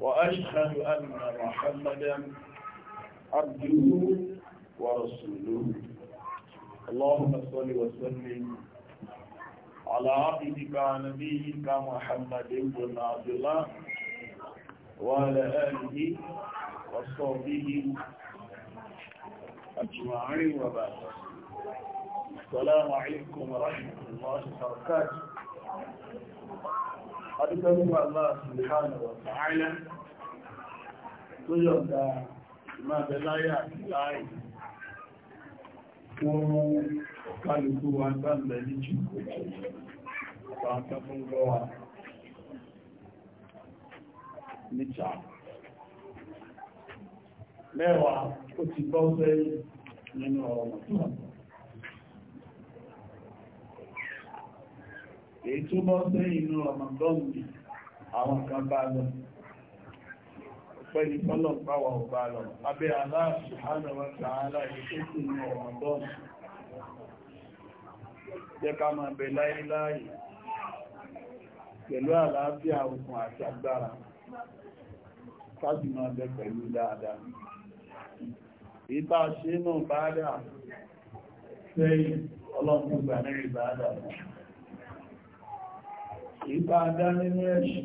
وأشهد أن محمدا عبده ورسوله اللهم صل وسلم على عبدك ونبيك محمد بن عبد الله وعلى آله وصحبه أجمعين وبعد السلام عليكم ورحمة الله وبركاته Adúgbẹ́ fún Allah subhanahu wa ta'ala tó yọ̀nda ìmáàbẹ̀ láyé àti láàyè fún kálùkú wa gbàm̀bẹ̀ ní jùkú pàtàkì fún lọ́wà níta. èyí tó bọ́ sí inú ọmọdọ́nù àwọn kan bá lọ pẹ́lú fọ́lọ̀ pàwà ọba lọ abẹ́ Allah subhanahu wa ta'ala èyí tó inú ọmọdọ́nù jẹ́ ká máa bẹ láíláì pẹ̀lú àlàáfíà òkun àti agbára káàkì máa bẹ pẹ̀lú dáadáa ìbá ṣe náà bá dáa fẹ́yìn ọlọ́pùgbà ní ìbá dáa ìbá dá nínú ẹ̀ṣì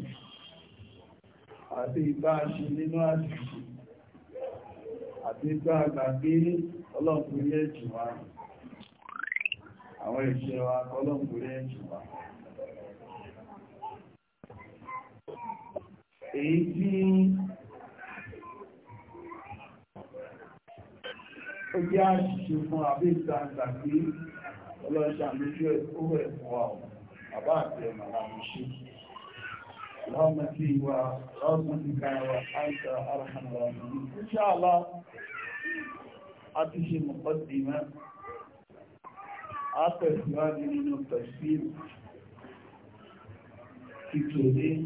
àti ìbá ṣe nínú àṣìṣì àti ìbá àgbàgbé ọlọ́pùrí ẹ̀jù wa àwọn ìṣẹ́ wa ọlọ́pùrí ẹ̀jù wa èyí tí ó jẹ́ àṣìṣì fún àbí ìta àgbàgbé ọlọ́ṣàmójú ẹ̀kọ́ ẹ̀kọ́ àwọn bàbá àti ẹ̀mà àmì ṣe رحمتي ورحمتك وحيك أرحم الراحمين إن شاء الله أتشي مقدمة أتشواد من التفسير في تودين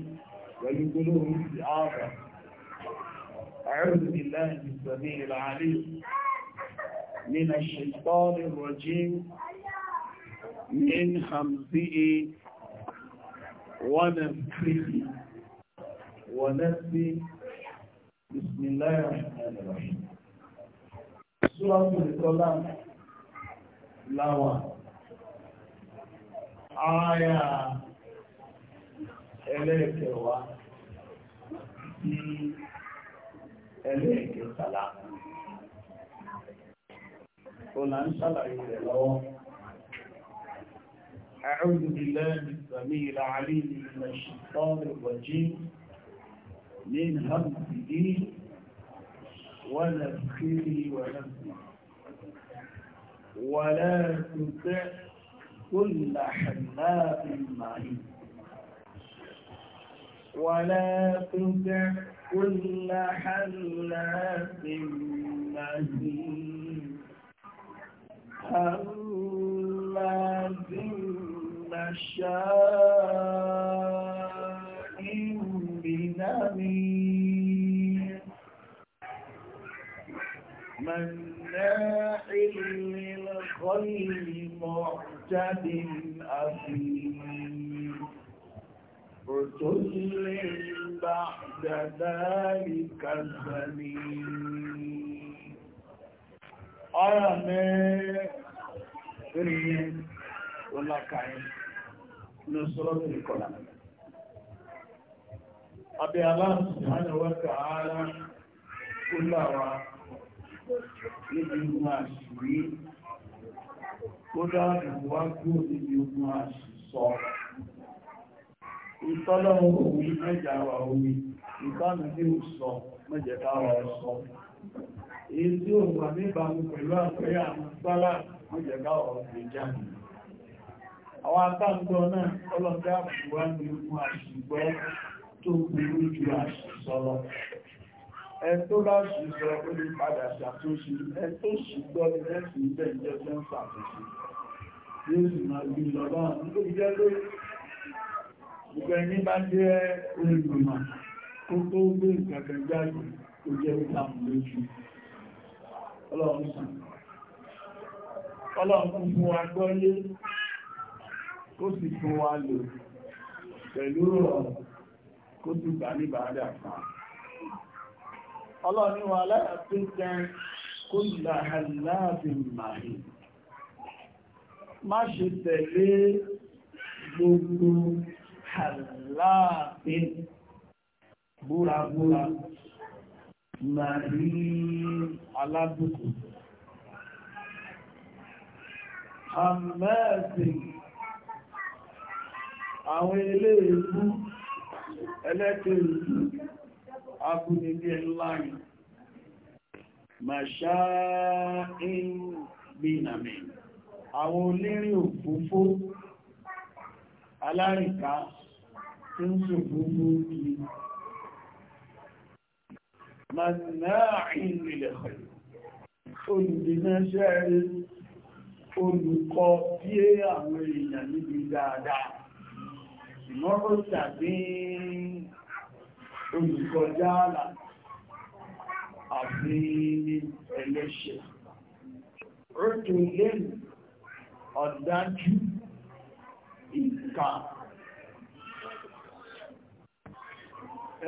ويقولون استعاذة أعوذ بالله من السميع العليم من الشيطان الرجيم من حمزه ونفسه ونفسه بسم الله الرحمن الرحيم سورة الكلام لوا آية إليك إليك السلام قلنا إن شاء الله أعوذ بالله السميع العليم من الشيطان الرجيم من همزه ونفخه ونفخه ولا تطع كل حلاف مهين ولا تطع كل حلاف مهين هماز مشاء بنميم مناع للخير معتد أثيم عتل بعد ذلك زنيم آمين. Amen. Amen. Wọ́n lákàáyé. nusratul islam abẹ́ Allah subhanahu wa ta'ala kúláwà níbi ogun àṣìrí ó dáàbò wá kúrò níbi ogun àṣìsọ ìtọ́lọ́wọ́ òun mẹ́jà wà omi ìtànà ní òsọ mẹ́jẹ̀ká wà ọ̀sọ èyí tí ó wà níbàmú pẹ̀lú àpẹyà àwọn sálà mẹ́jẹ̀ká wà ọ̀sẹ̀ jáde àwọn akáǹgbọ́ náà ọlọ́dá àbúwá ní ogun àṣìgbọ́ tó burú ju àṣìsọ́lọ́ ẹ tó bá ṣìsọ ó ní padà ṣàtúnṣe ẹ tó ṣìgbọ́ ní mẹ́sì ilẹ̀ ìjọ tó ń ṣàtúnṣe yóò sì máa gbé lọ́lọ́ nítorí jẹ́ pé ìgbẹ́ ní bá jẹ́ olùmọ̀ kó tó gbé ìkàkẹ́ jáde ó ọlọ́run sàn ọlọ́run fún wa kó sì tún wá lò pẹ̀lú rọrùn kó tún gbà ní bàádà kan ọlọ́ni wa aláàtún jẹ́ kó ìlà aláàbìn màáyì má ṣe tẹ̀lé gbogbo aláàbìn búrabúra màáyì aládùkù àmẹ́ẹ̀sìn àwọn ilé ìlú ẹlẹ́kẹ̀ẹ́lú agúnilé láàrin màṣá ìgbìnàmì àwọn olérin òfófó alárìnká tí ń sòfófó kí màṣáàrín ilẹ̀ olùdínáṣẹ́ olùkọ́ bí àwọn èèyàn níbi dáadáa ìmọ́rọ̀ tàbí olùkọjá àlà àti ẹlẹ́ṣẹ̀. Rútù lẹ́nu ọ̀dájú ìkà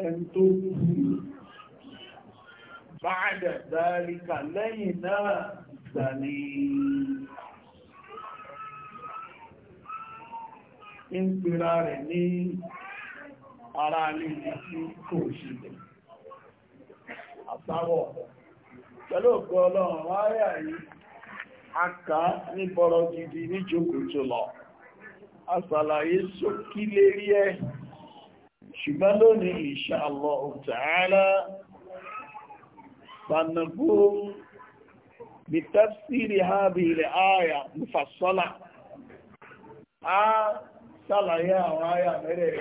ẹni tó kú báadà dáríkà lẹ́yìn náà dàní ń pèrà rẹ̀ ní ara ní ibi tí kò ṣílẹ̀ àtàwọ̀ pẹ̀lú ọ̀pọ̀ ọlọ́run wáyé àyí aká ní bọ́rọ̀ gidi ní jókòtò lọ asàlàyé sókí lérí ẹ̀ ṣùgbọ́n lónìí insha Allah ta'ala sanagún bí ha ààyà ṣàlàyé àwọn àyà mẹ́rẹ̀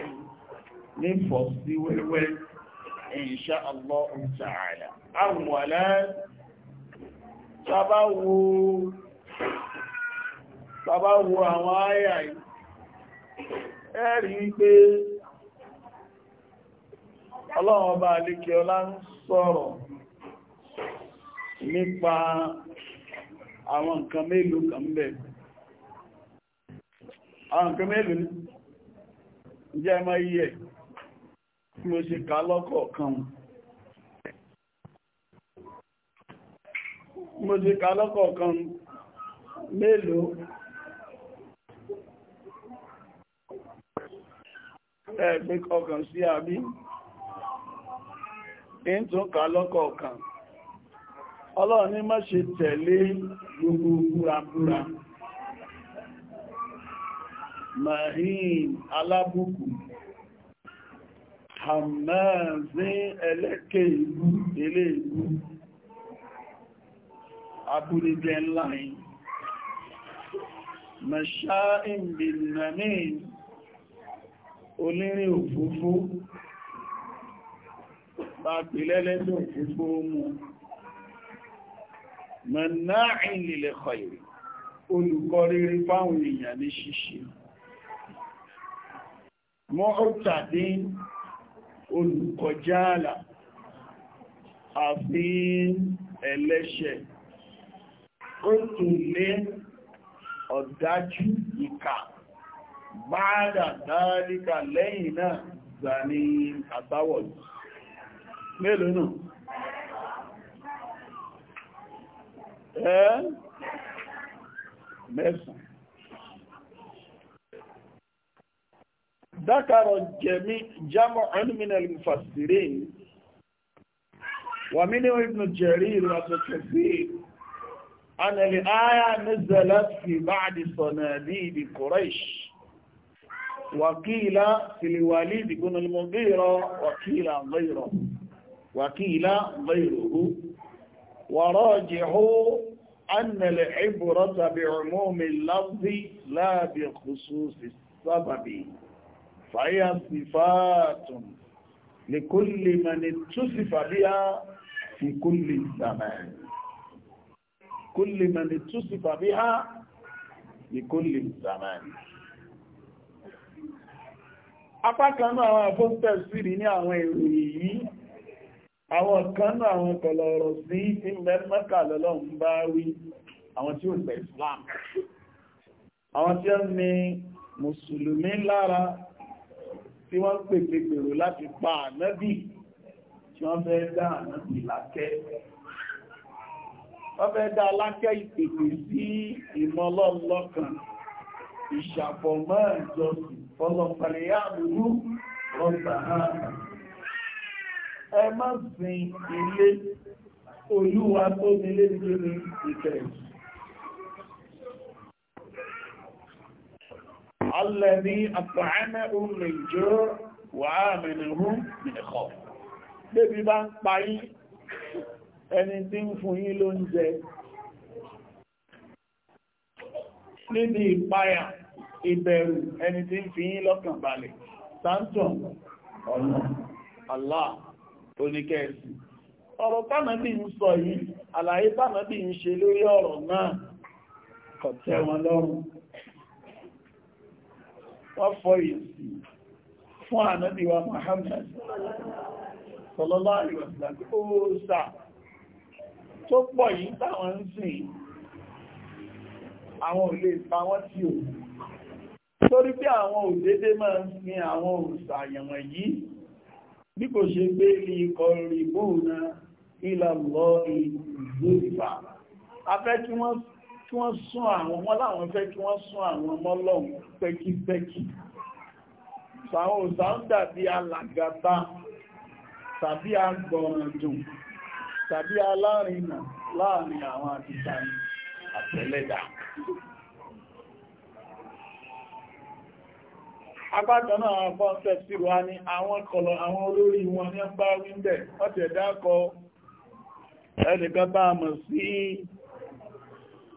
ní fọ̀ sí wẹ́wẹ́ insha Allah ta'ala àwọ̀lẹ́ tàbá wo àwọn àyà yìí ẹ̀rí pé ọlọ́run ọba àlékẹ́ ọlá ń sọ̀rọ̀ nípa àwọn nǹkan mélòó kan bẹ̀rẹ̀ àwọn nǹkan mélòó ní jẹ́ ẹmọ iye mo ṣe ká lọ́kọ̀ kan mo ṣe ká lọ́kọ̀ kan mélòó ẹgbẹ́ kọkàn sí àbí ń tún ká lọ́kọ̀ kan ṣe tẹ̀lé gbogbo mahin alábùkù hamazin ẹlẹ́kẹ̀ ìlú ilé ìlú abúrígẹ́ ńláyìn mẹ́ṣáìn bìnàmín onírin òfófó bá pìlẹ́lẹ́dẹ̀ òfófó mú mẹ́náìn lè lẹ́kọ̀ọ́ ìrìn olùkọ́ rírí fáwọn èèyàn ní ṣíṣe mọ́ọ̀tàdé olùkọjáàlà àfi ẹlẹ́ṣẹ̀ ó tún lé ọ̀dájú ìkà báadà dáríkà lẹ́yìn náà gbà ní àbáwọ̀lù mélòó náà ẹ́ mẹ́sàn ذكر جمع من المفسرين ومنهم ابن جرير وابن كثير أن الآية نزلت في بعض صناديد قريش وقيل في الوليد بن المغيرة وقيل غيره وقيل غيره وراجعوا أن العبرة بعموم اللفظ لا بخصوص السبب fàáyà sífàátùn lè kó lè mọ̀ ní tó sì fàbíyà fi kó lè sàmà kó lè mọ̀ ní tó sì fàbíyà fi kó lè sàmà apákanú àwọn àfóńtẹ̀sìrì ní àwọn ìròyìn yìí àwọn kanú àwọn kọlọ̀rọ̀ sí tí mẹ́mẹ́kà lọ́lọ́run bá wí àwọn tí ó gbẹ̀ Islam àwọn tí ó ní mùsùlùmí lára tí wọ́n pèpè gbèrò láti pa ànábì tí wọ́n fẹ́ dá ànábì lákẹ́ wọ́n fẹ́ dá lákẹ́ ìpèpè sí ìmọ̀lọ́lọ́kàn ìṣàfọ̀mọ́ ìjọsìn fọ́lọ̀pàlẹ̀ àbúrú rọ́bà náà ẹ má sin ilé olúwa tó nílé nílé ìkẹrẹ̀sì الذي أطعمهم من جوع وآمنهم من خوف bébí bá ń parí ẹni tí ń fún yín ló ń jẹ níbi ìpayà ìbẹ̀rù ẹni tí ń fi yín lọ́kàn balẹ̀ sáńtọ̀n ọ̀nà Allah oníkẹ́ẹ̀sì ọ̀rọ̀ tánàbí ń sọ yìí àlàyé tánàbí ń ṣe lórí ọ̀rọ̀ náà kọ̀tẹ́ wọn lọ́rùn wọ́n fọ́ ìsì fún ànábì wa Muhammad sallallahu alaihi wasallam òòsà tó pọ̀ yìí táwọn ń sìn àwọn ò lè pa wọ́n tí ò torí pé àwọn òdédé máa ń sin àwọn òòsà àyànwọ̀n yìí bí kò ṣe gbé ilé ikọ̀ rí ìlàlọ́ ìlú ìfà afẹ́ kí wọ́n kí wọ́n sún àwọn wọ́n láwọn fẹ́ kí wọ́n sún àwọn pẹ́kípẹ́kí sàwọn òsà ń dàbí alàgàtà tàbí tàbí alárinà láàrin àwọn àtẹ̀lẹ́dà náà àwọn sí wa ní àwọn kọlọ àwọn olórí wọn ní wíńdẹ̀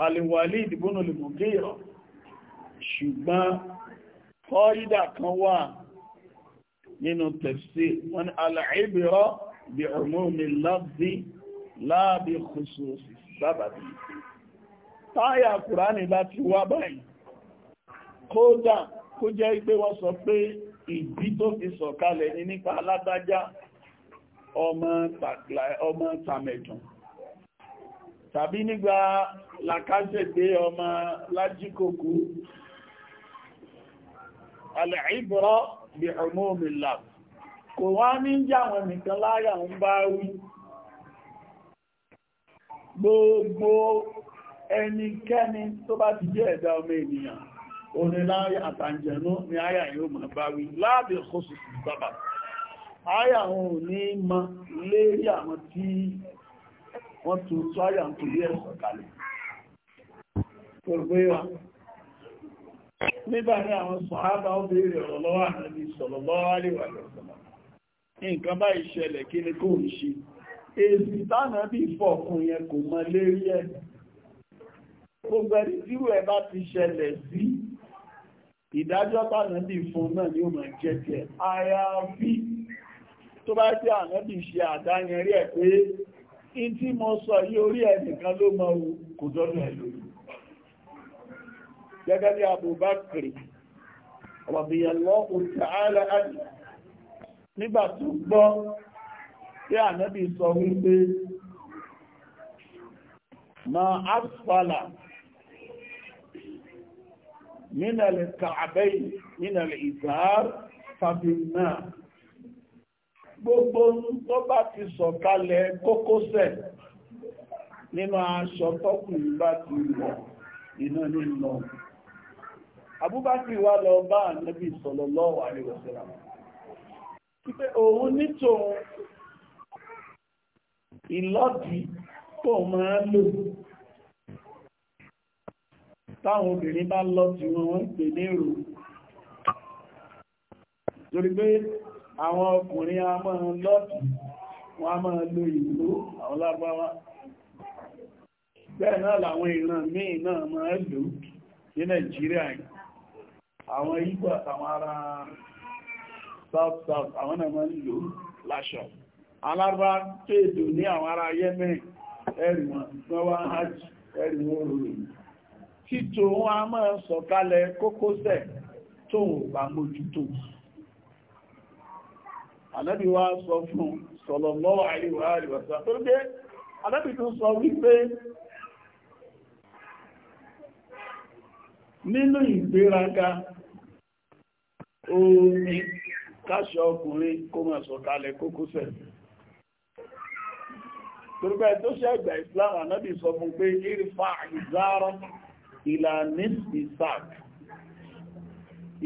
Al-Walid ibn al-Mughira ṣùgbọ́n kọ́ídà kan wà nínú tafsir wọn al-ibra bi umumi al-lafzi la bi khususi sababi táyà kùránì láti wá báyìí kódà kó jẹ́ pé wọ́n sọ pé ìdí tó fi sọ̀kalẹ̀ ní nípa alágbájá ọmọ tàmẹ̀dùn tàbí nígbà làkásẹ̀gbé ọmọ lájíkòkú alẹ́ìbọ̀rọ̀ bí ọmọ òmìnlá kò wá ní jáwọn nìkan láyà ń bá wí gbogbo ẹnikẹ́ni tó bá ti jẹ́ ẹ̀dá ọmọ ènìyàn oníláyà àtàǹjẹ̀nú ni àyà yóò mọ̀ bá wí láàbí kòsùsù bàbà àyà òun ní mọ wọ́n tu sọ́yà ń torí ẹ̀sọ̀ kalẹ̀ pẹ̀lúgbéwà nígbà ní àwọn sọ̀hábà ó béèrè ọ̀rọ̀ lọ́wọ́ ànábì sallallahu alaihi wa sallam nǹkan bá ìṣẹ̀lẹ̀ kí ni kò ń ṣe èsì tánàbí fọ̀kùn yẹn kò mọ lérí ẹ̀ gbogbo ẹni tí rẹ̀ bá ti ṣẹlẹ̀ sí ìdájọ́ tánàbí fún náà ni ó mọ̀ jẹ́ tiẹ̀ àyàfi tó bá jẹ́ ànábì ṣe àdáyẹrí ẹ̀ pé in tí mo sọ yí orí ẹnìkan ló mọ́ kò dọ́nà ẹ̀lò gẹ́gẹ́ bí Abubakar radiyallahu ta'ala anhu nígbà tó gbọ́ tí ànábì sọ wípé ma asfala minal ka'abayn minal izar fàbí gbogbo tó bá ti sọ̀kalẹ̀ kókósẹ̀ nínú aṣọ tọ́kùnrin bá ti lọ iná nínú Abúbákìrì wá lọ bá ànábì sallallahu alaihi wasallam pípẹ́ òun nítòun ìlọ́dì tó máa lò táwọn obìnrin bá lọ tí pè ní ìrò àwọn ọkùnrin a máa lọ́tì wọ́n a máa lo ìlú àwọn lágbáwá bẹ́ẹ̀ náà làwọn ìran míì náà máa lò ní Nàìjíríà àwọn Ìgbò àtàwọn ará South South àwọn náà máa lò láṣọ alárúbá tó èdò ní àwọn ará Yemen ẹ̀rì wọn wọ́n wá hajj ẹ̀rì wọn rọrùn títò wọn a máa sọ̀kalẹ̀ kókósẹ̀ tóun bá Ànábì wa sọ fún sallallahu alaihi wa sallam tó dé Ànábì tó sọ wípé nínú ìgbéraga omi káṣọ ọkùnrin kó máa sọ̀kalẹ̀ kókósẹ̀ torípẹ́ tó ṣe ẹgbẹ̀ Islam Ànábì sọ fún pé irfa ìzárọ̀ ìlànà ìsáàkì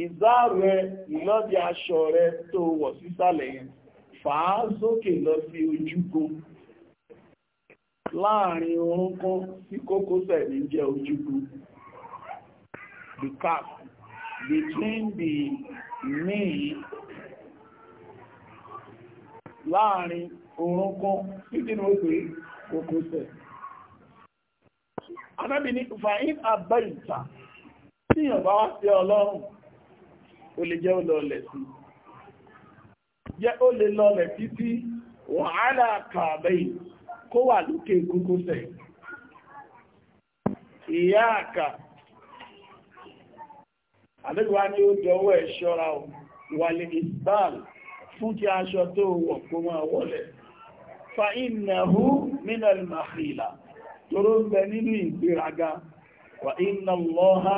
ìzá rẹ ìlọ́dí aṣọ rẹ tó wọ̀ sísàlẹ̀ yẹn fàá sókè lọ sí ojúgun láàrin orúnkún sí kókósẹ̀ ní jẹ́ ojúgun the calf between the knee láàrin orúnkún sí kí ni ó pè kókósẹ̀ anábìnrin fàáyín àbẹ́ ìta tíyàn bá wá sí ọlọ́run o le jẹ́ ó lọ ọ̀lẹ̀ sí jẹ́ ó lè lọ ọ̀lẹ̀ sí sí wàhálà kààbẹ̀ kó wà lókè kókósẹ̀ ìyá àkà àdégbà ni ó dọwọ́ ẹ̀ ṣọ́ra ò wàlẹ̀ ìsbáàlì fún kí aṣọ tó wọ̀ kó máa wọlẹ̀ fa innahu minal makhila toró ń bẹ nínú ìgbéraga wa inna allaha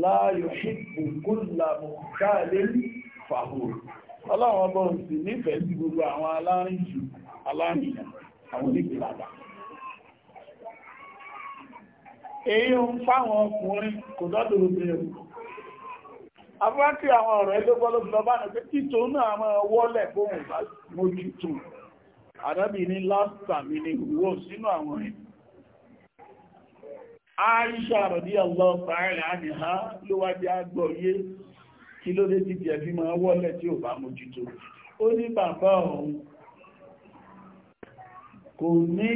láàyò ṣíkù kúlà mọ̀kálé fàhùrù ọlọ́run ọba òsì nífẹ̀ẹ́ sí gbogbo àwọn alárìnjù alárìnà àwọn onígbìlàdà èyí ń fáwọn ọkùnrin kò dọ́dọ̀ obìnrin afẹ́kì àwọn ọ̀rọ̀ ẹgbẹ́ bọ́lọ́bùlọ́ bá nà pé títò náà máa wọ́lẹ̀ bóhùn bá mójútó Aisha rọ̀dí Allah ta'ala anha ló wá bí agbọ̀yé kí ló dé ti jẹ̀bí máa wọ́lẹ̀ tí ò bá mójútó. Ó ní bàbá òun kò ní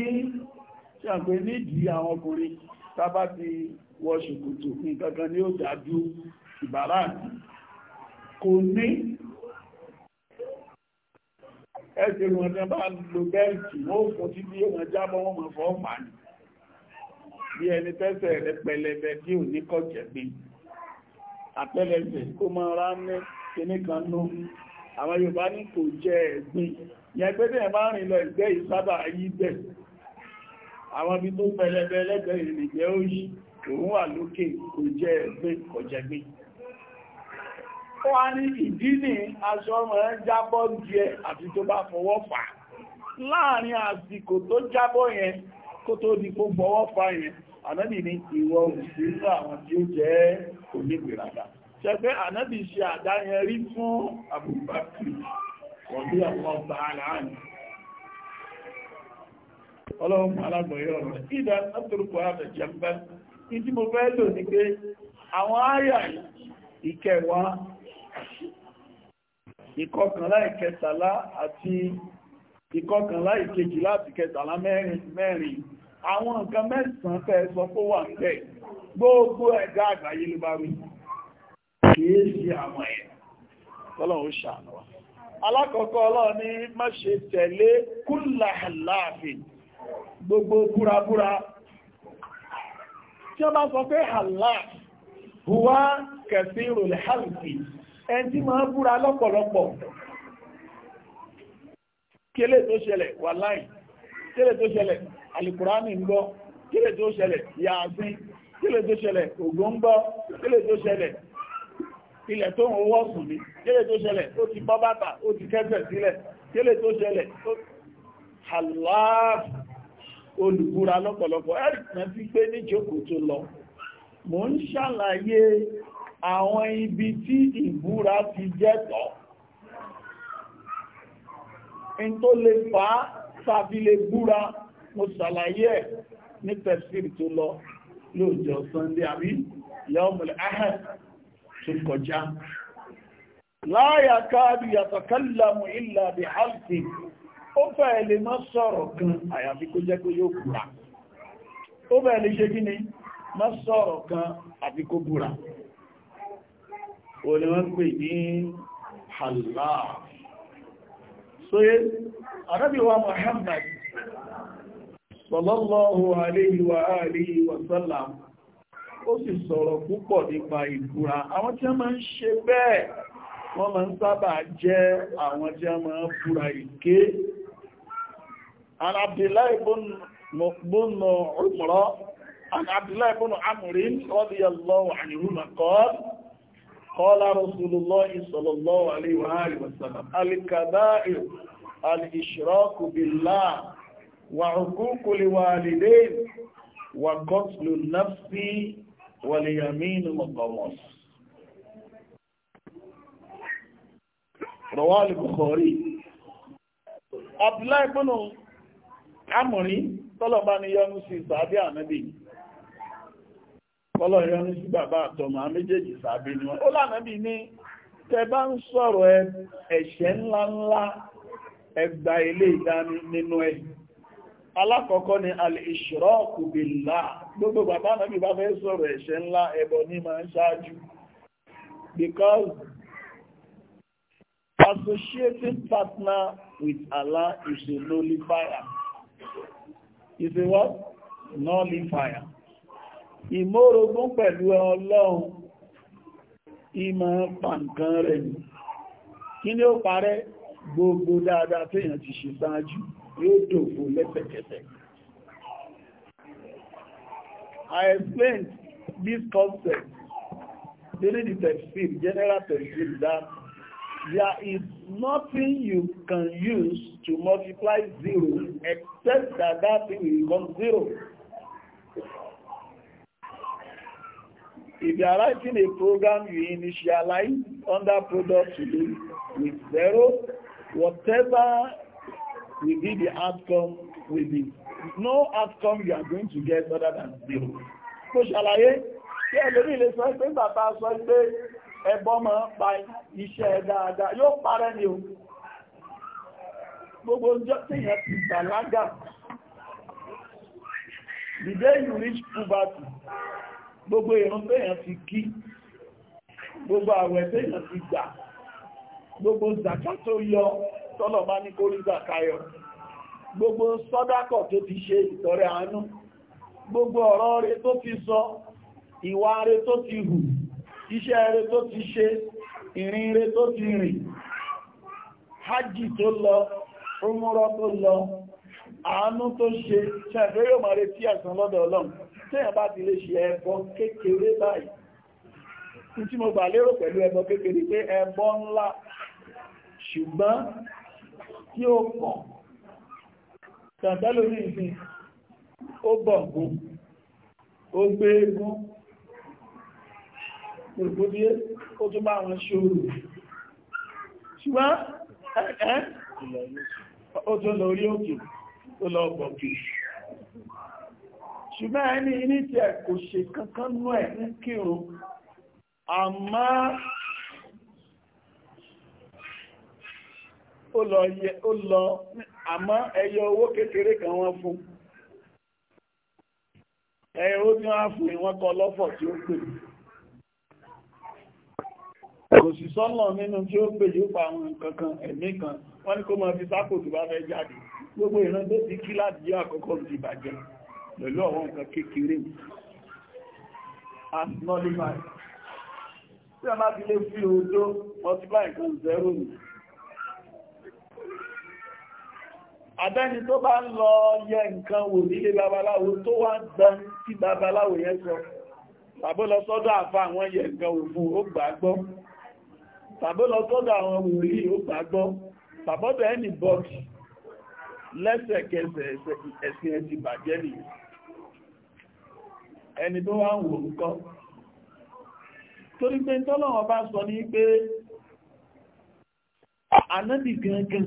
ṣàpé nídìí àwọn ọkùnrin tábá ti wọ ṣòkòtò nǹkankan ni ó dájú ìbàrá kò ní ẹsẹ̀ wọn tẹ́ bá lo bẹ́ẹ̀tì wọ́n fún títí wọn jábọ́ wọn mọ̀ fọ́ màá bí ẹni tẹ́sẹ̀ rẹ̀ pẹlẹbẹ tí ò ní kọ̀jẹ̀ gbé àtẹ́lẹsẹ̀ kó máa rá ní kíní kan nú àwọn Yorùbá ní kò jẹ ẹ̀gbin yẹn pé bẹ́ẹ̀ máa rìn lọ ìgbẹ́ ìsábà yí bẹ̀ àwọn ibi tó pẹlẹbẹ lẹ́gbẹ̀ẹ́ ìrìnlẹ̀ ó yí òun wà lókè kò jẹ ẹ̀gbin kò jẹ gbé wá ní ìdí ní aṣọ ọmọ ẹ jábọ́ díẹ̀ àti tó bá fọwọ́ fà láàrin àsìkò tó jábọ́ yẹn kó tó di kó fọwọ́ fà yẹn ànábì ní ìwọ òṣìṣẹ́ àwọn tí ó jẹ́ onígbèràdà ṣẹgbẹ́ ànábì ṣe àdáyẹrí fún Abubakar wọ̀dí àwọn ọba aláàánì ọlọ́run alágbọ̀yọ́ rẹ̀ ìdá látòrùkọ̀ àbẹ̀jẹ̀ mbẹ́ ní tí mo fẹ́ lò ní pé àwọn ìkẹwàá ìkọkànlá ìkẹtàlá àti ìkọkànlá ìkejìlá àti ìkẹtàlá mẹ́rin mẹ́rin àwọn nǹkan mẹ́sàn-án fẹ́ sọ pé wà ń bẹ̀ gbogbo ẹ̀dá àgbáyé ló bá rí kìí sí àwọn ẹ̀ tọ́lọ̀ ó ṣàánú wa alákọ̀ọ́kọ́ ọlọ́run ní má ṣe tẹ̀lé kúlà láàfin gbogbo búrabúra tí ó bá sọ pé lọ́pọ̀lọpọ̀ kílé tó ṣẹlẹ̀ wà láì kílé tó ṣẹlẹ̀ alìkùránì ń gbọ́ kí lè tó ṣẹlẹ̀ yàásín kí lè tó ṣẹlẹ̀ ògbó ń gbọ́ kí lè tó ṣẹlẹ̀ ilẹ̀ tó ń wọ́ sùn ní kí lè tó ṣẹlẹ̀ ó ti bọ́ bàtà ó ti kẹ́sẹ̀ sílẹ̀ kí lè tó ṣẹlẹ̀ aláàf olùbúra lọ́pọ̀lọpọ̀ ẹ̀rìkàn ti gbé ní jókòó tó lọ mo ń ṣàlàyé àwọn ibi tí ìbúra ti jẹ́tọ̀ in tó lè fàá tàbí lè búra mo ṣàlàyé ẹ̀ ní tẹ̀sírì tó lọ lóòjọ́ sunday àbí yọ́mùlẹ̀ ahad tó kọjá láyà káàdì yàtọ̀ kálàmù ìlà bí hálfì ó fẹ́ẹ̀ lè má sọ̀rọ̀ kan àyàfi kó jẹ́ kó yóò kúrà ó bẹ̀ẹ̀ lè ṣe kí ni má sọ̀rọ̀ kan àti kó búra òní wọ́n pè Muhammad sallallahu alayhi wa alihi wa sallam ó sì sọ̀rọ̀ púpọ̀ nípa ìbúra àwọn tí wọ́n máa ń ṣe bẹ́ẹ̀ wọ́n máa ń sábà jẹ́ àwọn tí wọ́n máa ń búra ìké Abdullahi ibn Umar Abdullahi ibn Amr radiyallahu anhuma qala qala Rasulullah sallallahu alayhi al-ishraku billah وعقوق الوالدين وقتل النفس واليمين والقمص رواه البخاري عبد الله بن عمرو tọ́lọ̀bá ni yọnu sí sàábí ànábì kọ́lọ̀ yọnu sí bàbá àtọmọ̀ méjèèjì sàábí ni wọ́n ó lànábì ní tẹ bá ń sọ̀rọ̀ ẹ̀ṣẹ̀ ńláńlá ẹgbà ilé ìdání nínú ẹ̀yìn alákọ̀ọ́kọ́ ni al-ishraku billah gbogbo bàbá nàbí bá fẹ́ sọ̀rọ̀ ẹ̀ṣẹ̀ ńlá ẹbọ ní máa ń ṣáájú because associating partner with Allah is a nullifier is a what? nullifier ìmórogún pẹ̀lú ọlọ́run ìmọ̀ pàǹkan rẹ̀ kí ni ó parẹ́ gbogbo dáadáa tí èèyàn ti ṣe ṣáájú yóò dòfò lẹ́sẹ̀kẹsẹ̀. I explained this concept during the tafsir, general tafsir, that there is nothing you can use to multiply zero except that that thing will become zero. If you are writing a program, you initialize under product today with zero. Whatever will be the outcome will be no outcome you are going to get other than zero. Mo ṣàlàyé kí ẹlòmí ilé sọ pé bàbá sọ pé ẹbọ máa pa iṣẹ́ dáadáa yóò parẹ́ ni o. Gbogbo ọjọ́ tíyàn ti bàlágà. The day you reach puberty, gbogbo ìrun tíyàn ti kí, gbogbo àwẹ̀ tíyàn ti gbà gbogbo zaka tó yọ tọ́lọ̀ bá ní kó rí zaka yọ gbogbo sọ́dákọ̀ tó ti ṣe ìtọrẹ àánú gbogbo ọ̀rọ̀ rẹ̀ tó ti sọ ìwà rẹ̀ tó ti hù iṣẹ́ rẹ̀ tó ti ṣe ìrìn rẹ̀ tó ti rìn hajji tó lọ umrọ tó lọ àánú tó ṣe ṣẹ̀fẹ́ yóò máa retí ẹ̀san lọ́dọ̀ Ọlọ́run tí mo kékeré pé ẹbọ ńlá ṣùgbọ́n tí ó pọ̀ tàbí lórí ìsìn ó bọ̀gún ó gbé egún gbogbogbé ó tún máa wọn ṣòro ṣùgbọ́n ẹ̀ẹ́ ó tún lọ orí òkè ó lọ bọ̀gún ṣùgbọ́n ẹni ní tí ẹ̀ kò ṣe kankan nú ẹ̀ ń kírun àmọ́ ó lọ yẹ ó lọ àmọ́ ẹyọ owó kékeré kan wọ́n fún ẹyọ ó ní wọ́n fún ìwọ́n kọ lọ́fọ̀ tí ó pè kò sì sọ́nà nínú tí ó pè yóò pa àwọn nǹkan kan ẹ̀mí kan wọ́n ní kó máa fi sápò tó bá fẹ́ jáde gbogbo ìran tó ti kí láti jẹ́ àkọ́kọ́ ti bàjẹ́ pẹ̀lú àwọn nǹkan kékeré as nullified tí a bá ti lè fi òdo multiply nǹkan zero nìí àbẹ́ni tó bá ń lọ yẹ nǹkan wò nílé babaláwo tó wá ń gbọ́n tí babaláwo yẹn sọ tàbí lọ sọ́dọ̀ àfa àwọn yẹ nǹkan wò fún ó gbà gbọ́ tàbí lọ sọ́dọ̀ àwọn wòlíì ó gbà gbọ́ tàbọ́dọ̀ ẹni bọ́ọ̀kì lẹ́sẹ̀kẹsẹ̀ ẹ̀sìn ẹ̀sì bàjẹ́ nìyí ẹni tó wá ń wò ń kọ́ torí pé tọ́lọ́wọ́ bá sọ ní pé ànábì gangan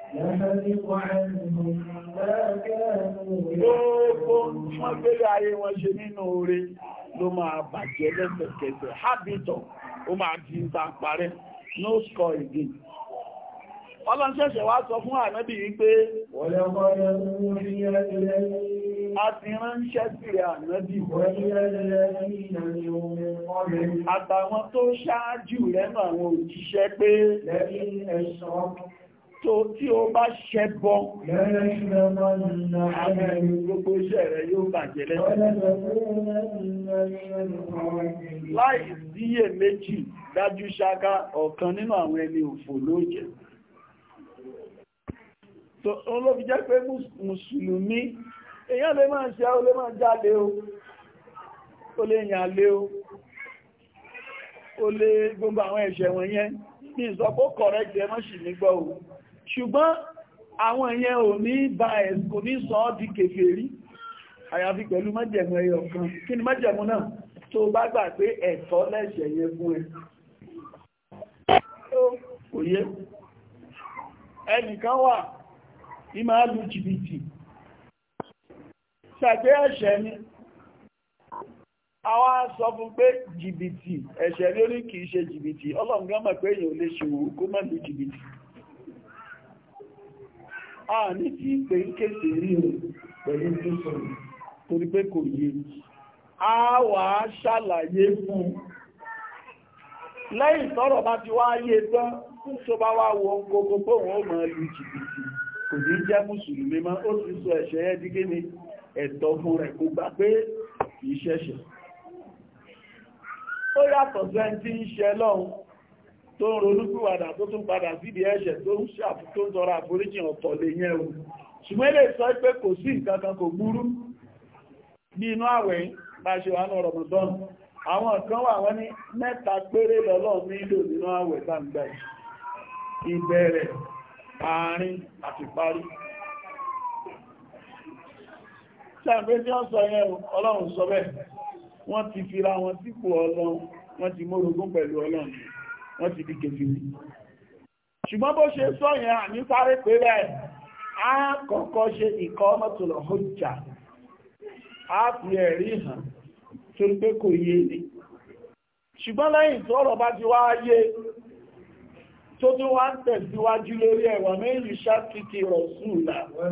Lọ́pọ̀ wọ́n gbélé ayé wọn ṣe nínú oore ló máa bàjẹ́ lẹ́sẹ̀kẹsẹ̀. Hábítọ̀, ó máa di ń ta parẹ́, no score again. Ọlọ́run ṣẹ̀ṣẹ̀ wá sọ fún ànábì wípé a ti ránṣẹ́ sí ànábì àtàwọn tó ṣáájú rẹ̀ náà àwọn òjíṣẹ́ pé tó tí o bá ṣẹbọ gbogbo iṣẹ́ rẹ̀ yóò bàjẹ́ lẹ́sẹ̀ láì síyè méjì dájú ṣáká ọ̀kan nínú àwọn ẹni òfò ló jẹ́ olóbi jẹ́ pé mùsùlùmí èyàn lè máa ṣe ó lè máa jáde o ó lè yàn lé o ó lè gbogbo àwọn ẹ̀ṣẹ̀ wọ̀nyẹn ní ìsọpọ̀ correct ẹmọ́ṣì nígbọ́ ohun ṣùgbọ́n àwọn ìyẹn ò ní bá ẹ̀ kò ní sọ ọ́ di kèfèrí àyàfi pẹ̀lú májẹ̀mú ẹyọ kan kí ni májẹ̀mú náà tó bá gbà pé ẹ̀tọ́ lẹ́ṣẹ̀ yẹn fún ẹ kò yé ẹnìkan wà ní máa lu jìbìtì ṣàgbé ẹ̀ṣẹ̀ ni àwọn sọ fún pé jìbìtì ẹ̀ṣẹ̀ lórí kìí ṣe jìbìtì ọlọ́ngán mọ̀ pé èèyàn ò lè ṣòwò kó má lu jìbìtì a ní tí ìpè ń kéṣe rí o pẹ̀lú tó sọ̀rọ̀ torí pé kò yé a wà á ṣàlàyé fún lẹ́yìn tọ́rọ̀ bá ti wá yé tán tó bá wá wọ gbogbo pé òun ó máa lu jìbìtì kò ní jẹ́ mùsùlùmí mọ́ ó ti sọ ẹ̀ṣẹ̀ ẹ́ dígé ni ẹ̀tọ́ fún rẹ̀ kò gbà pé kìí ṣẹ̀ṣẹ̀ ó yàtọ̀ sẹ́ńtì ń ṣe lọ́hùn tó ń ronúkúwàdà tó tún padà sídìí ẹ̀ṣẹ̀ tó ń ṣàfù tó ń tọrọ àforíjì ọ̀tọ̀ lè yẹn o ṣùgbọ́n ilé sọ pé kò sí nǹkan kan kò burú ní inú àwẹ̀ bá ṣe wà ní Ramadan àwọn kan wà wọ́n ní mẹ́ta péré lọ́lọ́ nílò nínú àwẹ̀ gbangba ìbẹ̀rẹ̀ àárín àti parí ṣàgbé tí wọ́n sọ yẹn ọlọ́run sọ bẹ́ẹ̀ wọ́n ti fira wọn sípò ọlọ́run wọ́n ti mórogún pẹ̀lú ọlọ́run wọ́n ti ṣùgbọ́n bó ṣe sọ yẹn àní sáré pé bẹ́ẹ̀ á kọ́kọ́ ṣe ìkọ́ mọ́tòlọ̀ hujja á fi ẹ̀rí hàn torí pé kò yé ni ṣùgbọ́n lẹ́yìn tó ọ̀rọ̀ bá ti wá yé tó tún wá ń tẹ̀síwájú lórí mẹ́rin wọ́n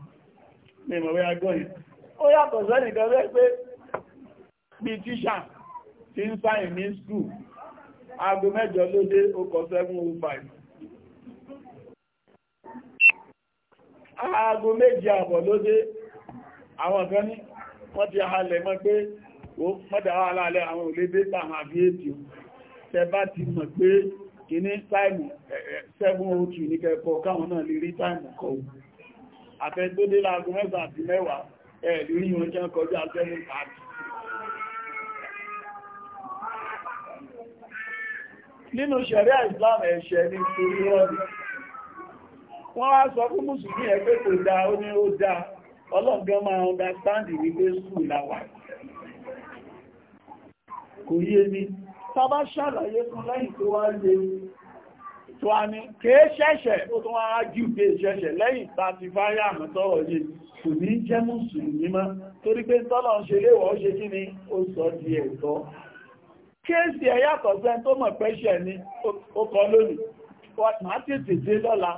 ní ìmọ̀wé agbóyìn ó yàtọ̀ sẹ́nìkan rẹ̀ pé bí tíṣà ti ń sáì ní skul aago mẹ́jọ ló dé okọ̀ 705 aago méjì àbọ̀ ló dé àwọn kan ní wọ́n ti halẹ̀ mọ́ pé mọ́dà wà láàrẹ àwọn olè dẹ́ta àwọn àbí ètì tẹ bá ti mọ̀ pé kìíní táìmù 702 ní kẹ́kọ̀ọ́ káwọn náà lè rí táìmù kọ̀ọ̀kọ̀ àfẹ́gbódé láago mẹ́fà àti mẹ́wàá ẹ̀rí ní wọn jẹ́ kọjú àtẹ́mù pàtì nínú ṣẹ̀ríà Islam ẹ̀ṣẹ̀ ní torí rọ́ọ̀dì wọ́n wá sọ fún mùsùlùmí ẹgbẹ́ tó dá ó ní ó dá ọlọ́gán máa understanding wípé skul láwà kò yé mi tá bá ṣàlàyé fún lẹ́yìn tó wá lè tó a ní kéé ṣẹ̀ṣẹ̀ ó tó wá ájú pé ṣẹ̀ṣẹ̀ lẹ́yìn tàbí fáyà àmọ́tọ́rọ̀ yìí kò ní jẹ́ mùsùlùmí mọ́ torí pé tọ́lọ̀ ń ṣe léwọ̀ ó ṣe kí ni ó sọ di ẹ̀tọ́ kéèsì ẹ̀ yàtọ̀ sẹ́ tó mọ̀ pẹ́ṣẹ̀ ni ó kọ lónìí máa tètè dé lọ́la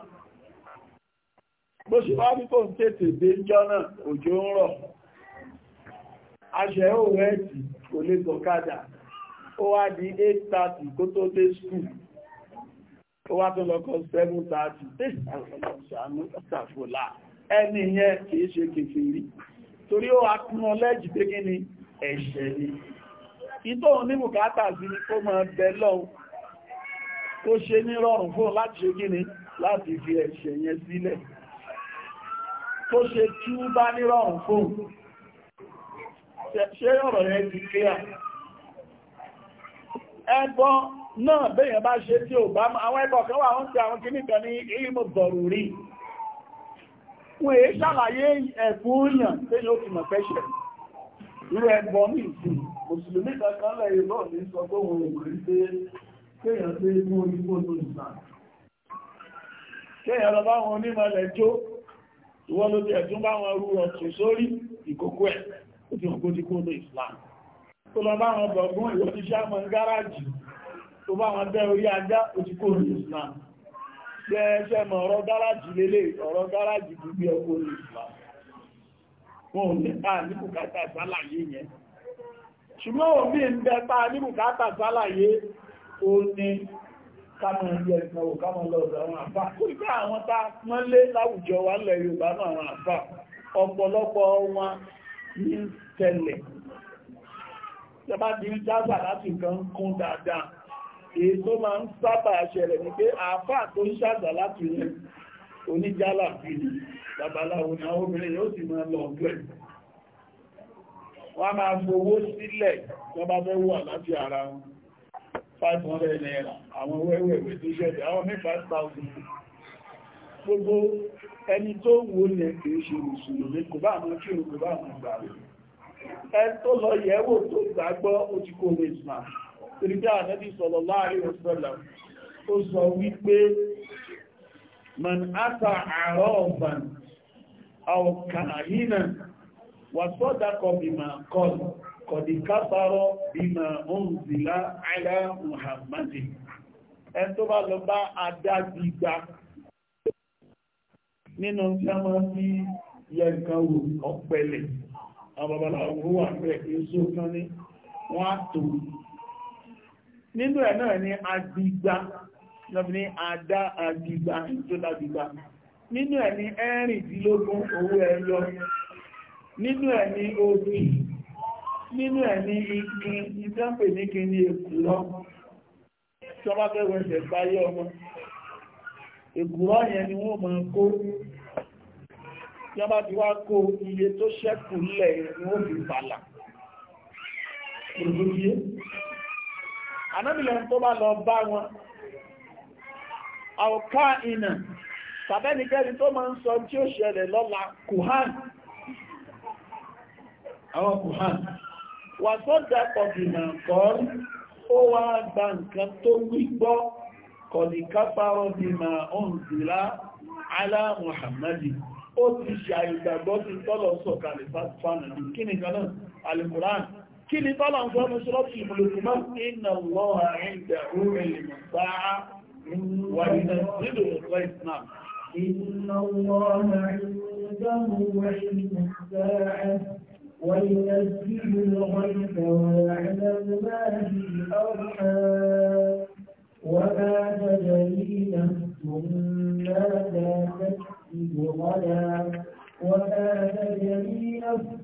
ó wá tó lọ́kọ́ 730 ẹni yẹn kìí ṣe kèfèrí torí ó acknowledge pé kí ni ẹ̀ṣẹ̀ ni ìtò ní bùkátà sí ni kó máa bẹ lọ́un kó ṣe ní rọrùn fún láti ṣe kí ni láti fi ẹ̀ṣẹ̀ yẹn sílẹ̀ tó ṣe tú bá ní rọrùn fún ṣe ọ̀rọ̀ yẹn ti clear ẹgbọ́n náà bẹ́yàn bá ṣe tí ò bá àwọn ẹgbọ́ kan wà wọ́n tí àwọn kìíní kan ní ilmù dọ̀rùrí wọ́n èé ṣàlàyé ẹ̀fúnyàn tí yóò ti mọ̀ pẹ́ṣẹ̀ irú ẹgbọ́ ní ìsìn mùsùlùmí kankan lẹ̀ ìlọ́ ní sọ pé wọn ò rí pé kéèyàn tí mú orí fótó ìsàn kéèyàn lọ bá wọn onímọ̀lẹ̀ jó ìwọ́n ló ti ẹ̀tún bá wọn rú ọ̀tún sórí ìkókó ẹ̀ ó ti hàn kó ti kó tó bá wọn bẹ́ orí ajá òtíkò ní Islam ṣẹ́ẹ̀ṣẹ́ mọ̀ ọ̀rọ̀ gáràjì lélẹ̀ ọ̀rọ̀ gáràjì gbígbé ọkọ̀ ní Islam wọn ò ní pa ní bùkátà sálàyé yẹn ṣùgbọ́n òmí ń bẹ pa ní bùkátà sálàyé ó ní kámọ̀ ilé ẹ̀kan ò kámọ̀ lọ́dọ̀ àwọn àfà kó ìgbà àwọn tá mọ́lé láwùjọ wa lẹ̀ Yorùbá náà àwọn ọ̀pọ̀lọpọ̀ wọn ní tẹ̀lẹ̀ tẹ́bá ti ń jásà láti nǹkan kún dáadáa èyí tó máa ń sábà ṣẹlẹ̀ ní pé àáfà tó ń ṣàgbà láti rẹ̀ oníjálà fìlì babaláwo ni àwọn obìnrin yóò sì máa lọ ọ̀gbẹ́ wọ́n máa fowó sílẹ̀ wọ́n bá fẹ́ wà láti ara wọn 500 naira àwọn wẹ́wẹ̀wẹ̀ tó ṣẹlẹ̀ àwọn ní 5000 gbogbo ẹni tó wo lè kìí ṣe mùsùlùmí kò bá àwọn kí o kò bá àwọn gbà rẹ̀ ẹni tó lọ yẹ̀wò tó gbàgbọ́ ó ti kó wé ìsìnàmù rígbà ànábì sallallahu alaihi wasallam ó sọ wípé man ata àrọ́ọ̀bàn àwọ̀kàhínà wà sọ́dákọ̀ bímà kọlù kọ̀dìkátàrọ̀ bímà ounzila ala muhammadin ẹ tó bá lọ bá adágbígbá nínú tí a máa fi yẹ nǹkan wò ọ̀pẹ̀lẹ̀ àwọn babaláwo wà èso kan ní wọ́n á tòun nínú ẹ̀ náà ni agbígbá lọ́bí ní àdá agbígbá tó lágbígbá nínú ẹ̀ ni ẹ̀rìndínlógún owó ẹyọ nínú ẹ̀ ni obì nínú ẹ̀ ni ikin ìjọ́pẹ̀ ní kí ní èkùrọ́ tí báyé ọmọ èkùrọ́ yẹn ni wọ́n máa kó tí wọ́n bá ti wá kó iye tó ṣẹ́kù lẹ̀ ni wọ́n fi bàlà anábìlẹ̀ tó bá lọ bá wọn àwọ̀ká ìnà tàbẹ́nikẹ́ni tó máa ń sọ tí ó ṣẹlẹ̀ lọ́la kùhán àwọn kùhán wà sọ́dá kọ̀dìnà kọ́ ó wá gba nǹkan tó wígbọ́ kọ̀dìkápárọ̀ bí ma alá Muhammadi ó ti ṣe àìgbàgbọ́ sí tọ́lọ̀ sọ̀kalẹ̀ fásitì fánà كل طلع وقال مشرفش بلكم إن الله عنده علم الساعة وينزل الغيث نعم إن الله عنده علم الساعة وينزل الغيث ويعلم ما في الأرحام وما تدري نفس ماذا تكسب غدا وما تدري نفس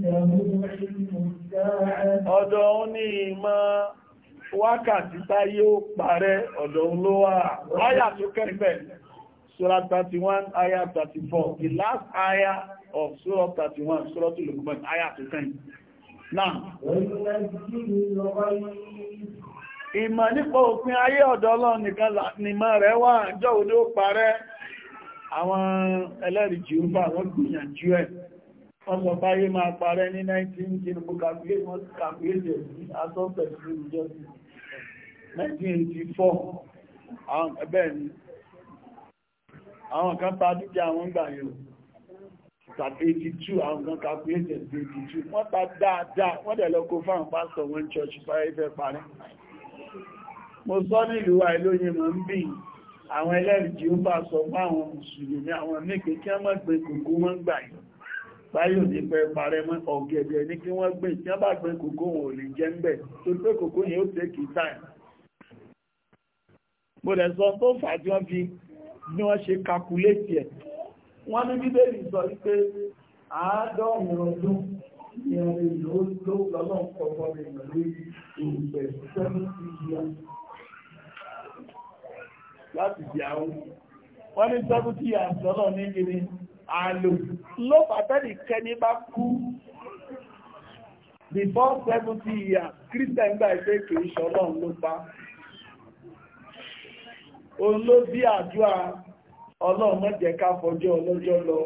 ọdọ òun wákàtí táyé ó parẹ́ ọ̀dọ̀ ló wà láyà tó 31 aya 34 the last aya of Sura 31 Sura aya tó kẹ́yìn ìmọ̀ nípa òpin ayé ọ̀dọ̀ nìkan nìmọ̀ rẹ̀ wà jọ́ parẹ́ àwọn ẹlẹ́rìí wọ́n gbìyànjú ẹ̀ ọjọ́ báyé máa parẹ́ ní 19 tinubu kàbíyèsè sí asọ́pẹ̀ ìjọsí 1984 àwọn ẹgbẹ́ ni àwọn kan ta dúkìá àwọn ìgbà yóò tàbí 82 àwọn kan kàbíyèsè sí 82 wọ́n ta dáadáa wọ́n dẹ̀ lọ kó fáwọn pásọ̀ wọn church fáyé fẹ́ parẹ́ mo sọ nílùú wa ìlóyìn mọ̀ ń bì àwọn ẹlẹ́rìí tí ó bá sọ fún àwọn mùsùlùmí àwọn mẹ́kẹ̀ẹ́ kí wọ́n mọ̀ pé kòkó wọ́n gbà yìí báyò ní pẹ́ parẹ́ mọ́ ọ̀gẹ̀dẹ̀ ní kí wọ́n gbìn tí wọ́n bá gbìn kòkó wọn ò lè jẹ́ ń bẹ̀ torí pé kòkó yẹn ó tẹ́kì táì mo lẹ̀ sọ tó fà tí ní wọ́n ṣe kakulétì ẹ̀ wọ́n ní bíbélì sọ wípé àádọ́rùn ọdún ìrìn ìlú ló lọ́lọ́n kọ̀ọ̀kọ́ rẹ̀ pẹ̀lú àlò ló pàtẹ́lì kẹni bá kú before seventy years christian gba ẹgbẹ́ kìí ṣọlọ́run ló pa òun ló bí àdúrà ọlọ́run má jẹ́ ká fọjọ́ ọlọ́jọ́ lọ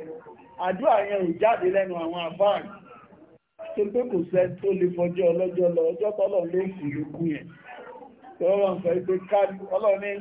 àdúrà yẹn ò jáde lẹ́nu àwọn àbáàrì tó pé kò sẹ́ tó lè fọjọ́ ọlọ́jọ́ lọ ọjọ́ tọ́lọ̀ ló kù ló kú yẹn tọ́lọ́run sọ pé ká ọlọ́run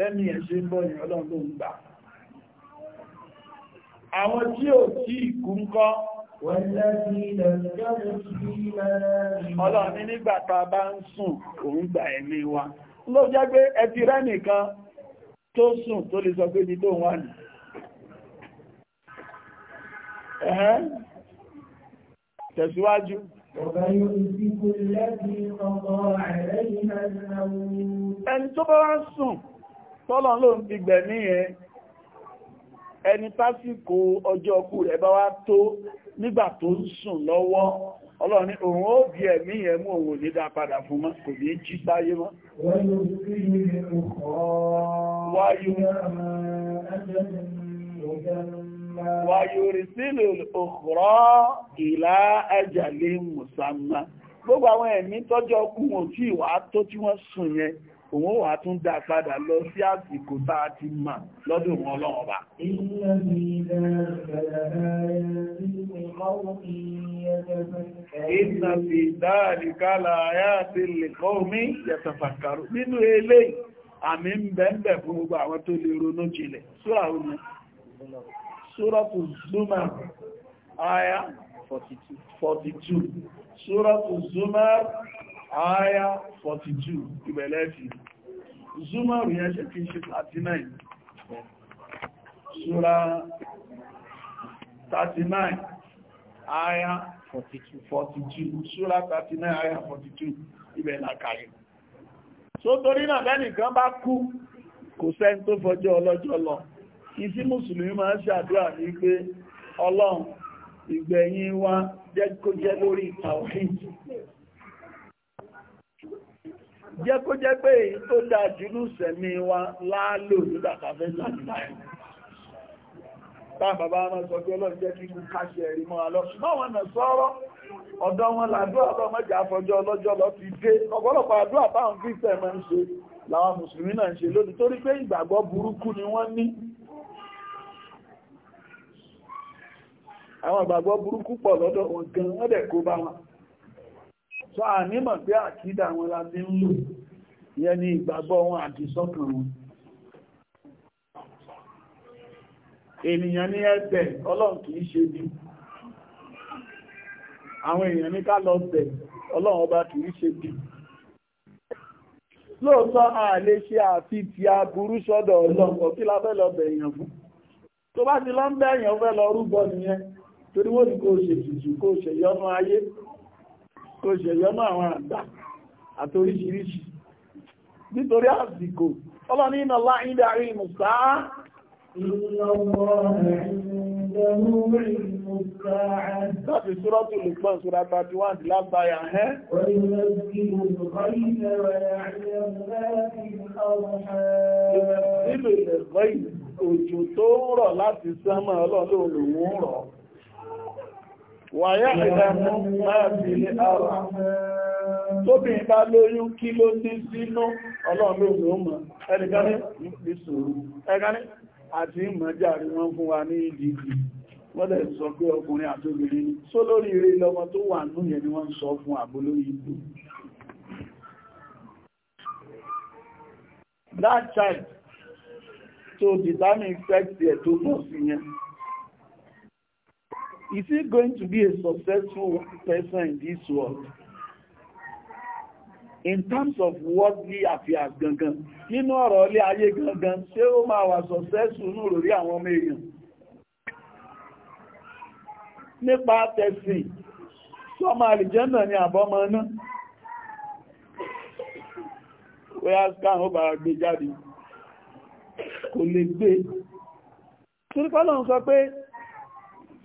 bẹ́mi ẹ̀ ṣe ń bọ́ ìrìn ọlọ́run ló ń gbà àwọn tí ò tí ìkú ń kọ́ ọlọ́run nígbà tá bá ń sùn òun gbà ẹ̀mí wa ló jẹ́ pé ẹ rẹ́ nìkan tó sùn tó lè sọ pé ní tó wà ní ẹ̀hẹ́n tẹ̀síwájú ẹni tó bá wá sùn tọ́lọ̀ ló ń fi gbẹ̀mí yẹn ẹni tásìkò ọjọ́ ọkú rẹ̀ bá wá tó nígbà tó ń sùn lọ́wọ́ ọlọ́run ní òun ó bí ẹ̀mí yẹn mú òun ní dá padà fún mọ́ kò ní jí sáyé mọ́ wáyúrí sílò òkúrọ́ ìlà ẹjàlé mùsàmá gbogbo àwọn ẹ̀mí tọ́jọ́ ọkú wọn tí ìwà tó tí wọ́n sùn yẹn òun wà tún dá padà lọ sí àsìkò tá a ti mà lọ́dún wọn lọ́wọ́ bá. Iná fi dáàdìkálà ayá ti lè kọ́ omi yẹ̀tàfàkàrù. Nínú ilé àmì ń bẹ ń bẹ fún gbogbo àwọn tó lè ronú jinlẹ̀. Súra omi. Súra tó Zuma aya 42. Súra tó Zuma àáyá 42 ìbẹ̀lẹ́fì zumaru yẹn ṣe kí ṣe 39 ṣúra 39 aya 42 ṣúra 39 àáyá 42 ibẹ̀ làkàrí so torí náà lẹ́nìkan bá kú kò sẹ́ni tó fọjọ́ ọlọ́jọ́ lọ ìsí mùsùlùmí máa ń ṣàdúrà ní pé ọlọ́run ìgbẹ̀yìn wa jẹ́ kó jẹ́ lórí tàwíìtì jẹ́ kó jẹ́ pé èyí tó dáa jùlú sẹ̀mí wa láàlò nígbàtàfẹ́ sàtìláì bàbá wọn sọ pé ọlọ́run jẹ́ kí kú káṣẹ ẹ̀rí mọ́ alọ́ ṣùgbọ́n wọn nà sọ̀rọ̀ ọ̀dọ́ wọn làdúrà bọ́ mẹ́jọ àfọjọ́ ọlọ́jọ́ lọ ti dé ọ̀pọ̀lọpọ̀ àdúrà báwọn kírísẹ̀ máa ń ṣe làwọn mùsùlùmí náà ń ṣe lónìí torí pé ìgbàgbọ́ burúkú ni wọ́n ní àwọn ìgbàgbọ́ burúkú pọ̀ lọ́dọ̀ wọn gan wọ́n dẹ̀ kó bá wọn so a nímọ̀ pé àkídà wọn láti ń lò yẹn ni ìgbàgbọ́ wọn àti sọ́kàn wọn ènìyàn ní ẹgbẹ̀ ọlọ́run kìí ṣe bí àwọn èèyàn ní ká lọ bẹ̀ ọlọ́run ọba kìí ṣe bí lóòótọ́ a lè ṣe àfi ti aburú sọ́dọ̀ ọlọ́pọ̀ kí la fẹ́ lọ bẹ̀ èèyàn fún tó bá ti lọ ń bẹ̀ èèyàn fẹ́ lọ rúbọ nìyẹn torí wọ́n ní kó ṣe tùtù kó ṣe yọnu ayé kò ṣèyọ́nú àwọn àdá àti oríṣiríṣi nítorí àsìkò ọlọ́ni iná láì darí ìmùsá Láti súrọ́tù lùpọ̀ súra 31 ti látàyà ẹ́. Ìlú ìlẹ̀kọ́ òjò tó ń rọ̀ láti sánmà ọlọ́lọ́rùn ún rọ̀. wàyáìlẹ̀mú máa fi ara tóbi bá lóyún kí ló ní sínú ọlọ́run ló mọ̀ ẹnìkaní ní sòrò ẹnìkaní àti ìmọ̀járe wọ́n fún wa ní ìdíjì wọ́n sọ pé ọkùnrin àtóbìnrin só lórí eré lọ́mọ tó wà nú ni sọ to determine Is he going to be a successful person in this world? In terms of worldly affairs gangan, nínú ọ̀rọ̀ ilé ayé gangan, ṣé ó máa wà successful ní lórí àwọn ọmọ èèyàn? Nípa tẹ̀sìn, sọmọ àlìjẹ́nà ni àbọ́mọ náà. Wẹ́yà skáhùn ó bàrà gbé jáde, kò lè gbé. Torípọ́lọ́ sọ pé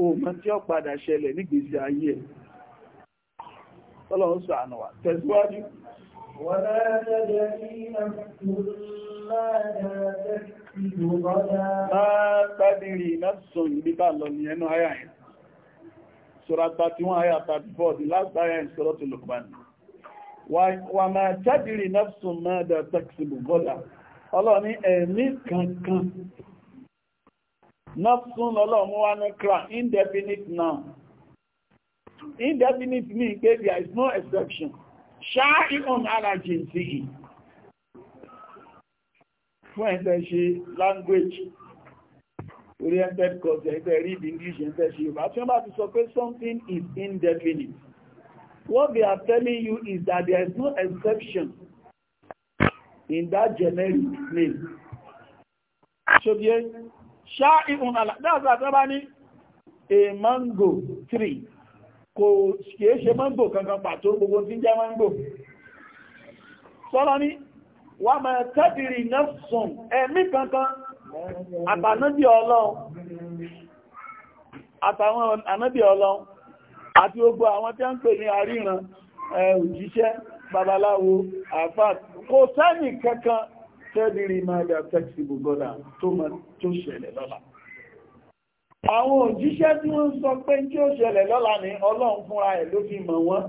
òmọ tí ó padà ṣẹlẹ̀ nígbèsí ayé ẹ̀ tọ́lọ́run sọ ànàwà tẹ̀síwájú Tàbírí ìnáṣùn ìbíbà lọ ní ẹnu ayà ẹ̀. Sọ̀rọ̀ 31 ayà 34, the last ayà in Sọ̀rọ̀ tó Lukman. Wà máa tàbírí ìnáṣùn máa dà tàkìsì bùgọ́lá. Ọlọ́ ní ẹ̀mí kankan nọ́fún lọ́lọ́mú wá ní crown indefinite noun indefinite mean pé there is no exception ṣáà ìhùn alájì sí i fún ẹ̀tẹ́ ṣe language oriented course ẹ̀tẹ́ read English ẹ̀tẹ́ ṣe Yorùbá tí wọ́n bá ti sọ pé something is indefinite what they are telling you is that there is no exception in that generic name. So, yeah, ṣáàìhùn àlà dáàsì àtọ́bá ní a mango tree kò kìí ṣe mango kankan pàtó gbogbo tí ń jẹ́ mango sọ́lọ́ ní wà mẹ́ tẹ́bìrì nẹ́fṣùn ẹ̀mí kankan àtànábì ọlọ́run àtàwọn ànábì ọlọ́run àti gbogbo àwọn tí a ń pè ní àríran òjíṣẹ́ babaláwo àfáà kò sẹ́nì kankan tẹ́bìrì máa dà tẹ́kìsìbò gọ́dà tó mọ̀ tó ṣẹlẹ̀ lọ́la. Àwọn òjíṣẹ́ tí wọ́n sọ pé tí ó ṣẹlẹ̀ lọ́la ní ọlọ́run fúnra ẹ̀ ló fi mọ̀ wọ́n.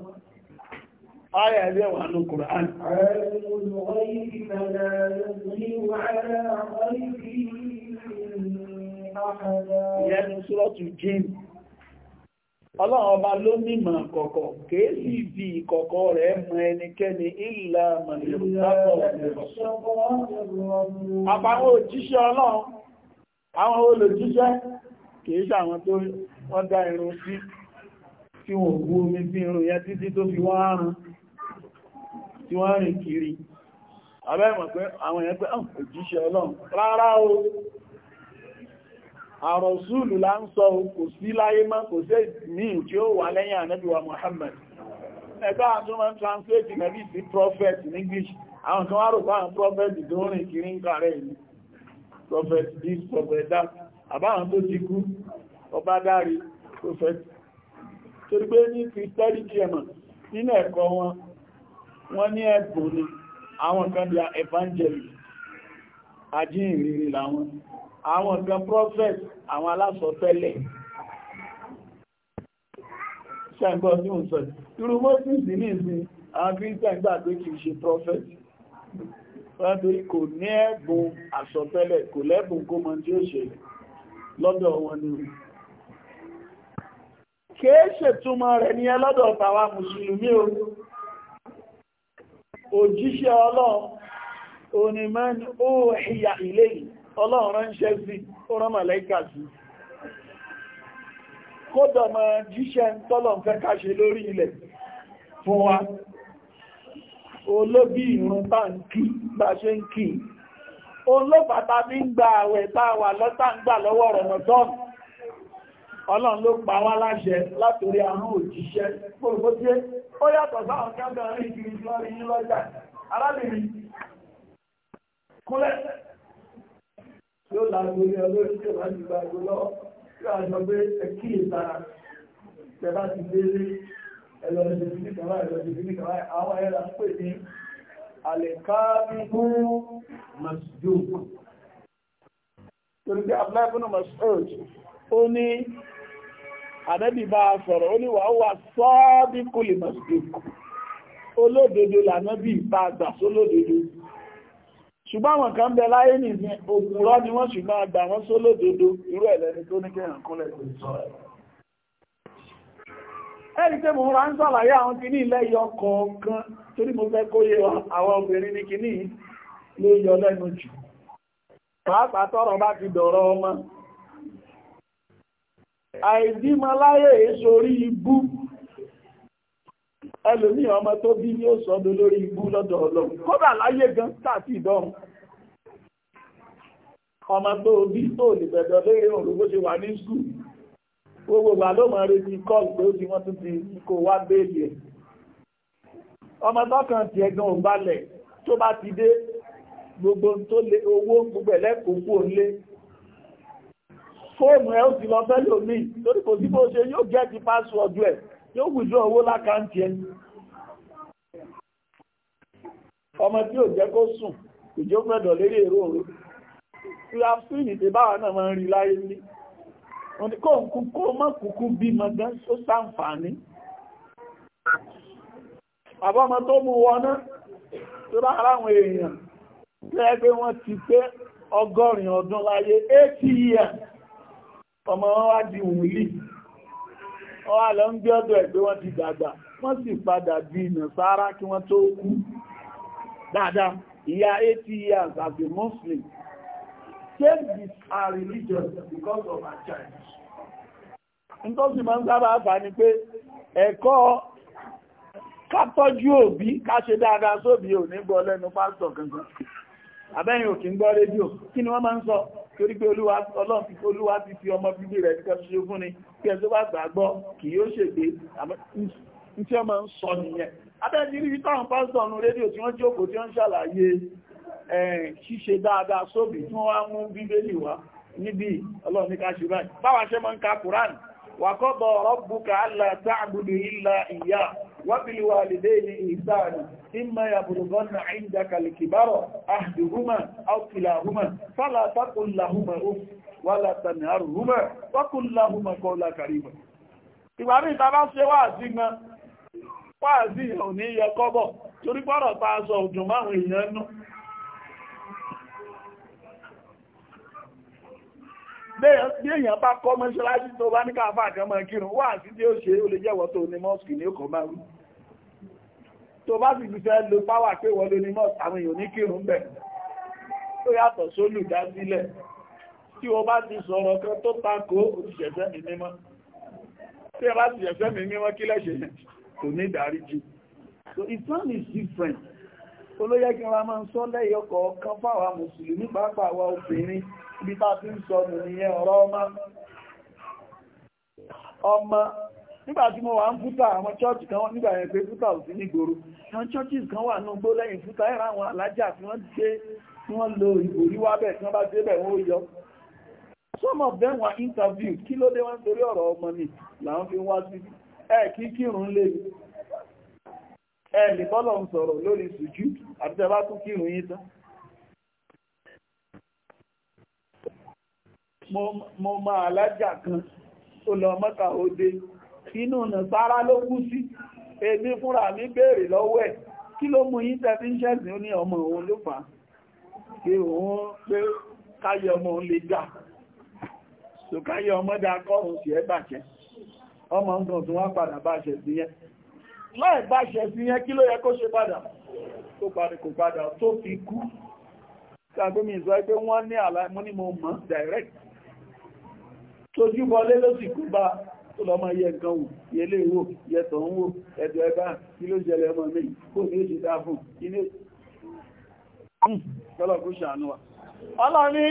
Ayà ilé wà ní Kùrán. Ìyẹn ọlọ́run ọba ló nímọ̀ kọ̀kọ̀ kìí sí ibi ìkọ̀kọ̀ rẹ̀ mọ ẹnikẹ́ni ìlà mọ̀lẹ̀kùn àpáwọn òjíṣẹ́ ọlọ́run àwọn olùjíṣẹ́ kìí sàwọn tó wọ́n dá irun sí tí wọ́n gbú omi sí irun yẹn títí tó fi wọ́n rán tí wọ́n rìn kiri abẹ́ mọ̀ pé àwọn àrọ̀súlù la ń sọ kò sí láyé mọ́ kò sí mí tí ó wà lẹ́yìn ànábì mohamed ẹgbẹ́ àtúnmọ̀ translate nàbí sí prophet in English àwọn kan wá rò prophet tó rìn kiri ń kàrẹ́ ìlú prophet this prophet that àbáwọn tó ti kú ọba dárí prophet pé ní christianity àwọn nǹkan prophet àwọn alásọtẹ́lẹ̀ ṣẹ́gbọ́ ní òsọ̀ irú moses ní ìsìn àwọn christian gbà pé kìí ṣe prophet wọ́n torí kò ní ẹ̀bùn àsọtẹ́lẹ̀ kò lẹ́bùn kó mọ tí ó ṣẹlẹ̀ lọ́dọ̀ wọn ni kìí ṣètúmọ̀ rẹ̀ ní ẹlọ́dọ̀ tàwa mùsùlùmí o òjíṣẹ́ ọlọ́run onímọ̀ ní ó hìyà ilé yìí ọlọ́run ránṣẹ́ sí ó rán màlẹ́kà sí kódọ̀ ma jíṣẹ́ tọ́lọ̀ ń fẹ́ káṣe lórí ilẹ̀ fún wa olóbí ìrun bá ń kí bá ṣe ń kí olópàtà bí ń gba àwẹ̀ tá wà lọ́tà ń gbà lọ́wọ́ Ramadan ọlọ́run ló pa wá láṣẹ látorí àrùn òjíṣẹ́ pòròpótíé ó yàtọ̀ sáwọn kẹ́gbẹ̀rin kiri lọ́rin lọ́jà arábìnrin kúnlẹ̀ yóò lágbo ní ọlọ́rin tí wọ́n ti gbàgbó lọ tí a sọ pé ẹkí ìtara tẹ̀bá ti délé ẹlọ́rin ti ní kàwá ẹlọ́rin ti ní kàwá àwọn ẹ̀rà pè ní àlẹ́káàbíhú masjid torí pé abúláìbùnú masjid ó ní àdẹ́bì bá sọ̀rọ̀ ó ní wà ó wà sọ́ọ́bí ṣùgbọ́n àwọn kan bẹ láyé nìsìn òkúrọ́ ni wọ́n ṣùgbọ́n àgbà wọn sólódodo irú ẹ̀lẹ́ni tó ní kúnlẹ̀ tó sọ mo ra ń sàlàyé àwọn kìíní ilẹ̀ yọ kọ̀ọ̀kan torí mo fẹ́ kó yé àwọn obìnrin ní kìíní ló yọ lẹ́nu jù pàápàá ọmọ ẹlòmí ọmọ tó bí ní ó sọ́dọ̀ lórí ibú lọ́dọ̀ ọlọ́run kódà láyé gan tàbí ìdọ́run ọmọ tó bí tó lè bẹ̀dọ̀ lórí òun bó ṣe wà ní skul gbogbo ìgbà ló mọ̀ retí kọ́ọ̀lù pé ó ti wọ́n tún ti kó wá béèlì ẹ̀ ọmọ tọ́kàn ti ẹ̀gbọ́n ò balẹ̀ tó bá ti dé gbogbo tó lé owó gbogbo ẹ̀lẹ́kọ̀ọ́ kú òǹlé fóònù ẹ̀ ó ti lọ fẹ́lòmíì lórí kò sí bó ṣe yóò jẹ́ ti pásíwọ́ọ̀dù ẹ̀ yóò wùdó owó lákàntì ẹni ọmọ tí ò jẹ́ kó sùn ìjó mẹ́dọ̀ lérí èrò òru tí a fún ìdìdè báwa náà máa ń rí láyé ní wọ́n ni kó ń kú kó mọ́ kúkú bí mọ́gán ó sàǹfààní àbọ́mọ tó mú wọná tó bá aláwọn èèyàn tẹ́ pé wọ́n ti pé ọgọ́rin ọdún láyé 80 years ọmọ wọn wá di wùlíì ọwá lọ ń gbé ọ̀dọ̀ ẹ̀ pé wọ́n ti dàgbà wọ́n sì padà di nàṣàrà kí wọ́n tó kú dáadáa ìyá 80 years as a Muslim take this are religious because of our child nǹkan sì máa ń sábà fà ní pé ẹ̀kọ́ ká tọ́jú òbí ká ṣe dáadáa sóbí ò ní gbọ́ lẹ́nu pásítọ̀ kankan abẹ́yìn òkè ń gbọ́ rédíò kí ni wọ́n máa ń torí pé ọlọ́run ti olúwa ti fi ọmọ bíbí rẹ̀ nìkan ṣoṣo fún ni kí ẹ tó bá gbàgbọ́ kì yóò ṣègbè tí ọmọ ń sọ nìyẹn abẹ́ni rí táwọn pásítọ̀ ọ̀nù rédíò tí wọ́n jókòó tí wọ́n ń ṣàlàyé ṣíṣe dáadáa sóbì tí wọ́n wá mú bíbélì wá níbi ọlọ́run ní ká ṣe báyìí báwa ṣe mọ́ ń ka kùránì وقضى ربك ألا تعبد إلا إياه وبالوالدين إحسانا إما يبلغن عندك الكبر أحدهما أو كلاهما فلا تقل لهما أف ولا تنهرهما وقل لهما قولا كريما ìgbà míì tá a bá ṣe wáàsí gan wáàsí ò ní yẹ kọ́bọ̀ torí gbọ́dọ̀ tá a sọ òjò márùn-ún èèyàn nú bí èèyàn bá kọ́ mọ́ṣáláṣí tó bá ní káfà kan mọ́ kírun wà sí tí ó ṣe ó lè jẹ́wọ́ tó ní mọ́sùkì ní ọkọ̀ máa rú tó bá sì fẹ́ lo páwà pé wọ́n ló ní mọ́sù àwọn tó yàtọ̀ sólùdásílẹ̀ tí wọ́n tí ẹ bá ti so Islam is different olóyẹ́kí wọn máa ń sọ lẹ́yọkọ̀ kan fáwọn mùsùlùmí pàápàá wa obìnrin ibi tá ti ń sọ nù nìyẹn ọ̀rọ̀ ọmọ ọmọ nígbàtí mo wà ń fúta àwọn chọ́ọ̀tì kan nígbà yẹn pé fúta ò sí nígboro àwọn chọ́ọ̀tì kan wà ní igbó lẹ́yìn fúta ẹ̀rọ àwọn alájà tí wọ́n gbé tí wọ́n lo ìbòrí wá bẹ̀ tí wọ́n bá dé bẹ̀ wọ́n ó yọ some of them were interviewed kí ló dé wọ́n torí ọ̀rọ̀ ọmọ ni làwọn fi wá sí ẹ kí kírun lè ẹ lè bọ́lọ̀ ń sọ̀rọ̀ lórí sùjú àti tẹ́ bá tún kírun yín tán mo máa alájà kan tó lọ mọ́ta òde inú ọ̀nà sára ló kú sí èmi fúnra mi béèrè lọ́wọ́ ẹ̀ kí ló mú yín tẹ́fí ń ṣẹ̀sìn ó ní ọmọ òun ló fà á pé òun pé káyọ ọmọ òun lè gbà so káyọ ọmọ dá kọ́rùn sí ẹ bàjẹ́ ọmọ nǹkan tó wá padà bá ṣẹ̀ sí yẹn láì bá ṣẹ̀ sí yẹn kí ló yẹ kó ṣe padà tó padà kò padà tó fi kú ṣàgbémi ìsọ pé wọ́n ní àlàmúnímọ̀ mọ́ direct tójúbọlé ló sì kú bá tó lọ máa yẹ nǹkan wò yẹlé wò yẹtọ̀ ń wò ẹ̀dọ̀ ẹ̀bá kí ló jẹlẹ̀ ọmọ mi kò ní ó ti dá fún ilé tọ́lọ̀kú ṣàánú wa ọlọ́ni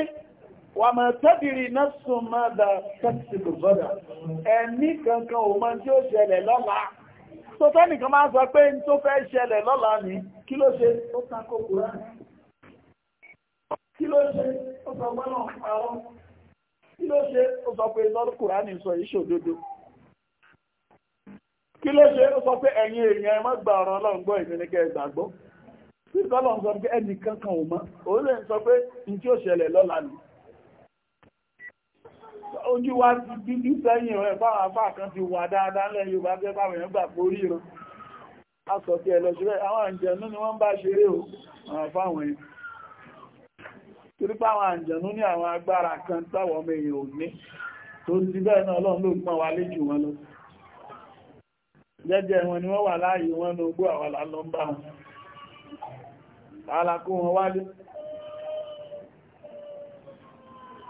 wà mọ̀ tẹ́bìrì náà sùn máa dà tẹ́kìtìkù bọ́dà ẹ̀mí kankan ò mọ̀ tí ó ṣẹlẹ̀ lọ́la tó tẹ́nìkan máa sọ pé n tó fẹ́ kí ló ṣe ó takò kúrán kí ló ṣe ó sọ pé lọ́dún kùránì sọ iṣẹ́ òdodo kí ló ṣe ó sọ pé ẹ̀yin èèyàn ẹ má gba ọ̀rọ̀ ọlọ́run gbọ́ ìmí ní kẹ́ ẹ gbàgbọ́ tí sọ́lọ́ ń sọ pé ẹnì kankan ò mọ́ òun lè sọ pé n tí ó ṣẹlẹ̀ lọ́la ni ojú wa ti dúdú sẹ́yìn rẹ̀ báwọn afá kan ti wà dáadáa lẹ́ Yorùbá tẹ́ báwọn èèyàn gbà forí rẹ̀ a sọ pé ẹ lọ sí rẹ̀ àwọn àjẹ̀nú ni wọ́n bá ṣeré o àwọn afáwọn yìí torí pé àwọn àjọ̀nú ní àwọn agbára kan táwọn ọmọ èèyàn ò ní tó ti bẹ́ẹ̀ náà ọlọ́run ló gbọ́n wa lé jù wọn lọ jẹ́jẹ́ wọn ni wọ́n wà láàyè wọn ní ogó àwọn lálọ́ wọn alákó wọn wálé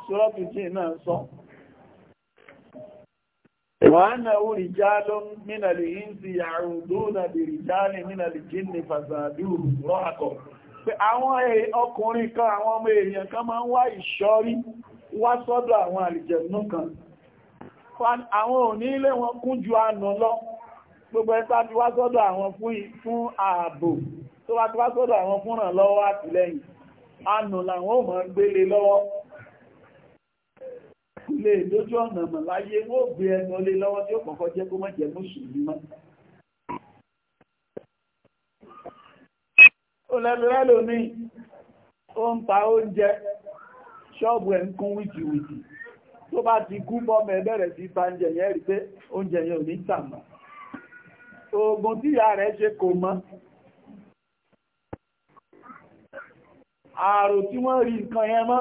ṣọ́ọ̀tù tí náà sọ wọ́n náà orí já ló mínàlì ìsì àrùn dóòdà bèrè já ní mínàlì jíní fàzàdúrù rọ́ àkọ́kọ́ pé àwọn ọkùnrin kan àwọn ọmọ èèyàn kan máa ń wá ìṣọ́rí wá sọ́dọ̀ àwọn àlìjẹ̀nú kan àwọn òní ilé wọn kún ju ànà lọ gbogbo ẹta ti wá sọ́dọ̀ àwọn fún ààbò tó wá ti wá sọ́dọ̀ àwọn fúnràn lọ́wọ́ àtìlẹ́yìn ànà làwọn ò máa gbélé lọ́wọ́ ilé lójú ọ̀nà mọ̀ láyé wọ́n gbé ẹnu lé lọ́wọ́ tí ó kọ́kọ́ jẹ́ kó má jẹ́ mùsùlùmí mọ́ olẹ́bẹ̀rẹ́ lómi ó ń pa oúnjẹ ṣọ́ọ̀bù ẹ̀ ń kún wìtìwìtì tó bá ti kú bọ́mẹ̀ bẹ̀rẹ̀ sí ta oúnjẹ yẹn rí pé oúnjẹ yẹn ò ní tàmà oògùn tí ìyá rẹ̀ ṣe kò mọ́ ààrò tí wọ́n rí nǹkan yẹn mọ́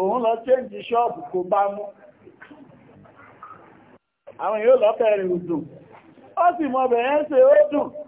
òun lọ chẹ́ǹjì ṣọ́ọ̀bù kò bá mú àwọn yóò lọ́fẹ̀ẹ́ rẹ̀ òdùn ó sì mọ̀ bẹ̀rẹ̀ ṣe ó dùn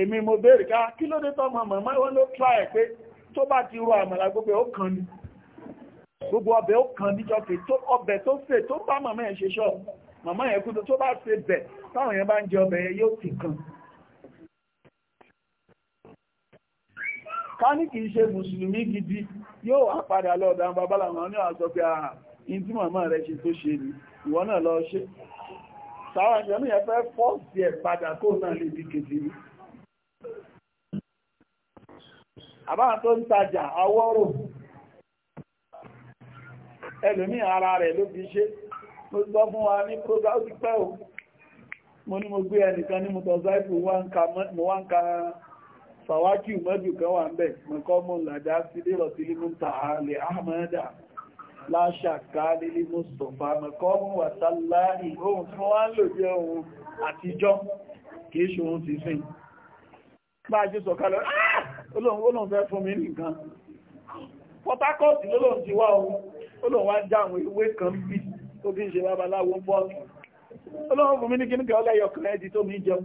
èmi mo béèrè ká kí ló dé tọ́mọ màmá wọn ló tra ẹ̀ pé tó bá ti ro àmàlà gbogbo ó kan ni gbogbo ọbẹ̀ ó kan níjọ́ pé ọbẹ̀ tó fè tó bá màmá ẹ̀ ṣe ṣọ́ màmá yẹn kúndùn tó bá ṣe bẹ̀ táwọn yẹn bá ń jẹ ọbẹ̀ yẹn yóò ti kan ká ní kìí ṣe mùsùlùmí gidi yóò wá padà lọ ọ̀dà babaláwọn ní àwọn sọ pé àà ah, tí màmá rẹ̀ ṣe tó ṣe ni ìwọ náà lọ ṣe sáwọn ìjọ ní ẹ̀fẹ́ fọ́ọ̀sì ẹ̀ padà kó náà lè di kejì àbáwọn tó ń tajà awọ́rò ẹlòmí ara rẹ̀ ló fi ṣe mo sọ fún wa ní program ti pẹ́ o mo ní mo gbé ẹnìkan ní mọ́tọ̀sáìpù mo wá ń ka fàwákì mọ́jù kan wà ń bẹ̀ mọ́kọ́ mọ́ làjá sí lérọ̀ sí lé mọ́ta àlè ahmada láṣàká lílé mọ́sọ̀fà mọ́kọ́ mọ́ wà sáláì ohun tí wọ́n lò jẹ́ ohun àtijọ́ kìí ṣe ohun ti sìn bá a ṣe sọ̀kalẹ̀ ah! olóhun fẹ́ fún mi nìkan pọtakọ́ọ̀tì lọ́lọ́run ti wá ohun olóhun wá já àwọn ewé kan bí tó kí ń ṣe babaláwo pọ́ọ̀kì olóhun fún mi ní kíníkà ọlẹ́yọ kan ẹ́ ti tó mi jẹun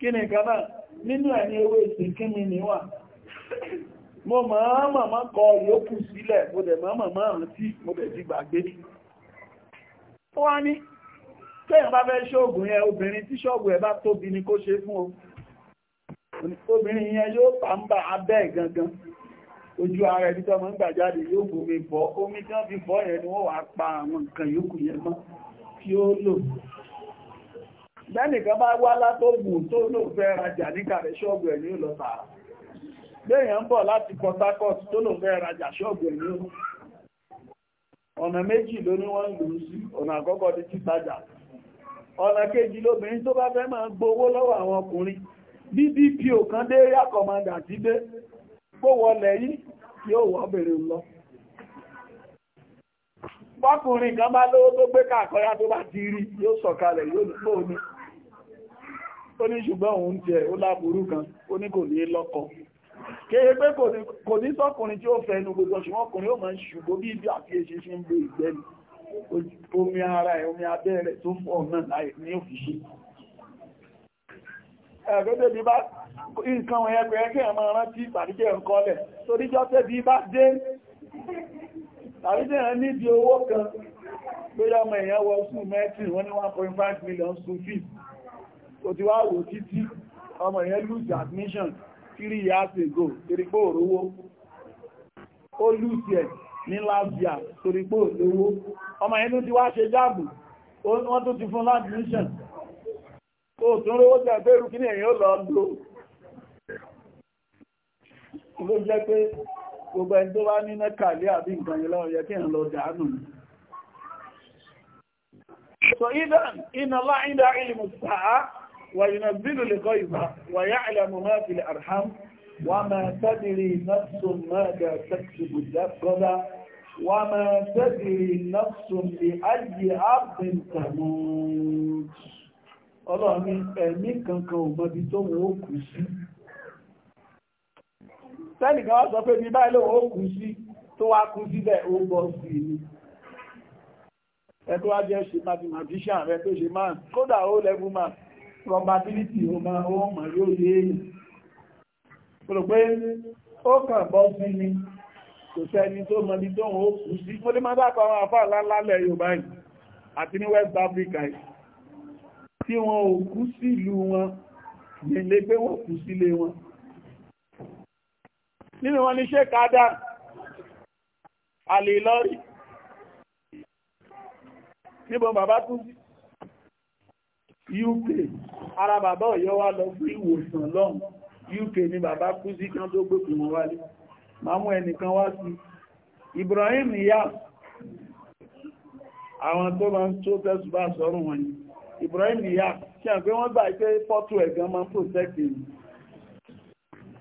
kíníkà náà nínú ẹ̀ ní ewé ìsìnkíní níwà mo máa màmá kọ yókù sílẹ̀ mo dẹ̀ máa màmá rántí mo dẹ̀ ti gbàgbé ó wá ní tẹ́yìn bá fẹ́ ṣọ́ọ̀gùn yẹn obìnrin tí ṣọ́ọ̀gùn ẹ̀ bá tóbi ni kó ṣe fún o obìnrin yẹn yóò pàmbà abẹ́ gangan ojú ara ẹni tó mọ́ ń gbàjáde yóò gbòmè bọ́ omi tí wọ́n fi bọ́ yẹn ni wọ́n wà pa àwọn nǹkan yòókù yẹn mọ́ tí ó lò lẹ́nìkan bá wá látògùn tó lò fẹ́ rajà ní kàrẹ́ ṣọ́ọ̀bù ẹ̀ ní ìlọ tààrà léèyàn ń bọ̀ láti Port Harcourt tó lò fẹ́ rajà ṣọ́ọ̀bù ẹ̀ ní ìlọ ọ̀nà méjì ló ní wọ́n ń lò sí ọ̀nà àkọ́kọ́ ti bí dpo kan dé yá kọmọdà ti dé kó wọlẹ̀ yìí yóò wọ́ bèrè lọ bọ́kùnrin kan bá lówó tó gbé káàkọ́yá tó bá ti rí yóò sọ̀kalẹ̀ yóò lò ní ó ní ṣùgbọ́n òun jẹ́ ó láburú kan ó ní kò ní kò ní sọkùnrin tí ó fẹ́ inú gbogbo ṣùgbọ́n ọkùnrin ó máa ń bí ibi àti èṣe ṣe ń gbé ìgbẹ́ni omi ara omi tó fọ́ náà láì ẹ̀gẹ́gẹ́ bí bá nǹkan ẹgbẹ̀ ẹgbẹ̀ ẹmọ rántí ìpàdíjẹ́ ǹkọlẹ̀ toríjọ́ tẹ́ bí bá dé àríjẹ́ ẹ̀ níbi owó kan lórí ọmọ èèyàn wọ school mẹ́tì wọ́n ní 1.5 million school fees ó ti wá wò títí ọmọ èèyàn lose admission three years ago torí pé òrówó ó lose yet, ní last year torí pé òrówó ọmọ èèyàn tó ti wá ṣe jáàbù wọ́n tó ti fún admission kó tún rówó tẹ̀fẹ́ irú kíní èyàn lọ lò jẹ́ pé gbogbo ẹni tó bá ní nẹ́kàlẹ́ àbí nǹkan yìí lọ́wọ́ yẹ kí ń lọ dànù so idan iná láìdá ilmù sáà wà yìí náà bínú lè kọ́ ìfà wà yá ìlàmù máa fi lè arham wà máa tẹ́bìrì nafsun máa dà tẹ́kì gọ́dá wà máa tẹ́bìrì nafsun lè ájì ábìn tàmùs ọlọ́run ní ẹ̀mí kankan ò mọ́bí tó wọ́n ó kù sí tẹ́nìkan wá sọ pé bí báyìí lóun ó kù sí tó wá kú síbẹ̀ ó bọ́ sí ni ẹ̀tọ́ wá jẹ́ ṣe mathematician rẹ̀ tó ṣe máa kódà ó lẹ́gbù máa probability ó máa ó mọ̀ yóò yé èyí pẹ̀lú pé ó kàn bọ́ sí ni kò sẹ́ni tó mọ́bí tó wọ́n ó kù sí mo lè má dákọ̀ àwọn àfáà ńláńlá Yorùbá yìí àti ní West Africa yìí tí wọn ò kú sí ìlú wọn nílé pé wọ́n kú sílé wọn nínú wọn ni ṣe kádà alè lọ́rí níbọn bàbá tún sí UK ara bàbá ọ̀yọ́ wá lọ fún ìwòsàn lọ́n UK ni bàbá kú sí kan tó gbókùn wọn wálé máa ẹnìkan wá sí Ibrahim ìyá àwọn tó máa ń tó tẹ́sùbá sọ́rùn wọn yìí Ibrahim di ṣe hàn wọ́n gbà pé fọ́tò ẹ̀gán máa ń protect èyí.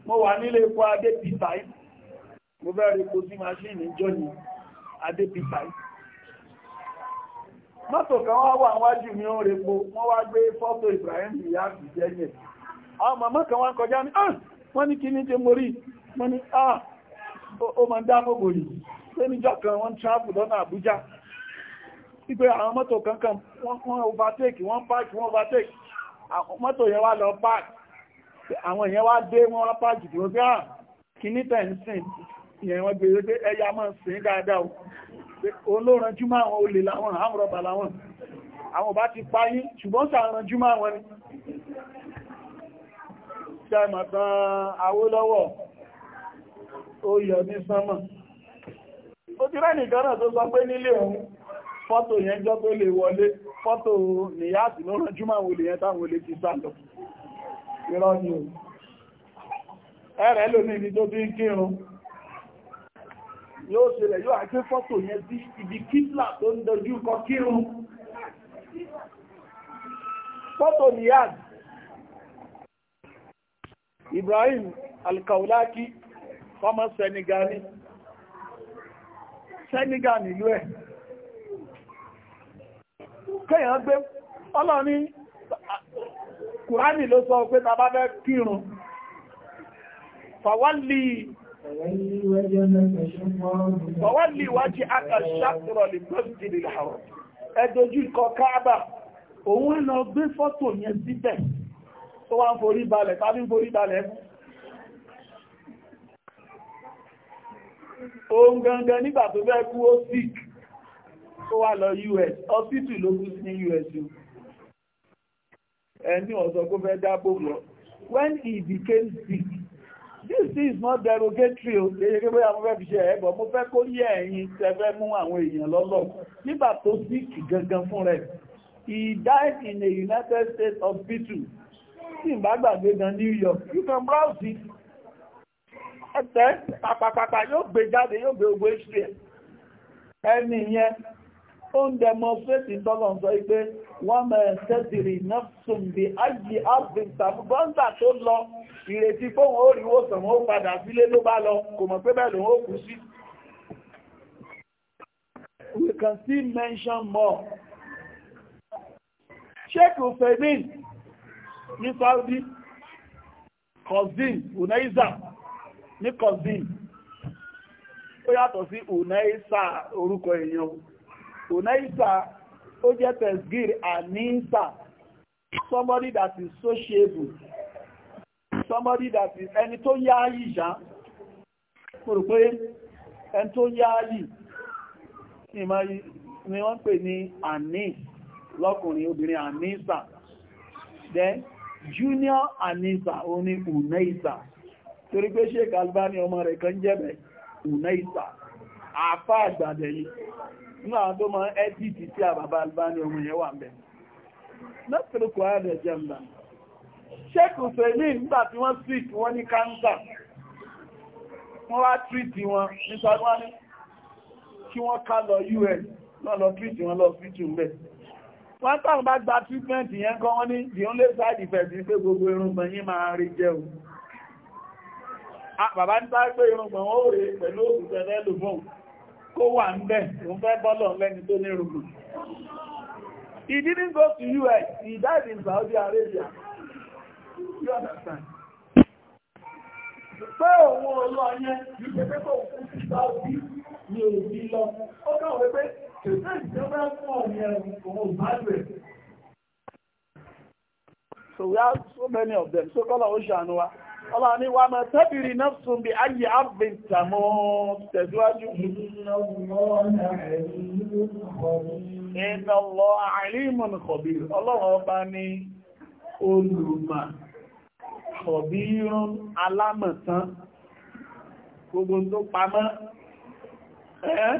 Mo wà nílé epo Adé yìí. Mo rí máṣíìnì ni yìí. Mọ́tò kan wá mi ó repo, wọ́n wá gbé Ibrahim Nìyà kì jẹ́yẹ̀. Àwọn màmá kan wá kọjá ní, ah! Wọ́n ní kí ní jẹ ah! Ó máa dá mọ́gbò yìí. wípé àwọn mọ́tò kankan wọ́n overtake wọ́n park wọ́n overtake mọ́tò yẹn wá lọ park àwọn èèyàn wá dé wọ́n wá park tí ó gbé à ah, kìíní tẹ̀sìn ìyẹn wọ́n gbèrè pé ẹ̀yà mọ́ sí dáadáa olóranjú máa wọn olè láwọn àmúrọ̀bà láwọn àwọn bá ti páyí ṣùgbọ́n sàranjú máa wọn ni ṣẹ́mọ̀tán Awólọ́wọ̀ ó yọ ní sánmà ó ti rẹ́ nìkan náà tó sọ pé nílé òun fọ́tò yẹn jọ tó lè wọlé fọ́tò nìyàtì ló rán júmọ̀ olè yẹn táwọn olè ti sálọ irọ́ ni o ẹ̀rẹ̀ lómi ibi tó bí ń kírun yóò ṣẹlẹ̀ yóò àgbé fọ́tò yẹn sí ibi kíblà tó ń dojú kọ kírun fọ́tò nìyàtì Ibrahim Alkaulaki ọmọ Senegal ni Senegal nílùú ẹ̀ kéèyàn gbé ọlọ́run ní kùránì ló sọ pé ta bá fẹ́ kírun fàwálì fàwálì wájí akàṣàkùrọ̀ lè gbọ́sìdì ìlàrọ̀ ẹdójú kọ káàbà òun lọ gbé fọ́tò yẹn síbẹ̀ tó wá ń forí balẹ̀ tàbí forí balẹ̀ fún ohun gangan nígbà tó fẹ́ kú ó síkì kó wá lọ US hospital ló kú sí US o ẹni ọ̀sọ̀ kó fẹ́ dábò lọ when he became sick this is not derogatory o lè yẹ bóyá mo fẹ́ fi ṣe ẹ̀ẹ́bọ̀ mo fẹ́ kó yẹ ẹ̀yin tẹ́fẹ́ mú àwọn èèyàn lọ́lọ́ nígbà tó sick gangan fún rẹ̀ he died in the United States hospital tí ìbá gbàgbé gan New York you can browse it ẹ̀tẹ́ pàpàpàpà yóò gbé jáde yóò gbé ogbó ìṣẹ́ ẹni yẹn ó ń demonstrate tọ́lọ̀ ń sọ wípé wọ́n mẹ́ tẹ́sìrì nọ́fṣùn bí ájì áfíìsà bọ́ńdà tó lọ ìrètí fóun ó rí wòsàn ó padà sílé ló bá lọ kò mọ̀ pé bẹ́ẹ̀ lòun ó kú sí. We can still mention more. Sheikh Ufemin ní Saudi, Kozin, Unaiza ní Kozin, ó yàtọ̀ sí Unaiza orúkọ èèyàn onaisa ó jẹ́ tesgir anisa somebody that is sociable somebody that is ẹni tó yááyì ṣá mo rò pé ẹni tó yááyì ni wọ́n pè ní anis lọ́kùnrin obìnrin anisa then junior anisa ó ní unaisa torí pé Sheikh Albani ọmọ rẹ̀ kan jẹ́bẹ̀ unaisa àfá àgbàdẹ̀ yìí inú àwọn tó máa ẹ́dìtì tí a bàbá albani ọmọ yẹn wà mẹ́ lọ́pẹ̀lúkọ ààrẹ jẹ́mbà ṣẹ́kù fèmí nígbà tí wọ́n treat wọ́n ní káńsà wọ́n wá treat wọn ní sàgbọ́n kí wọ́n ká lọ un náà lọ treat wọn lọ sí tù mẹ́ wọ́n táwọn bá gba treatment yẹn kọ́ wọ́n ní the only side effect ní pé gbogbo irùngbọ̀n yín máa rí jẹ́ o ah, bàbá ń sáré pé irùngbọ̀n ó rèé pẹ̀lú òkùnkùn kó wà ń bẹ̀ òun fẹ́ bọ́lọ̀ lẹ́ni tó ní rúgbùn he didn't go to US he died in Saudi Arabia you understand pé òun ọlọ́ yẹn ìpẹ́pẹ́ kò fún sí Saudi ní òbí lọ ó kàn wé pé kèfé ìjọba fún ọ̀yẹ òun bá rẹ̀ So we have so many of them so kọ́lọ̀ ó anuwa. wa. Allah ni wa ma tabiri nafsun bi ayi abin tamo tẹ̀síwájú. Inna Allah alimun khabir. Ọlọ́run ọba ni olùmọ̀, khabirun alámọ̀tán, gbogbo tó pamọ́. Ẹ́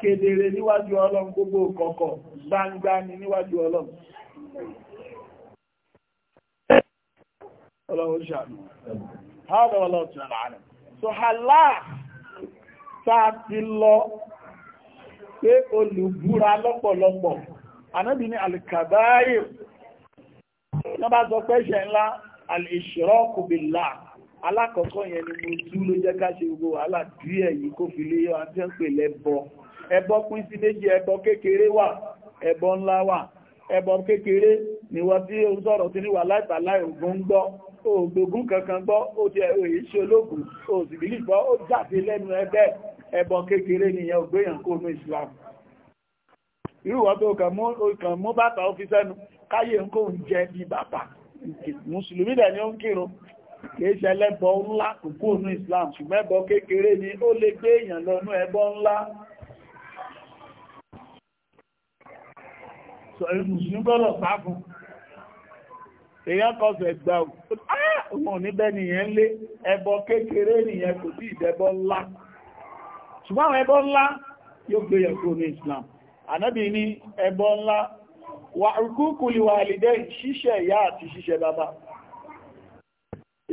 kedere níwájú Ọlọ́run gbogbo kọ̀kọ̀, gbangba ni níwájú Ọlọ́run. ọlọ́run ṣàánú hádọ́ ọlọ́run so hàlá sáà ti lọ pé olùbúra lọ́pọ̀lọpọ̀ anábì ní alìkàbáyé wọ́n bá sọ pé ṣe yẹn ni mo ká ṣe gbogbo wàhálà yìí kó fi lé yọ àti ẹbọ pín sí méjì ẹbọ kékeré wà ẹbọ ńlá wà ẹbọ kékeré ni sí ògùn ń ògbógún kankan gbọ́ ó jẹ́ òye ṣe ológun òsìbílì gbọ́ ó jáde lẹ́nu ẹgbẹ́ ẹbọ kékeré nìyẹn ògbéyàn kó ní Islam irúwọ́ tó kàn mú bàtà ó fi sẹ́nu káyé ń kó ń jẹ bí bàtà mùsùlùmí dẹ̀ ni ó ń kírun kìí ṣe ẹlẹ́bọ ńlá kòkó ní Islam ṣùgbọ́n ẹbọ kékeré ni ó lè gbé èèyàn lọ́nú ẹbọ ńlá sọ ìrùsùn gbọ́dọ̀ sá èèyàn kan fẹ́ gbà ah! òun ò níbẹ̀ nìyẹn lé ẹbọ kékeré nìyẹn kò sí ìdẹ́bọ ńlá ṣùgbọ́n àwọn ẹbọ ńlá yóò gbé yẹn kúrò ní Islam ànábì ní ẹbọ ńlá wà rúkúkú lè wà lìdẹ́ ṣíṣẹ́ ìyá àti ṣíṣẹ́ bàbá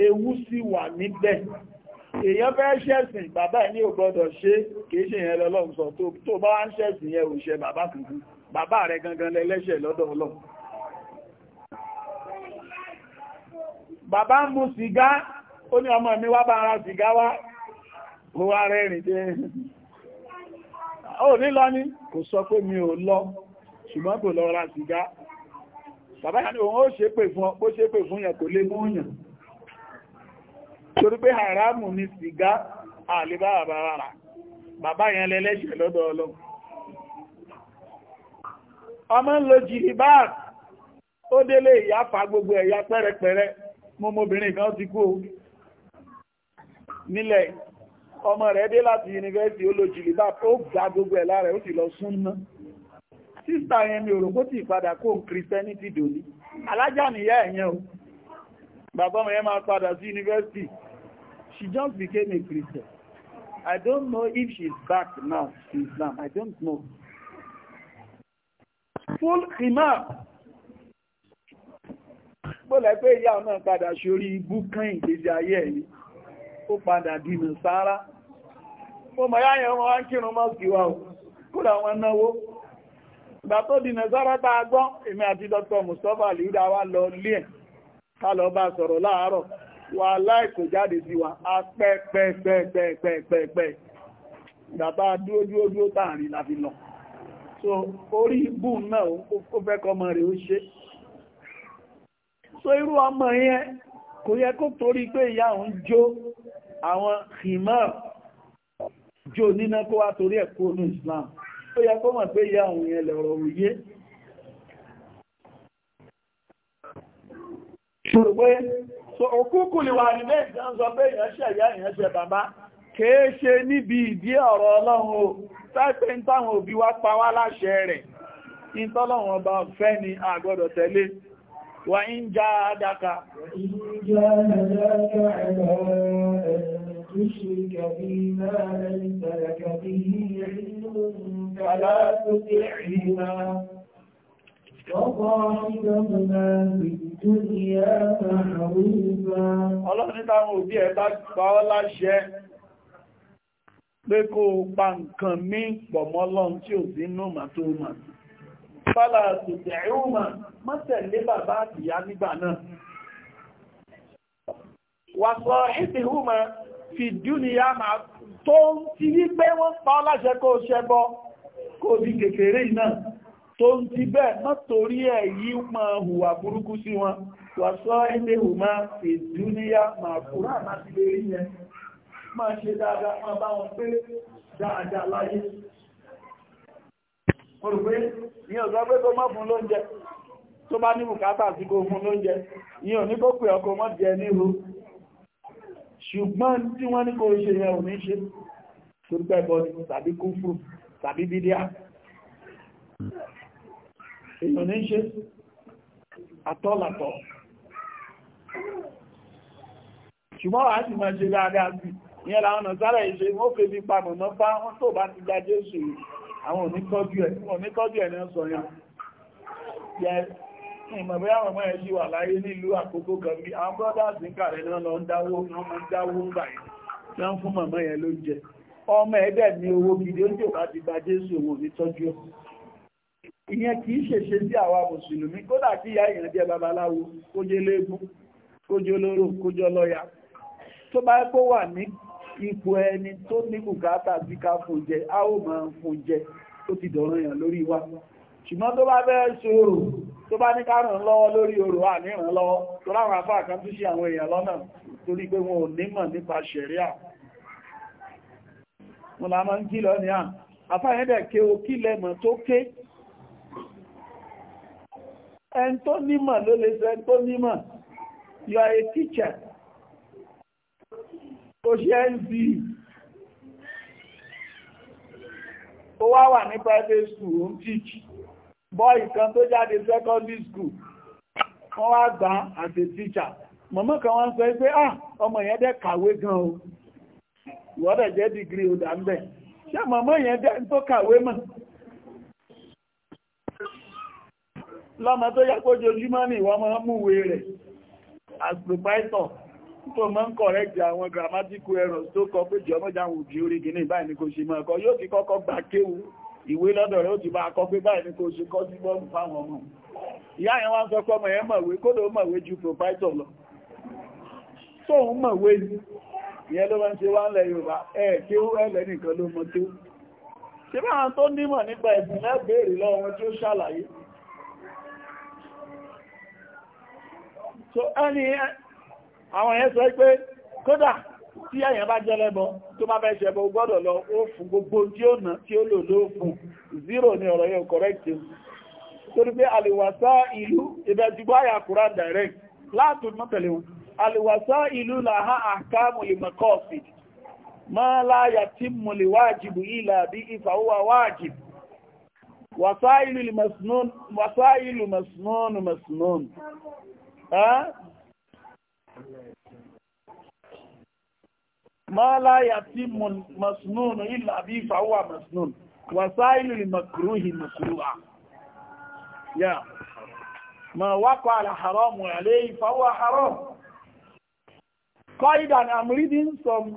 ewu sì wà níbẹ̀ èèyàn fẹ́ ṣẹ̀sìn bàbá ẹ̀ ní ò gbọ́dọ̀ ṣe kìí ṣe yẹn lọ́lọ́run sọ tó bá ń ṣẹ̀sìn yẹn ò bàbá kankan bàbá rẹ̀ gangan lẹ́lẹ́ṣẹ̀ lọ́dọ̀ Ọlọ́run bàbá ń mú sìgá ó ní ọmọ mi wá bá ara sìgá wá mo wá rẹ́rìn dé ó ní lọ ní kò sọ pé mi ò lọ ṣùgbọ́n kò lọ ra sìgá bàbá yà ní òun ó ṣe pè fún ó ṣe pè fún yẹn kò lè mú yàn torí pé haramu ni sìgá àlébá bàbá rà bàbá yẹn lẹ́lẹ́ṣẹ̀ lọ́dọ̀ ọlọ́run ọmọ ń lo jìlìbáà ó délé ìyá fa gbogbo ẹ̀yà pẹ́rẹpẹ́rẹ́ mọ́mọ́bìnrin kan ti kú nílẹ̀ ọmọ rẹ̀ dé láti yunifásitì olójìlì bá ó gbá gbogbo ẹ̀ lára ó sì lọ súnná sísà yẹn mi ò rò kó ti padà kó kìrìsẹ́nìtì dòní alájà nìyá ẹ̀yẹn o bàbá ọmọ yẹn máa padà sí yunifásitì she just became a Christian I don't know if she is back now to Islam I don't know full imam bólẹ̀ pé ìyá náà padà sórí ibú kán ìgbésí ayé ẹ̀yí ó padà dínà sáárá mo mọ̀ yáyẹ̀ wọn wá ń kírun mọ́sí wa ò kúrò wọn náwó ìgbà tó dínà sáárá tá a gbọ́ èmi àti Dr. Mustapha liuda wá lọ lé ẹ̀ ká lọ bá sọ̀rọ̀ láàárọ̀ wà láìkò jáde sí wa a pẹ́pẹ́pẹ́pẹ́pẹ́pẹ́ ìgbà dúró dúró dúró táàrin láti lọ so orí ibú náà ó fẹ́ kọ́mọ rẹ̀ ó ṣe so irú ọmọ yẹn kò yẹ kó torí pé ìyá òun jó àwọn himar jó níná kó wá torí ẹ̀ kó ní Islam ó yẹ kó mọ̀ pé ìyá òun yẹn lọ̀rọ̀ òye ṣùgbé so òkúkù lè wà nílé ìdánsọ pé ìyànṣẹ́ ìyá ìyànṣẹ́ bàbá kèé ṣe níbi ìdí ọ̀rọ̀ ọlọ́run o sáìpé ń táwọn òbí wa pa wá láṣẹ rẹ̀ ìtọ́lọ́run ọba fẹ́ ni a gbọ́dọ̀ tẹ̀lé وإن جاهدك وإن جاهدك على أن تشرك بما ليس لك به علم فلا تطعهما Ọlọ́run ní táwọn òbí ẹ pa ọ́ láṣẹ pé kó pa nǹkan mí pọ̀ mọ́ Ọlọ́run tí ò sí nù màtó màtó. fálà tòtẹ̀ ìhùnmà má tẹ̀lé bàbá ya nígbà náà wà sọ ìdí ìhùnmà tó ń ti rí pé wọ́n pa láṣẹ kó ṣẹbọ kó di kékeré náà tó ń ti bẹ́ẹ̀ má torí ẹ̀ yí hùwà burúkú sí wọn máa kúrò àmà ti ṣe dáadáa bá wọn pé dáadáa mo rò pé ní ọ̀sán pé kó mọ́ fún lóúnjẹ tó bá ní bùkátà sí kó fún lóúnjẹ ní òní kó pè ọkọ̀ mọ́ jẹ níhu ṣùgbọ́n tí wọ́n ní kó ṣe yẹn ò ní ṣe tó pẹ́ bọ́ tàbí kúfù tàbí bídíà èèyàn ṣùgbọ́n wà sí máa ṣe dáadáa sí ìyẹn ọ̀nà sára ìṣe wọ́n fẹ́ bí náà bá wọ́n tó bá ti gba Jésù àwọn onítọ́jú ẹ̀ wọ́n onítọ́jú ẹ̀ ní ń sọ yẹn yẹ ìmọ̀ bí àwọn ọmọ ẹ̀ yí wà láyé nílùú àkókò kan bí àwọn brothers ní kàrẹ̀ náà lọ ń dáwó wọ́n máa ń dáwó ń gbà yẹn tí wọ́n fún màmá yẹn ló jẹ ọmọ ẹgbẹ́ ní owó gidi ó ipò ẹni tó ní bùkátà bí ká fún jẹ a ó fún jẹ tó ti dọ̀rọ̀ èèyàn lórí wa ṣùgbọ́n tó bá bẹ́ẹ̀ ṣe tó bá ní kárùn lọ́wọ́ lórí orò wà tó láwọn afá kan àwọn èèyàn lọ́nà wọn ò nímọ̀ nípa ó ṣe ND ó wá wà ní private school ó ń teach boy kan tó jáde secondary school wọ́n wá gbà as a teacher mọ̀mọ́ kan wọ́n sọ pé ah ọmọ yẹn dẹ̀ kàwé gan o ìwọ́dẹ̀ jẹ́ dìgírí ọ̀dà ń bẹ̀ ṣé mọ̀mọ́ yẹn dẹ̀ tó kàwé mọ̀ lọ́mọ tó yẹ kó jojúmọ́ ni ìwọ́n mọ́ múwé rẹ̀ as professor tó mọ́ ń correct àwọn grammatical errors tó kọ pé jọmọ́ jáwọn òbí orí gini báyìí ni kò ṣe mọ́ ọkọ̀ yóò ti kọ́kọ́ gbà kéwu ìwé lọ́dọ̀ rẹ̀ ó ti bá akọ́ pé báyìí ni kò ṣe kọ́ sí bọ́ọ̀lù fáwọn ọmọ ìyá yẹn wá sọ pé ọmọ yẹn mọ̀wé kódò mọ̀wé ju proprietor lọ tóun mọ̀wé ìyẹn ló máa ń ṣe wá ńlẹ̀ Yorùbá ẹ̀ kí ó ẹ̀lẹ́ ló mọ tó ṣe bá àwọn tó nímọ̀ nípa ẹ̀sìn náà béèrè lọ́wọ́ tí ó ṣàlàyé àwọn yẹn sọ pé kódà tí èèyàn bá jẹ́ lẹ́bọ tó bá fẹ́ ṣẹbọ gbọ́dọ̀ lọ ó fún gbogbo tí ó nà tí ó lò ló zero ni ọ̀rọ̀ yẹn correct torí pé àlèwàsá ìlú ìbẹ̀jùgbọ́ àyà kúrà direct láti mọ́ tẹ̀lé wọn àlèwàsá ìlú làhá àkámù ìmọ̀kọ́ọ̀sìd máa láyà tí mo lè wájìbù ìlà bí ma la yatimmu masnun illa bi fa huwa masnun wasailu limakruhi makruha ya ma waqa ala haram wa alayhi fa huwa haram qaida i'm reading some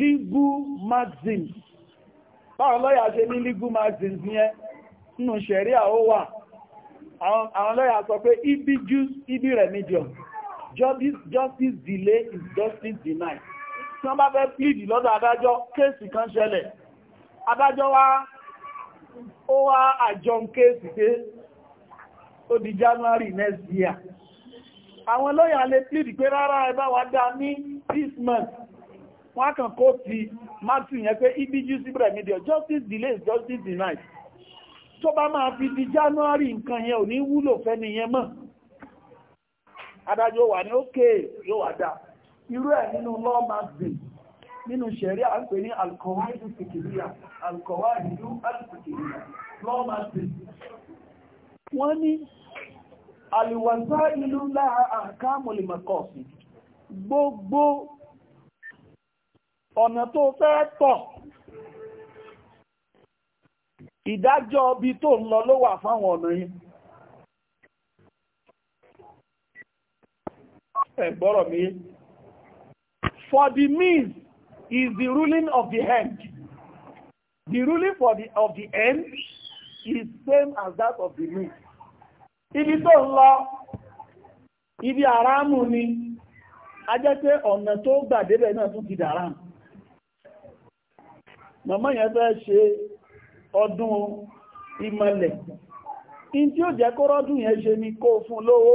legal maxims báwọn lọ́yà ṣe ní legal maxims yẹn nínú ṣẹ̀ríà ó wà àwọn ya sọ pé ibi jus ibi remedium justice justice delay is justice denied tí wọ́n bá fẹ́ plead lọ́dọ̀ adájọ́ kéèsì kan ṣẹlẹ̀ adájọ́ wá ó wá àjọ kéèsì pé ó di January next year àwọn lọ́yà lè plead pé rárá ẹ bá wa dá ní this month wọ́n kàn kó ti matthew yẹn pé ibg sibre media justice delay is justice denied tó bá máa fi di January nǹkan yẹn ò ní wúlò fẹ́ni yẹn mọ́ adájọ́ wà ní ókè yóò wà dá irú ẹ̀ nínú lọ́ọ̀màgbì nínú ṣẹ̀rí à ń pè ní alkọ̀wáìdù fìkìríyà alkọ̀wáìdù alfìkìríyà lọ́ọ̀màgbì wọ́n ní àlìwàsá ìlú láà àkámọ̀lìmọ̀kọ̀ọ̀sì gbogbo ọ̀nà tó fẹ́ tọ̀ ìdájọ́ bí tó ń lọ ló wà fáwọn ọ̀nà yìí ẹ̀gbọ́rọ̀ mi for the means is the ruling of the end the ruling for the of the end is same as that of the means ibi tó ń lọ ibi àrámù ni a jẹ́ pé ọ̀nà tó gbà débẹ̀ náà tún ti dàrá màmá yẹn fẹ́ ṣe ọdún ìmọ̀lẹ̀ in tí ó jẹ́ kó rọ́dún yẹn ṣe ni kó fún lówó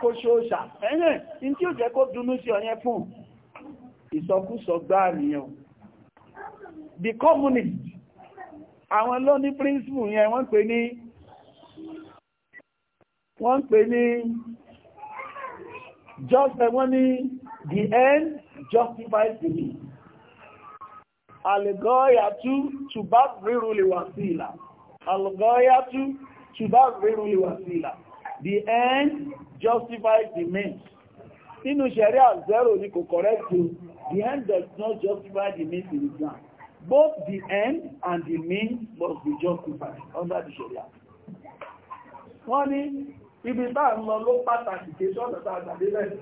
kó ṣóòṣà ẹ̀yìn in tí ó jẹ́ kó dunú sí ọyẹ́ fún ìsọkúsọ gbá nìyàn the communist àwọn ló ní principle yẹn wọ́n pè ní wọ́n pè ní just eh, wọ́n ní the end justifies the means alìgọ́yàtú tùbá rírù lè wà sí ìlà alìgọ́yàtú tùbá rírù lè wà sí ìlà the end justifies the means nínú ṣẹ̀ríà zero ni kò correct o the end does not justify the means in Islam both the end and the means must be justified under the ṣẹ̀ríà wọ́n ní ibi bá ń lọ ló pàtàkì ké sọ́dọ̀ tá àgbàdé rẹ̀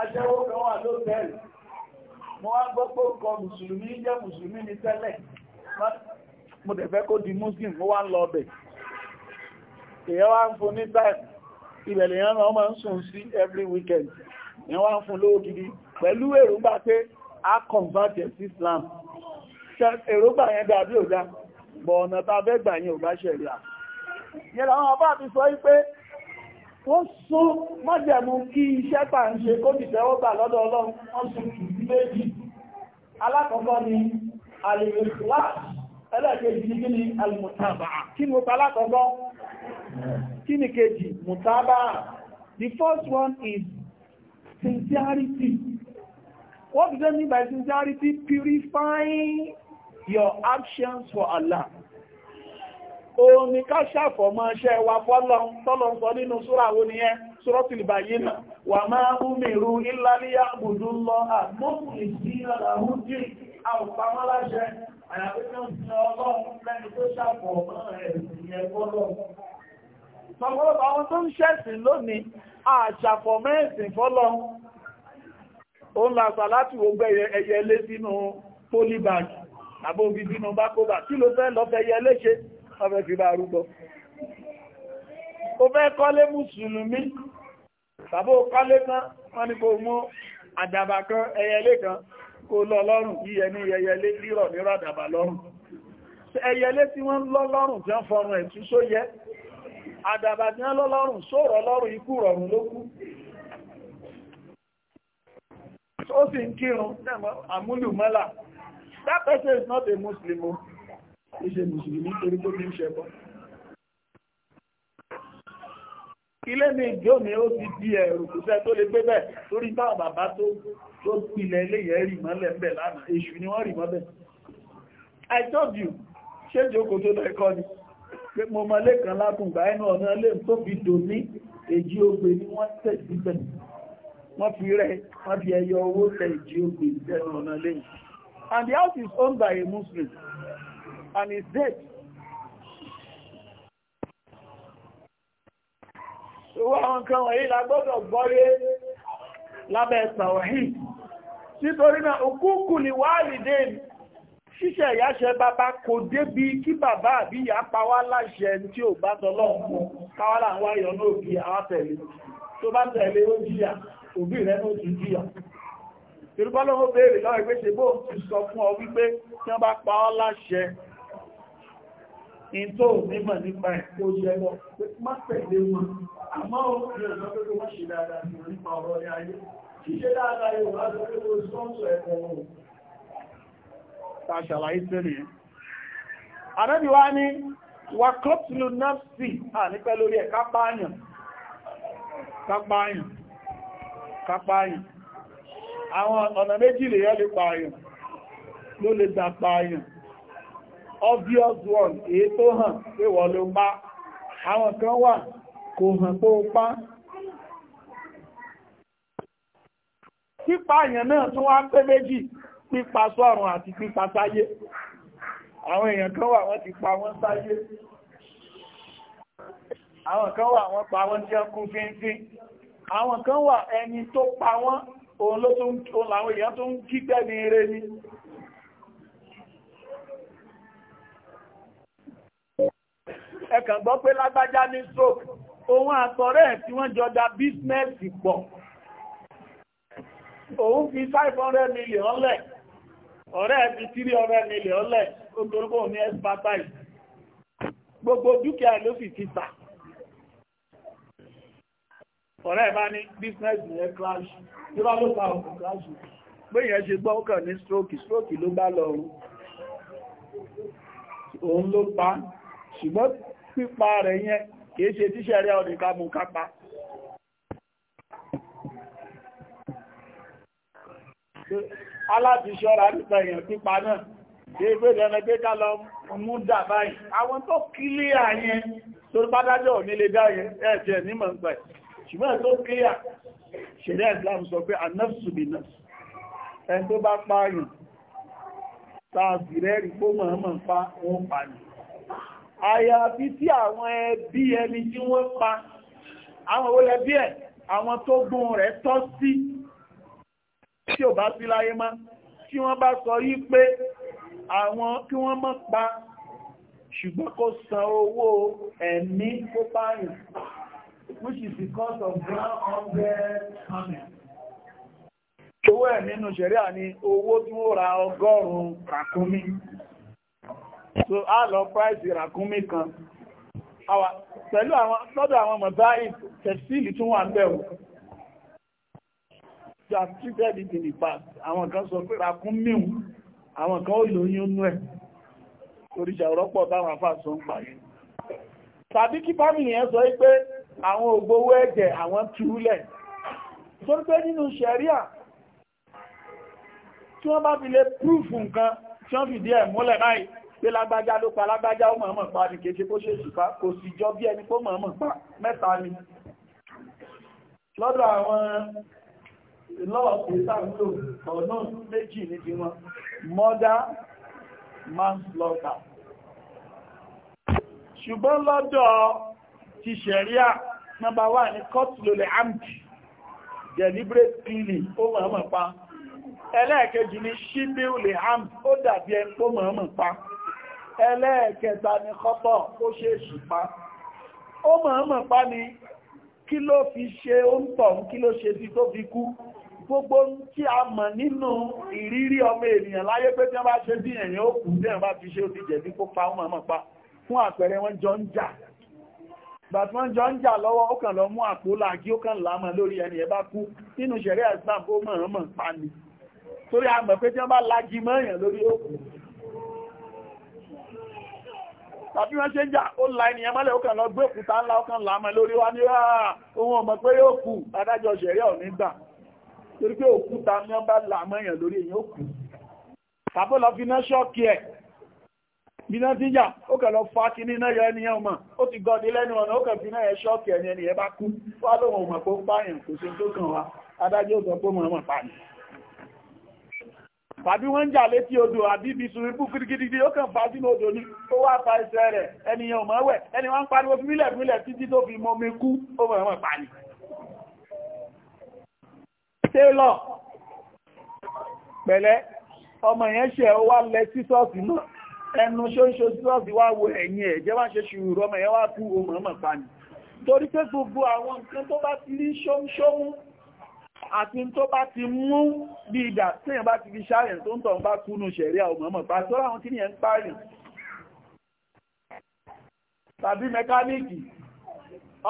aṣẹ́wó kan wà ló tẹ́lẹ̀ mo wá gbọ́ pé nǹkan mùsùlùmí jẹ́ mùsùlùmí ní tẹ́lẹ̀ mo dẹ̀ fẹ́ kó di muslim mo wá ń lọ ọbẹ̀ èèyàn wá ń fún ní báyìí ìbẹ̀lẹ̀ yẹn wọ́n máa ń sùn sí every weekend yẹn wá ń fún lówó gidi pẹ̀lú èròǹgbà pé a convert ẹ̀ Islam èròǹgbà yẹn dàbí òdá bọ̀ ọ̀nà ta fẹ́ gbà yẹn ò bá ṣẹ̀rí à yẹn làwọn ọba àti sọ wípé wọ́n sún mọ́jẹ̀mú kí iṣẹ́ tà ń ṣe kó nìtẹ́wọ́gbà lọ́dọ̀ Ọlọ́run wọ́n sún kìí méjì alákọ̀ọ́kọ́ ni alìrìsíwá kí ni alìmọ̀tàbà kí kí kejì mutaba the first one is sincerity what does they mean by sincerity purifying your actions for Allah òun ni ká ṣàfọ̀mọ́ ṣẹ́ wa fọ́lọ́n tọ́lọ́n sọ nínú súra wo ni yẹn Suratul Bayyina wa ma umiru illa liya'budu Allaha mukhlisina lahud-din àwòpamọ́láṣẹ́ àyàwó sọ̀pọ̀lọpọ̀ àwọn tó ń ṣẹ̀sìn lónìí àṣàfọ̀mẹ́sìn fọ́lọ́ ó ń lásà láti ogbẹ́ ẹyẹ lé sínú polybag àbó bí sínú bákóbà tí ló fẹ́ lọ́fẹ́ yẹ léṣe ọfẹ́ fi bá rúgbọ́ ó fẹ́ kọ́lé mùsùlùmí tàbí ó kọ́lé kan wọ́n ní kò mú àdàbà kan ẹyẹlé kan kó lọ lọ́rùn yíyẹ ní ẹyẹlé rírọ̀ nírọ̀ àdàbà lọ́rùn ẹyẹlé tí wọ́n lọ́ lọ́rùn tí wọ́n fọrùn ẹ̀tú só yẹ àdàbà ní sóòrọ̀ lọ́rùn ikú rọ̀rùn ló kú sì ń kírun àmúlù mọ́là that person is not a muslim o ìṣe mùsùlùmí torí tó ní ṣẹbọ ilé mi ìjó mi ó ti di ẹ̀rù kò sẹ́ tó lè gbé bẹ̀ torí táwọn bàbá tó tó pilẹ̀ eléyẹ̀ rì mọ́lẹ̀ ń bẹ̀ lánàá èṣù ni wọ́n rì mọ́bẹ̀ I told you ṣé jókòó tó lọ ẹ̀kọ́ ni pé mo mọ lẹ́kàn látùngbà ẹnu ọ̀nà lè tó fi dò ní èjì ogbè ni wọ́n tẹ̀ síbẹ̀ wọ́n fi rẹ̀ wọ́n fi ẹyọ owó tẹ̀ èjì ogbè ẹnu ọ̀nà lè and the house is owned by a Muslim and is dead Owó àwọn nǹkan wọ̀nyí la gbọ́dọ̀ gbọ́rí lábẹ́ Tàwàhí. Nítorí náà, òkúkù ni wáàlì dé ṣíṣẹ̀ ìyáṣẹ bàbá kò débi kí bàbá àbí ìyá pawá láṣẹ tí ò bá tọ́lọ́pù káwàlà ń wáyọ̀ náà bí àwọn tẹ̀lé tó bá tẹ̀lé ó jíyà òbí rẹ̀ ló ti jíyà ìrúbọ́lọ́wọ́ béèrè lọ́wọ́ ìgbé ṣe bó ti sọ fún ọ wípé tí wọ́n bá pa ọ́ láṣẹ in tó nímọ̀ nípa ẹ̀kọ́ ṣe lọ pé má tẹ̀lé wọn àmọ́ òun yóò sọ pé wọ́n ṣe dáadáa nípa ọ̀rọ̀ ní ṣíṣe dáadáa yóò wá sọ pé ó sọ́ọ̀tọ̀ ẹ̀kọ́ ta ṣàlàyé tẹ́lẹ̀ yẹn ànábì wá ní wà kọ́pùlù náfsì à ní pẹ́ lórí ẹ̀ kápáyàn kápáyàn kápáyàn àwọn ọ̀nà méjì lè yẹ́ lè pààyàn ló lè dà pààyàn obvious one èyí tó hàn pé wọ́n ló pa àwọn kan wà kò hàn tó pa pípààyàn náà tún wá pé méjì pípa sọ́run àti pípa sáyé àwọn èèyàn kan wà wọ́n ti pa wọ́n sáyé àwọn kan wà wọ́n pa wọ́n jẹ́ kú fínfín àwọn kan wà ẹni tó pa wọ́n òun ló tó ń làwọn èèyàn tó ń kígbẹ́ ní eré ní ẹkàn gbọ́ pé lágbájá ní stroke òun àtọ̀rẹ́ tí wọ́n jọ dá bísínẹ́sì pọ̀ òun fi 500 million lẹ̀ ọ̀rẹ́ ẹ̀ fi tírí ọ̀rẹ́ mi lè ọlẹ̀ nítorí òun ní expertise gbogbo dúkìá ló sì ti tà ọ̀rẹ́ ẹ̀ bá ní business yẹn crash tí wọ́n ló ta òkú crash pé yẹn ṣe gbọ́ kàn ní stroke stroke ló bá lọ rú òun ló pa ṣùgbọ́n pípa rẹ̀ yẹn kìí ṣe tíṣẹ́ rẹ̀ ọdún ká mú kápá Thank you alábìṣọ́ra nípa èèyàn pípa náà gbé lẹ́nà gbé ká lọ mú dà báyìí àwọn tó kílíà yẹn tó pádájọ́ nílé dáyẹn ẹ̀jẹ̀ nímọ̀ ń pẹ̀ ṣùgbọ́n tó kílíà ṣẹ̀rẹ́ Islam sọ pé anafsubina ẹn tó bá pààyàn tààbì rẹ̀ rí pó mọ̀ọ́mọ̀ pa wọn pààyàn àyàfi tí àwọn ẹbí ẹni tí wọ́n pa àwọn olẹ́bí ẹ̀ àwọn tó gún rẹ̀ tọ́ sí tí ò bá sí láyé mọ́ tí wọ́n bá sọ yí pé àwọn kí wọ́n má pa ṣùgbọ́n kó san owó ẹ̀mí kó pààyàn which is because cost of ground hundred hundred owó ẹ̀ nínú ṣẹ̀ríà ni owó tí wọ́n ra ọgọ́rùn-ún ràkúnmí so a lọ price ràkúnmí kan pẹ̀lú àwọn lọ́dọ̀ àwọn mọ̀báì tẹ̀síìlì tún wà ń bẹ̀rù they have treated it in the past àwọn kan sọ pé rakún mìíràn àwọn kan ó lóyún nú ẹ̀ oríṣà ọ̀rọ̀pọ̀ táwọn afá sọ ń pàyẹ tàbí kí fámìlì yẹn sọ pé àwọn ògbówó ẹ̀jẹ̀ àwọn túlẹ̀ tó ń pé nínú sẹ̀ríà tí wọ́n bá fi lè prúfù nǹkan tí wọ́n fìdí ẹ̀ múlẹ̀ báyìí pé lágbájá ló pa lágbájá ó mọ̀ọ́mọ̀ pa ní kéṣe kó ṣèṣì pa kò sì jọ bí ẹni kó mọ̀ọ́mọ̀ pa mẹ́ta ni lọ́dọ̀ àwọn lọ́ọ̀pù sáàmùlò ọ̀nà méjì ní ti wọn murder manslaughter ṣùgbọ́n lọ́dọ̀ ti ṣẹ̀ríà nọ́mbà wà ní kọ́tùlólè amdi deliberate killing ó mọ̀ọ́mọ̀ pa ẹlẹ́ẹ̀kejì ni ṣíbíulè amdi ó dàbí ẹni tó mọ̀ọ́mọ̀ pa ẹlẹ́ẹ̀kẹta ni kọ́tọ̀ ó ṣeéṣì pa ó mọ̀ọ́mọ̀ pa ni kí ló fi ṣe ó ń tọ̀ kí ló ṣe sí tó fi kú gbogbo tí a mọ̀ nínú ìrírí ọmọ ènìyàn láyé pé tí wọ́n bá ṣe bí ẹ̀yìn ó kù tí wọ́n bá fi ṣe ó ti jẹ̀bi kó pa ọmọ ọmọ pa fún àpẹẹrẹ wọ́n jọ ń jà bàtí wọ́n jọ ń jà lọ́wọ́ ó kàn lọ mú àpò láàkí ó kàn láàmà lórí ẹni ẹ bá kú nínú ṣẹ̀rẹ́ ẹ̀sán ó mọ̀ mọ̀ pa ni torí a mọ̀ pé tí wọ́n bá lági mọ́yàn lórí ó kù tàbí wọ́n ṣe ń jà ó la ẹni ẹmọ́lẹ̀ ó kàn lọ gbé òkúta ńlá ó kàn láàmà lórí wá ní ohun ah, ọmọ pé yóò kù adájọ́ ṣẹ̀rẹ́ ọ̀ nígbà torí pé òkúta ní ọba làmọ́yàn lórí èyàn òkú tàbí lọ fi náà ṣọ́ọ̀kì ẹ̀ bíná tí yà ó kẹ̀ lọ fa kí ní náà yọ ẹni ọmọ ó ti gọ́dí lẹ́nu ọ̀nà ó kẹ̀ fi náà yẹ ṣọ́ọ̀kì ẹni ẹni ẹ bá kú wá lóhun ọmọ pé ó pààyàn kò sí tó kàn wá adájọ́ sọ pé mọ̀ pààyàn tàbí wọ́n ń jà létí odò àbí ibi sùn ibú ó kàn fa sínú odò ní ó wá fa ẹsẹ̀ rẹ̀ ẹni ọmọ wẹ̀ ẹni wọ́n ń pariwo fílẹ̀ fílẹ̀ títí tó fi mọ́ mi kú ó mọ̀ pààyàn télọ̀ pẹ̀lẹ́ ọmọ yẹn ṣe ó wá lẹ sísọ́ọ̀sì náà ẹnu ṣóṣo sísọ́ọ̀sì wá wo ẹ̀yìn ẹ̀ jẹ́ wá ṣe ṣùgbùrù ọmọ yẹn wá kú ọmọ ọmọ pani torí pé gbogbo àwọn nǹkan tó bá ti rí ṣómṣómú àti tó bá ti mú bí ìdà téèyàn bá ti fi ṣáàyàn tó ń tọ̀ ń bá kúnnú ṣẹ̀rí àwọn ọmọ pa tó ráwọn kí nìyẹn ń pààyàn tàbí mẹkáníìkì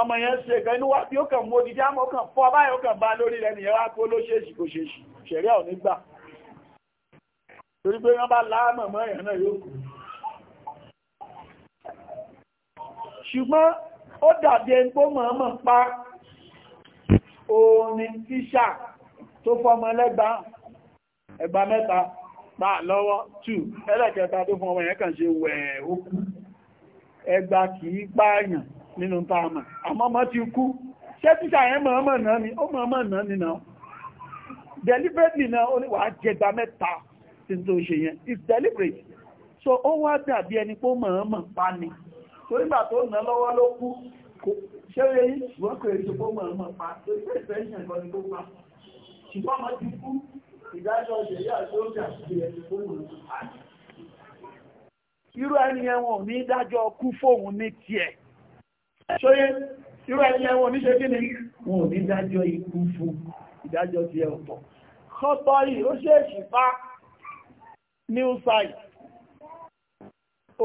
ọmọ yẹn ṣe gan inú wá bí ó kàn mú odidi àmọ́ ó kàn fọ́ báyìí ó kàn bá lórí rẹ̀ nìyẹn wá kó ló ṣèṣì kò ṣèṣì ṣẹ̀rí ọ̀ nígbà torí pé wọ́n bá láàmọ̀ mọ́ èèyàn náà yóò kú ṣùgbọ́n ó dàbí ẹni tó mọ̀ọ́mọ̀ pa òní tíṣà tó fọmọ lẹ́gbà ẹgbà mẹ́ta pa lọ́wọ́ 2 ẹlẹ́kẹta tó fọmọ yẹn kàn ṣe wẹ̀ẹ́ ó kú ẹgbà kìí pààyàn nínú táàmà àmọ́mọ́ ti kú ṣé tíṣà yẹn mọ̀ọ́mọ̀ náà ni ó mọ̀ọ́mọ̀ náà ni náà deliberately náà ó ní wàá jẹgba mẹ́ta tí tó ṣe yẹn it's deliberate so ó wá dàbí ẹni pé ó mọ̀ọ́mọ̀ pa ni torí gbà tó ná lọ́wọ́ ló kú ṣé ó yẹ yìí ṣùgbọ́n kò èso pé ó mọ̀ọ́mọ̀ pa torí pé ìfẹ́ṣẹ̀ kan ni tó pa ṣùgbọ́n ọmọ ti kú ìdájọ́ ìṣẹ̀lẹ̀ àti oúnjẹ àti ẹni tó mọ̀ọ́mọ̀ pa irú ẹni yẹn wọn ò ní dájọ́ kú fóun ní tiẹ̀ ṣóyé irú ẹni ẹwọ níṣẹ́ kí ni wọn ò ní dájọ́ ikú fún ìdájọ́ ti ẹ ọ̀tọ̀ kọ́tọ́ yìí ó ṣe ìṣìfá new site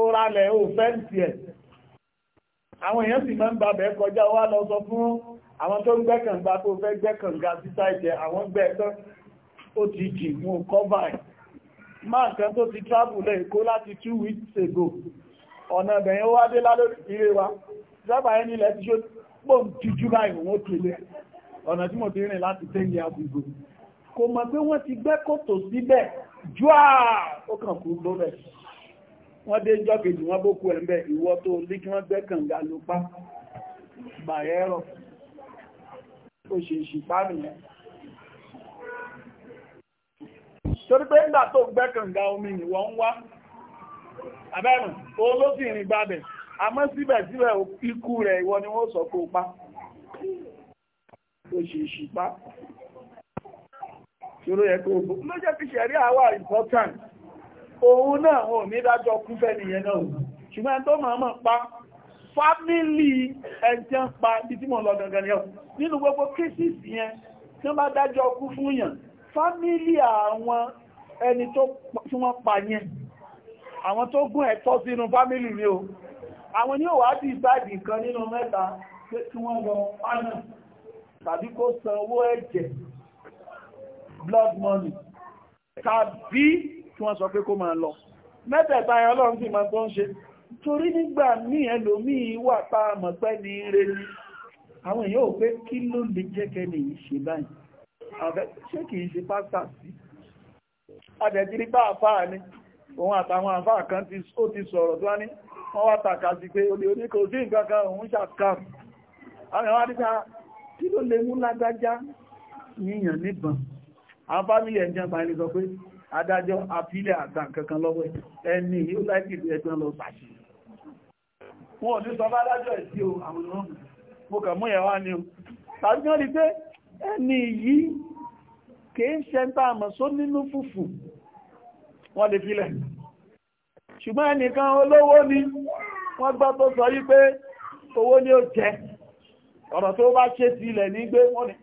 ó ralẹ̀ ó fẹ́ǹsì ẹ̀ àwọn èèyàn sì máa ń babẹ̀ kọjá wá lọ sọ fún àwọn tó ń gbẹ́kànga tó fẹ́ gbẹ́kànga sí site ẹ̀ àwọn gbẹ́ tán ó ti jì mú kọ́bà ẹ̀ máa nǹkan tó ti travel lẹ́ẹ̀kó láti two weeks ago ọ̀nà ẹ̀bẹ̀yẹn ó wá dé lálórí ìrẹ́wà sábà ẹni ilẹ̀ ti ṣó pòm jújú báyìí wọ́n tẹ̀lé ọ̀nà tí mo ti rìn láti tẹ́lẹ̀ àgbègbè kò mọ̀ pé wọ́n ti gbẹ́ kòtò síbẹ̀ jùá ó kàn kú lóbẹ̀ wọ́n dé jọ́ kejì wọ́n bó kú ẹ̀ ń bẹ̀ ìwọ́ tó ní kí wọ́n gbẹ́ kànga ló pa bàyẹ́rọ ó ṣe ìṣìpá nìyẹn torí pé ńgbà tó gbẹ́ kànga omi nìwọ̀n ń wá abẹ́rùn olóṣìírín gbàbẹ̀ àmọ́ síbẹ̀síbẹ̀ ikú rẹ̀ ìwọ ni wọ́n sọ kó pa ó ṣe ṣìpá ṣòro yẹ kó gbó ló jẹ́ fi ṣẹ̀rí àwà important òun náà wọn ò ní dájọ́ kú fẹ́niyẹn náà ṣùgbọ́n ẹni tó mọ̀ọ́mọ̀ pa fámílì ẹni tí ń pa ibi tí mo lọ gangan ni ọ nínú gbogbo kéṣìsì yẹn tí wọ́n bá dájọ́ kú fún yàn fámílì àwọn ẹni tí wọ́n pa yẹn àwọn tó gún ẹ̀tọ́ sínú fámílì ni o àwọn ni ó wà bí ìbáàdì kan nínú mẹ́ta tí wọ́n lọ pánà tàbí kó san owó ẹ̀jẹ̀ blood money tàbí tí wọ́n sọ pé kó máa lọ mẹ́tẹ̀ẹ̀ta ẹ̀ ọlọ́run sì máa tó ń ṣe torí nígbà míì ẹlòmíì wà pa mọ̀pẹ́ ní ire ni àwọn èèyàn ò pé kí ló lè jẹ́kẹ́ ní ìṣe báyìí ṣé kìí ṣe pásítà sí adẹ̀jírí bá àfáà ni òun àtàwọn àfáà kan wọ́n wá tàkà sí pé olè oní kò sí nǹkan kan òun ṣàkàrù àwọn ìwádìí nípa ah, kí ló lè mú lágbájá yíyàn níbọn àwọn fámílì ẹ̀jẹ̀ bá ẹni sọ pé adájọ́ àfilẹ̀ àgbà kankan lọ́wọ́ ẹni yóò láìpì ẹgbẹ́ lọ pàṣẹ ni o tàbí wọ́n rí pé ẹni yìí kìí ṣe ń wọ́n lè filẹ̀ ṣùgbọ́n ẹnìkan olówó ni wọ́n gbọ́ tó sọ yí pé owó ni ó jẹ ọ̀rọ̀ tó bá ṣe ti ilẹ̀ ní gbé wọ́n ni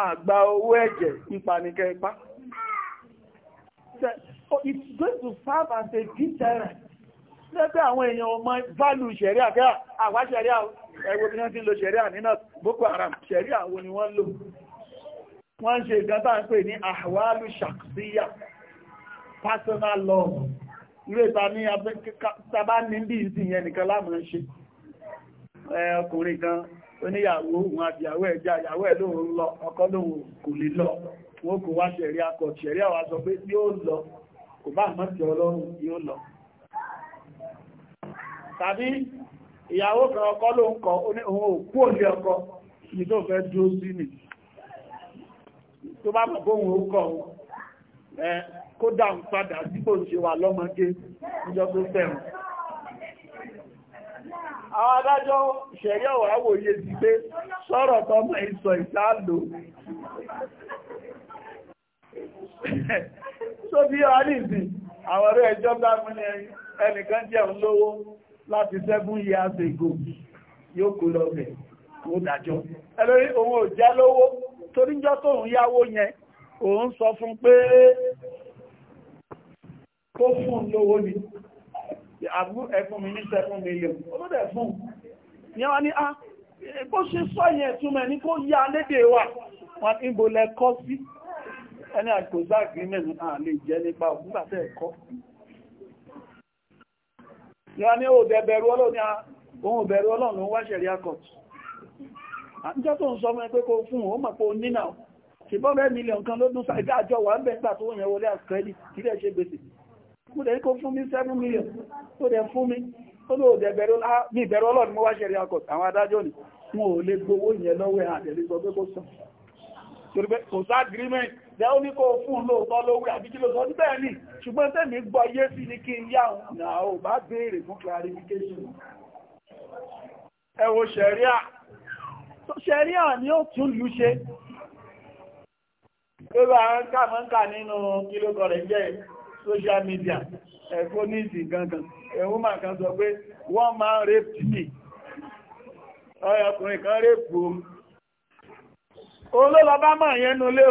àgbà owó ẹ̀jẹ̀ pípa ní kẹpa oh, it's going to serve as a deterrent lẹ́gbẹ́ àwọn èèyàn ọmọ válù ṣẹ̀ríà kẹ́ àwá ṣẹ̀ríà ẹwọ́ bí wọ́n ti ń lo ṣẹ̀ríà nínú Boko Haram ṣẹ̀ríà wo ni wọ́n lò wọ́n ń ṣe ìgbọ́n tá ń pè ní àwálù ṣàkíyà personal love ìrètà ní abẹ́kẹ́kẹ́kẹ́bá ní bí i ìsìn ẹnìkan láàmùn ṣe ọkùnrin kan oníyàwó òun àbíyàwó ẹ̀já ìyàwó ẹ̀ lóòun lọ ọkọ kò lè lọ wọn kò wá ṣẹ̀rí akọ̀ ṣẹ̀rí àwọn aṣọ pé yóò lọ kò bá mọ́sí ọlọ́run yóò lọ tàbí ìyàwó kan ọkọ òkú òlé ọkọ ní tó fẹ́ dúró sí tó bá mọ̀ ó kó dáhùn padà sí bó ṣe wà lọ́mọdé níjọ́ tó fẹ́ràn àwọn adájọ́ ṣẹ̀rí ọ̀wọ̀ àwòye sí pé sọ̀rọ̀ tọ́mọ̀ ìsọ ìsáàlò so bí ọ alìsì àwọn ọ̀rẹ́ ẹjọ́ bá mú ní ẹnìkan jẹ́ olówó láti seven years ago yóò kó lọ bẹ̀ ó dájọ́ ẹlórí òun ò jẹ́ lówó toríjọ́ tóun yáwó yẹn òun sọ fún pé kó fún lówó ni àbú ẹfún mi ní seven million olóòdẹ̀ fún yẹn wá ní á ah, bó ṣe sọ yẹn túnmẹ̀ ní kó yá lédè wà wọn níbo lẹ kọ́ sí ẹni àgbòsá agreement náà lè jẹ́ nípa òkúta tẹ́ ẹ̀kọ́ yẹn ní òòdẹ̀ bẹ̀rù ọlọ́ni ohun ìbẹ̀rù ọlọ́run wáṣẹ̀rí akọ̀tù àjọ́ tó ń sọ mẹ́ pé kó fún òun mọ̀ pé ó nínà ṣùgbọ́n mẹ́ mílíọ̀n kan ló dún sáà ìdájọ́ wà ń bẹ̀ nígbà tó yẹn wọlé àkẹ́lì kí lẹ́ ṣe gbèsè mo dẹ̀ kó fún mi seven million ó dẹ̀ fún mi ó lóò dẹ̀ bẹ̀rù ah, mi ìbẹ̀rù ọlọ́ọ̀ni mo wá ṣẹ̀rí akọ̀ àwọn adájọ́ ni wọn ò lè gbowó yẹn lọ́wọ́ ẹ̀ àtẹ̀lẹ́ sọ pé kó sàn torí pé kò sá agreement jẹ́ ó ní kó fún lóòótọ́ lówó àbí kí lóòótọ́ ní bẹ́ẹ̀ ni ṣùgbọ́n tẹ́mi gbọ́ yé sí ní kí n yá òun náà ò bá béèrè fún clarification ẹ wo ṣẹ̀ríà ṣẹ̀ríà ni ó tún lù ṣe lórí àwọn kàmọ́ǹkà nínú kílógọ̀ rẹ̀ jẹ́ social media ẹ̀kọ́ ní ìsìn gangan ẹ̀wọ́n máa kan sọ pé wọ́n máa rape me ọkùnrin kan rape o olóòlọ́ bá máa yẹn nulé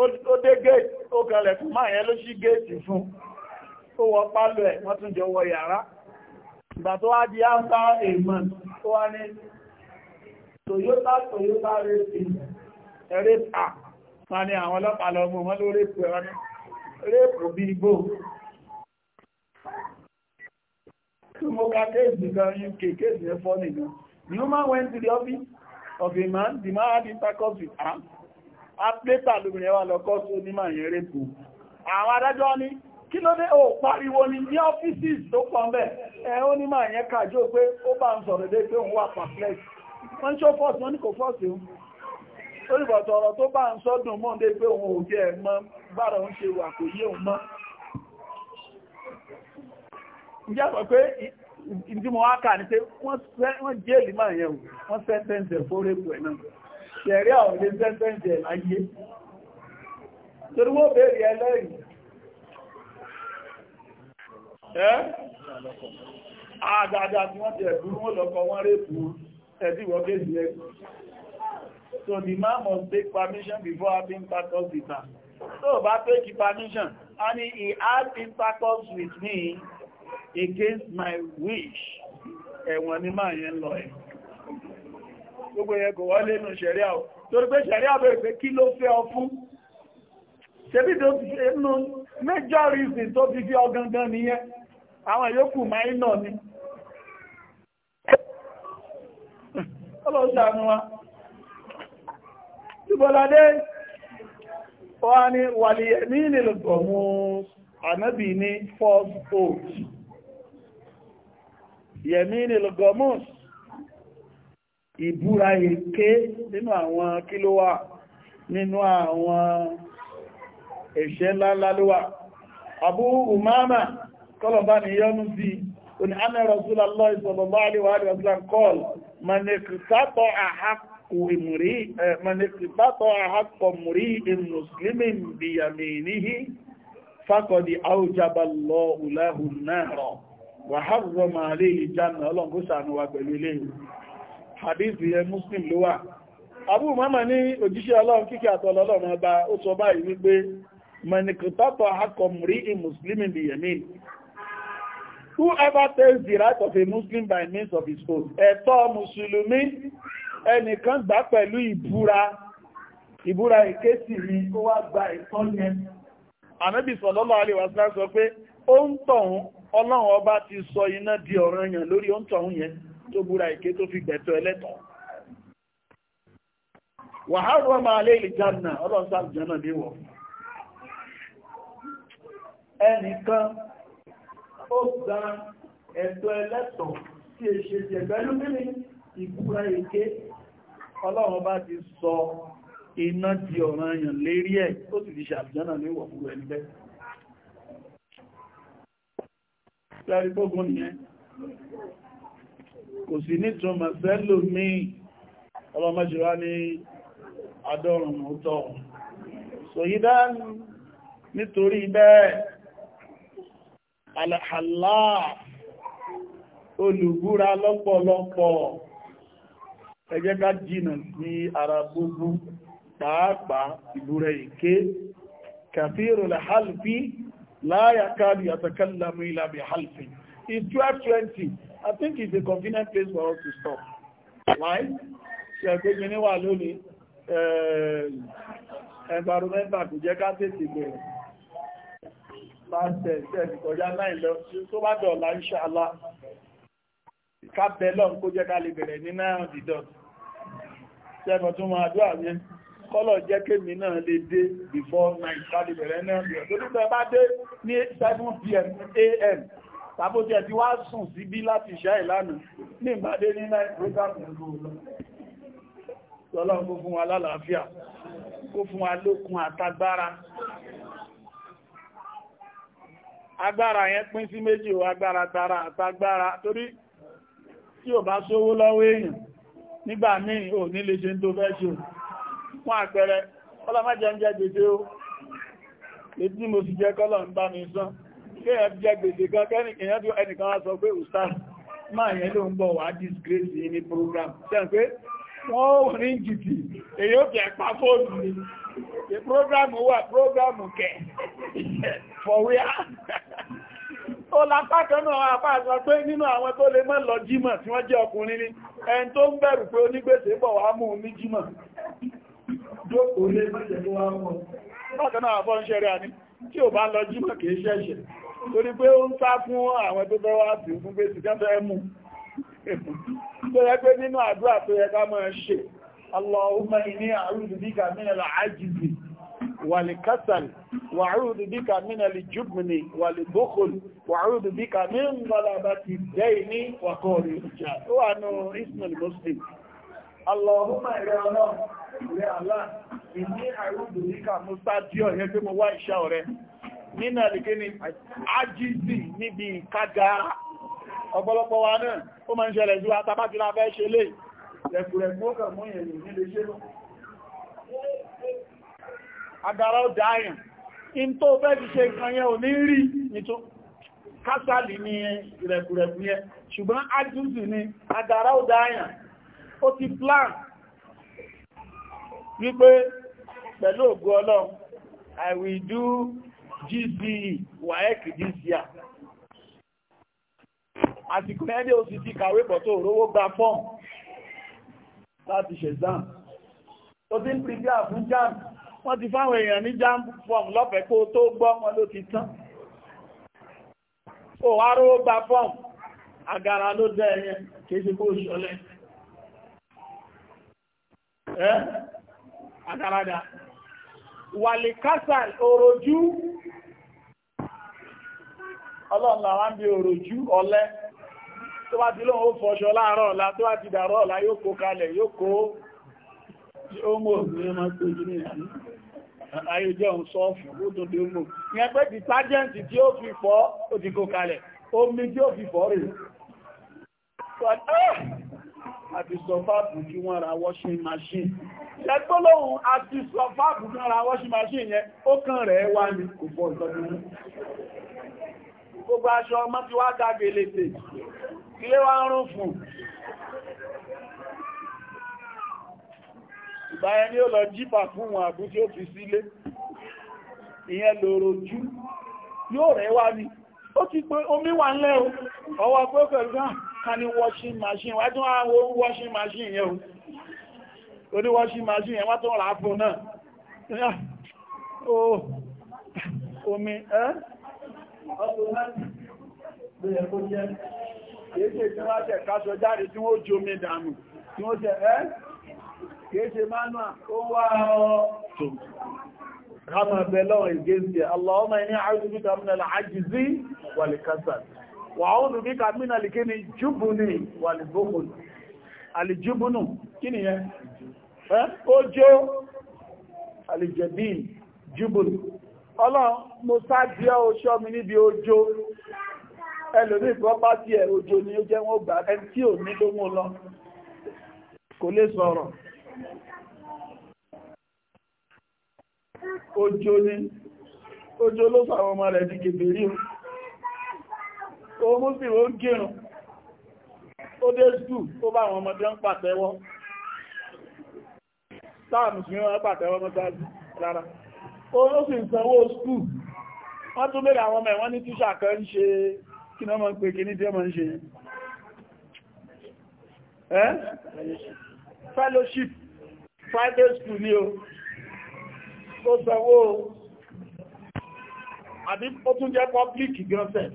o ó dé gate ó kalẹ̀ fún máa yẹn ló ṣí gate fún ó wọ pálọ̀ ẹ̀ wọ́n tún jọ wọ yàrá ìgbà tó wá di after a month ó wá ní Toyota Toyota rape ẹ̀rẹ́ pa wọ́n ní àwọn ọlọ́pàá lọ mú wọn ló rape ẹ̀rọ réèpù bí igbó tí mo ka kéèsì kan UK kéèsì ẹ fọ́ nìkan the woman went to the office of a man the man had intercourse with a atleta lóbìnrin wa lọ kọ́ sí onímọ̀ yẹn réèpù àwọn adájọ́ ní kí ló dé o pariwo ni ní offices tó kàn bẹ́ẹ̀ ẹ ó ní máa yẹn kàjọ pé ó bá ń sọ̀rọ̀ dé pé òun wà perplex wọ́n ṣó fọ́ọ̀sì wọ́n ní kò fọ́ọ̀sì o lórí bọ̀tọ̀ ọ̀rọ̀ tó bá ń sọ́dún mọ́ pé òun ò jẹ́ mọ́ bára òun ṣe wà kò yé òun mọ́ ǹjẹ́ mọ̀ pé ìdí mo wá ní pé wọ́n jẹ́ ìlímọ̀ yẹn wọ́n sẹ́ńtẹ́ǹsẹ̀ fórépù ẹ̀ náà ṣẹ̀rí àwọn ilé láyé torí wọ́n bèèrè ẹlẹ́rìí So the man must take permission before having part of the time tó bá take permission and he had intercourse with me against my wish ẹ̀wọ̀n ní máa yẹn lọ ẹ̀ gbogbo yẹn kò wọ́n lẹ́nu ṣẹ̀ríà o torí pé ṣẹ̀ríà bẹ̀rẹ̀ pé kí ló fẹ́ ọ fún ṣebí tó fi inú major reason tó fi fi ọ gangan nìyẹn àwọn yòókù minor ni ọlọ́ṣàánú wa Jùbọ́ládé wọ́n ní wàlẹ̀ ní ilẹ̀ gọ̀mù ànábì ní first oath yẹ̀mí ilẹ̀ gọ̀mù ìbúra èké nínú àwọn kílówà nínú àwọn ẹ̀ṣẹ̀ ńláńlá ló wà Abu Umama kọlọ̀bá ni yọ́nú sí oní anẹ́ Rasulullah sallallahu alaihi wa sallam kọl man من استطاع حق امرئ مسلم بيمينه فقد أوجب الله له النار وحرم عليه الجنة الله غسان وقليله حديث مسلم لواء Abu Mama ní òjíṣẹ́ Ọlọ́run kíkẹ́ àtọ̀lọ́ Ọlọ́run ọba ó sọ báyìí wípé mẹ́nìkìtọ́tọ̀ akọmùrí in Muslim in Whoever takes the right of a Muslim by means of his own, ẹnìkan gbà pẹ̀lú ìbúra ìbúra èké sì rí ó wá gba ìtọ́ yẹn ànábì sallallahu sọ pé ó ń tọ̀hún ọlọ́run ọba ti sọ iná di ọ̀ranyàn lórí ó ń tọ̀hún yẹn tó búra ike tó fi gbẹ̀tọ̀ eletọ. wàhálà ọmọ alẹ́ ìjánà ọlọ́sà ìjánà léwọ̀ ẹnìkan ó gba ẹ̀tọ́ ẹlẹ́tọ̀ọ́ tí èṣe e jẹ̀gbẹ́lú mímí ìbúra ọlọ́run bá ti sọ iná di ọ̀ràn èèyàn lérí ẹ̀ tó sì ti ṣàbìjánà ní ìwọ̀fúrú ẹni bẹ́ lárí gbógun nìyẹn kò sí nítumọ̀ sẹ́lò ní ọlọ́mọ́júwá ní adọ́rùn ọ̀tọ̀ sòyídá nítorí bẹ́ẹ̀ alàhàlá olùbúra lọ́pọ̀lọpọ̀ ẹ ká jìnà sí ara gbogbo pàápàá ìbúrẹ̀ èké kàfíìrò lè láyà káàdì àtàkàlàmù ìlàbì hálfí it's 1220 I think it's a convenient place for us to stop why ṣe ẹgbẹ́ mi níwà lónìí environmental kò jẹ́ ká tètè bẹ̀rẹ̀ láti ẹ̀sẹ̀ ìkọjá náà lọ tó bá dọ̀la inshallah Ṣẹ́mọ̀ tó máa dúà mi, kọ́lọ̀ jẹ́ kémi náà lè dé before 9 kálì bẹ̀rẹ̀ náà bí ọ̀tọ́ nígbẹ̀ bá dé ní 7pm am tàbó jẹ́ ti wá sùn síbí láti ṣá ìlànà ní ìbádé ní 9 program lọ́lọ́run kó fún wa lálàáfíà kó fún wa lókun àtagbára agbára yẹn pín sí méjì agbára tara àtagbára torí tí ò bá sówó lọ́wọ́ èèyàn nígbà míì ò nílé ṣe tó fẹ́ ṣe fún àpẹẹrẹ ọlọ́májẹ́ ń jẹ́ gbèdé ó lèdí mo sì jẹ́ kọ́lọ̀ ń bá mi sán kéèyàn jẹ́ gbèdé kan kẹ́nìkìyàn tó ẹnìkan wá sọ pé ustaz máa yẹn ló ń bọ̀ wá disgrace yìí ní program tẹ́ pé wọ́n ò ní jìtì èyí ó kẹ́ pa fóònù ni the program wà program kẹ̀ for where ó lápá kan náà apá àṣà pé nínú àwọn tó lè mọ́ lọ jímọ̀ tí wọ́n jẹ́ ọkùnrin ní ẹn tó ń bẹ̀rù pé onígbèsè bọ̀ wá mú ní jímọ̀ bákan náà àfọ́ ń ṣẹ́rẹ́ àní tí ò bá lọ jímọ̀ kìí ṣẹ̀ṣẹ̀ torí pé ó ń sá fún àwọn tó fẹ́ wá sí fún gbèsè kẹfẹ́ mú tó yẹ pé nínú àdúrà tó yẹ ká máa ṣe Allahumma inni a'udhu bika min al-'ajzi والكسل وأعوذ بك من الجبن والبخل وأعوذ بك من غلبة الدين وقهر الرجال وأنه اسم المسلم اللهم يا الله يا الله إني أعوذ بك مستديو يجب هو إشاورة من الكني عجزي نبي كجارة ọ̀pọ̀lọpọ̀ wa náà ó máa ń ṣẹlẹ̀ sí wa fẹ́ ṣe lè ẹ̀kùrẹ̀kùn ó mú ìyẹ̀lẹ̀ nílé ṣe agara ó dáyàn in tó fẹ́ ti ṣe nǹkan yẹn ò ní rí nìtò kásàlì ní ìrẹ̀kùrẹ̀kù yẹn ṣùgbọ́n ájúzù ni agara ó dáyàn ó ti plan wípé pẹ̀lú ògo ọlọ́run I will do GCE WAEC this year àsìkò ẹni ó sì ti kàwé pọ̀ tó rówó gba fọ́ọ̀mù láti ṣẹ̀zán tó ti ń prepare fún jams wọ́n ti fáwọn èèyàn ní jam form lọ́fẹ̀ẹ́ kó tó gbọ́ wọn ló ti tán ó wá gba form agara ló dẹ́ ẹ̀yẹ kìí ṣe kó ṣọlẹ̀ ẹ́ agarada wàlì kásàl òròjú ọlọ́run làwọn bí òròjú ọlẹ́ tó bá ti lóun ó fọṣọ láàárọ̀ ọ̀la tó bá ti dàárọ̀ ọ̀la yóò kó kalẹ̀ yóò kó ó mọ̀ òmìnira tó jí ní ìyàní ayéjọ́ ń sọ fún ó tó dé mú ìyẹn pé dìtájẹ́ǹtì tí ó fi fọ́ ó ti kó kalẹ̀ omi tí ó fi fọ́ rèé àti sọ kí wọ́n ra washing machine ṣẹgbọ́lọ́hun àti sọ fáàbù kí wọ́n ra washing machine yẹn ó kàn rẹ̀ wá ní kò bọ́ ìtọ́jú ní gbogbo aṣọ ìgbà ẹni ó lọ jípa fún wọn àbú tí ó fi sílé ìyẹn lòrò jú yóò rẹ̀ wá ní ó ti pé omi wà ńlẹ̀ o ọwọ́ pé pẹ̀lú náà ká ní washing machine wá tún àwọn washing machine yẹn o oní washing machine yẹn wá tún rà fún náà ó oh, omi ẹ́ ọdún láti bẹ̀rẹ̀ kó jẹ́ kéèṣe mánúà ó wá ọ́ kama bẹ̀lọ́ ìgéǹdì Allahumma inni a'udhu bika minal ajzi wal kasal wa a'udhu bika minal kíni jùbùnì wal bukhul alìjúbùnù kí ni yẹn ẹ́ kójó alìjẹ̀bí jùbùnù ọlọ́run mo sáàdì ẹ́ oṣọ́ mi níbi ojó ẹlòmí kan bá ẹ̀ ojó ni ó jẹ́ wọ́n gbà ẹni Ojo ni, ojo ló fàwọn ọmọ rẹ̀ di kèbèrí o. O mú sí o ń gírùn. Ó dé skúù tó bá àwọn ọmọdé ń pàtẹ́wọ́. Sáàmù sí wọ́n pàtẹ́wọ́ mọ́sáàjì rárá. O ló sì sanwó skúù. Wọ́n tún bèèrè àwọn ọmọ ẹ̀wọ́n ní tíṣà kan ń ṣe kí náà mọ́ ń pè kí ní Fellowship private school ni o tó sanwó àbí ó tún jẹ́ public gọ́ọ̀sẹ̀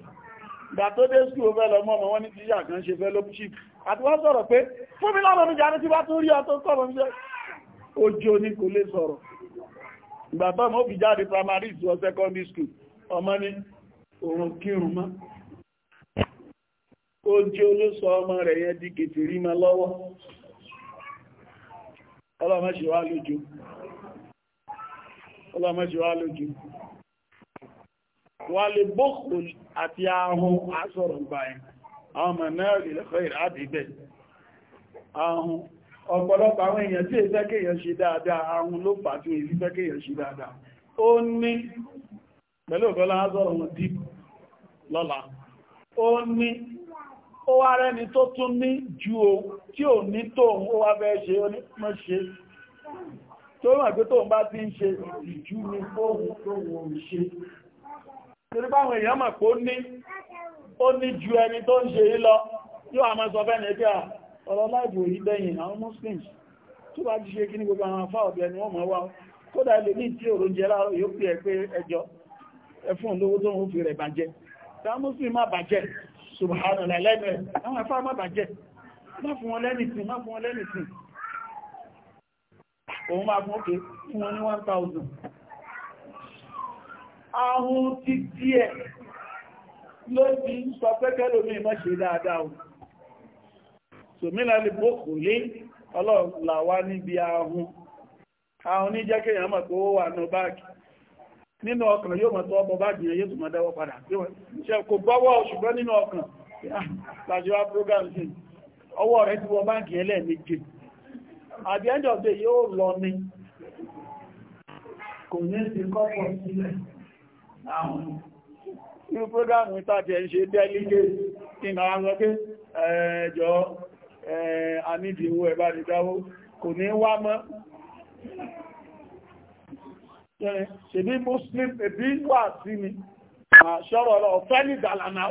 ìgbà tó dé school fẹ́ lọ mọ́ wọn ní tíyà kan ṣe fellowship àti wọ́n sọ̀rọ̀ pé fún mi lọ́nà mi jáde tí bá tún rí ọtọ́ sọ̀rọ̀ mi jẹ́ ojú ní kò lè sọ̀rọ̀ ìgbà tó mọ́ fi jáde primary or secondary school ọmọ ní òun kírun mọ́ ojú ló sọ ọmọ rẹ̀ yẹn di kèfèrí mọ́ lọ́wọ́ ọlọ́mọ́ṣe wá lójú ọlọ́mọ́ṣe wá lójú wà lè bókù àti ahun asọ̀rọ̀ báyìí àwọn ọmọ náà ìlẹ́fẹ́ ìrádìíbẹ̀ ahun ọ̀pọ̀lọpọ̀ àwọn èèyàn tí ìfẹ́kẹ́ èèyàn ṣe dáadáa ahun ló fà tí ìfẹ́kẹ́ èèyàn ṣe dáadáa ó ní pẹ̀lú ọ̀gọ́lá ó wá rẹ́ni tó tún ní ju o tí ò ní tóun ó wá fẹ́ ṣe ó ní mọ́ ṣe tó mọ̀ pé tóun bá ti ń ṣe ìjú ni fóun tóun ṣe torí báwọn èèyàn mọ̀ pé ó ní ó ní ju ẹni tó ń ṣe lọ yóò àmọ́ sọ fẹ́ nìkẹ́ à ọ̀rọ̀ láìbò yìí dẹ̀yìn àwọn muslims tó bá ti ṣe kí ní gbogbo àwọn afá ọ̀bẹ ni wọ́n mọ̀ wá kódà ilé ní tí òrùn jẹ́ láàrọ̀ yóò pè ẹ pé ẹjọ́ ẹfún olówó tó ń fi rẹ̀ bàjẹ́ tá muslim má bàjẹ́ subhanallah lẹ́nu ẹ̀ àwọn afá má bàjẹ́ má fún wọn lẹ́nìtìn má fún wọn lẹ́nìtìn òun máa fún òkè fún wọn ní 1000 ahun ti díẹ̀ ló ti ń sọ pẹ́kẹ́ lómi mọ́ ṣe dáadáa o tòmílà lè bókò lé ọlọ́ọ̀lá wá níbi ahun ahun ní jẹ́kẹ̀yàn mọ̀ wà ní báàkì nínú ọkàn yóò mọ̀ tó ọmọ bá jìnà yóò mọ̀ dáwọ́ padà ṣe kò gbọ́wọ́ ṣùgbọ́n nínú ọkàn ah, làjọ́wà program sí ọwọ́ rẹ̀ ti wọ bá ẹlẹ́ẹ̀mejì at the end of yóò lọ ní kò ní sí kọ́pọ̀ sílẹ̀ àwọn Eh, ṣèbí muslim ẹbí wà sí ni àṣọ́rọ̀ ọ̀rọ̀ ọ̀fẹ́ ní ìdàlànà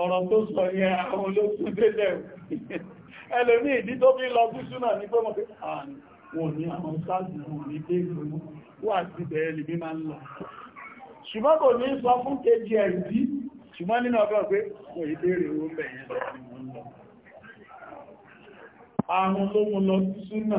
ọ̀rọ̀ tó sọ yẹn àwọn olóògùn délẹ̀ ẹlòmí ìdí tó bí lọ sí súnà ní pé wọ́n pé àwọn ní àwọn sáàdì wọn ní pé ìlú wà sí bẹ̀rẹ̀ lè bí máa ń lọ ṣùgbọ́n kò ní sọ fún kejì ẹ̀dí ṣùgbọ́n nínú ọgbọ́n sí súnà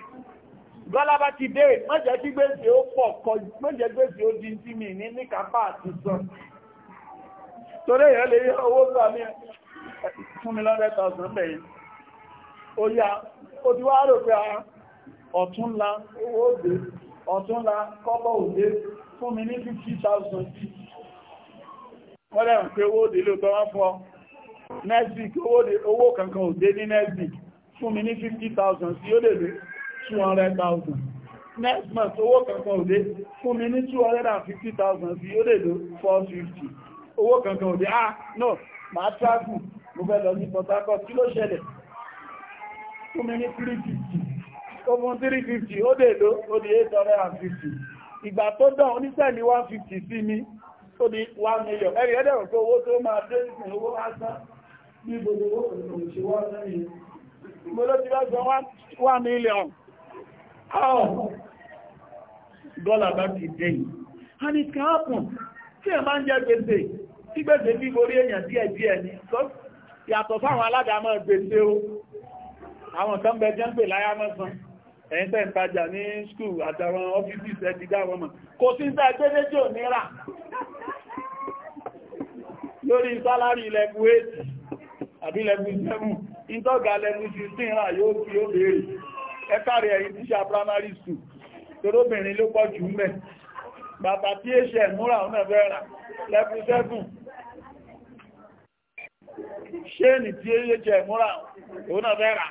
Gọ́lábá ti dé, mọ́jẹ́ kí gbèsè ó pọ̀ kọ, mọ́jẹ́ gbèsè ó di tí mi ní ní kápá àti sọ. Torí èèyàn lè yọ owó gbà mí fún mi lọ́rẹ́ tọ̀sán bẹ̀yìn. Ó yá, ó ti wá rò pé ọ̀túnla owó òde, ọ̀túnla kọ́bọ̀ òde fún mi ní 50,000 wọ́n lẹ́rùn pé owó òde ló tọ́wọ́ fún ọ. Nesbic owó kankan òde ní Nesbic fún mi ní 50,000 sí ó lè lè 200,000 next month owó kankan òde fún mi ní 250,000 sí ó lè lò 450 owó kankan òde ah no ma travel mo fẹ́ lọ ní Port Harcourt kí ló ṣẹlẹ̀ fún mi ní 350 ó fún 350 ó lè lò ó di 850 ìgbà tó dán oníṣẹ́lì 150 sí mi ó di 1 million ẹ̀rì ẹ̀dẹ̀rùn pé owó tó máa dé ìsìn owó lásán ní gbogbo owó òṣèwọ́ sẹ́yìn mo ló ti bá sọ 1 million how oh. dollar bá ti dé yìí and it can happen tí ẹ máa ń jẹ gbèsè tí gbèsè bí borí èèyàn díẹ̀ díẹ̀ ni yàtọ̀ fáwọn aládàámọ̀ gbèsè o àwọn kan bẹ jẹ́ ń pè láyá mọ́sán ẹ̀yìn tẹ́ ń tajà ní skúl àtàwọn ọ́fíìsì ẹ̀dì dáwọn mọ̀ kò sí ń tẹ́ méjì ò nírà lórí sálárì lẹ́bù 8 àbí lẹ́bù 7 ìtọ́gà lẹ́bù 16 rà yóò fi ó béèrè ẹkàrẹ̀ ẹ̀yìn tíṣà primary school toróbìnrin ló pọ̀ jù mẹ́ bàbá tí èṣẹ̀ múra ọ̀nà bẹ́ẹ̀rà lẹ́fúnsẹ́fún ṣéènì tí èṣẹ̀ múra ọ̀nà bẹ́ẹ̀rà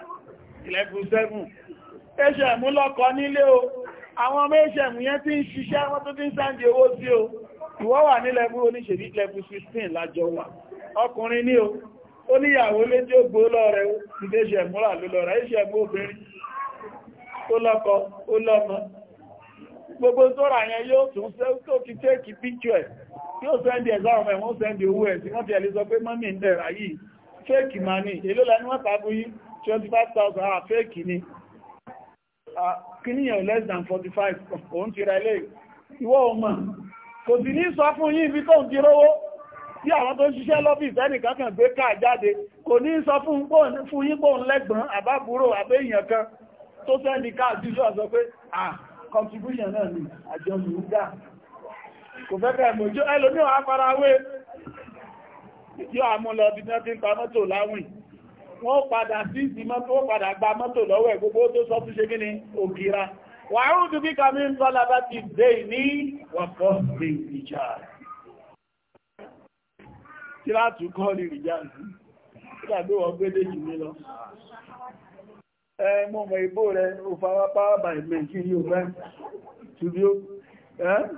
lẹ́fúnsẹ́fún èṣẹ̀ mú lọ́kọ nílé o àwọn ọmọ èṣẹ̀ mú yẹn tí ń ṣiṣẹ́ wọ́n tó ti ń sáǹdì owó sí o ìwọ wà ní lẹ́fú oníṣèlú lẹ́fú 16 lájọ wà ọkùnrin ní o ó níyàwó léjó gbó lọ ó ti dé ṣẹ̀múra ló lọ rẹ̀ obìnrin ó lọ́kọ ó lọ́mọ gbogbo tó rà yẹn yóò tún tó ti tẹ́ẹ̀kì píkṣọ ẹ̀ yóò sẹ́ndì ẹ̀sá ọmọ ẹ̀wọ̀n sẹ́ndì owó ẹ̀ tí wọ́n ti ẹ̀lẹ́ sọ pé mọ́mí ń dẹ̀rà yìí fẹ́ẹ̀kì ma ní èló la ní wọ́n tàbí yí 25,000 àà fẹ́ẹ̀kì ni ah, kíníyàn less than 45 òun ti ra ilé ìwọ ọmọ kò sì ní sọ fún yín ibi tó ń ti rówó bí àwọn tó ń ṣiṣẹ́ lọ́fíìsì ẹnìkan kan gbé káà jáde kò ní sọ fún yín pòun lẹ́gbọ̀n àbábúrò àbẹ́yìn kan tó sẹ́ndì káàdì ló sọ pé ah contribution náà ni àjọ mùúgbà kò fẹ́fẹ́ mọ̀jọ́ ẹlòmí wà farawé yóò àmúlọ bí wọ́n ti ń ta mọ́tò láwìn wọ́n padà sí ìsìnmọ́ tó padà gba mọ́tò lọ́wọ́ ẹ̀ gbogbo tó sọ fún ṣe gíní ògìra wà á rúdú kíkà mí ń bọ́lá bá ti dé ní wọ́pọ̀ sí ìjà tí látùkọ́ ní ìjà mọ́mọ̀ ìbò rẹ̀ ó fara power by Nigeria rẹ̀ studio ẹ́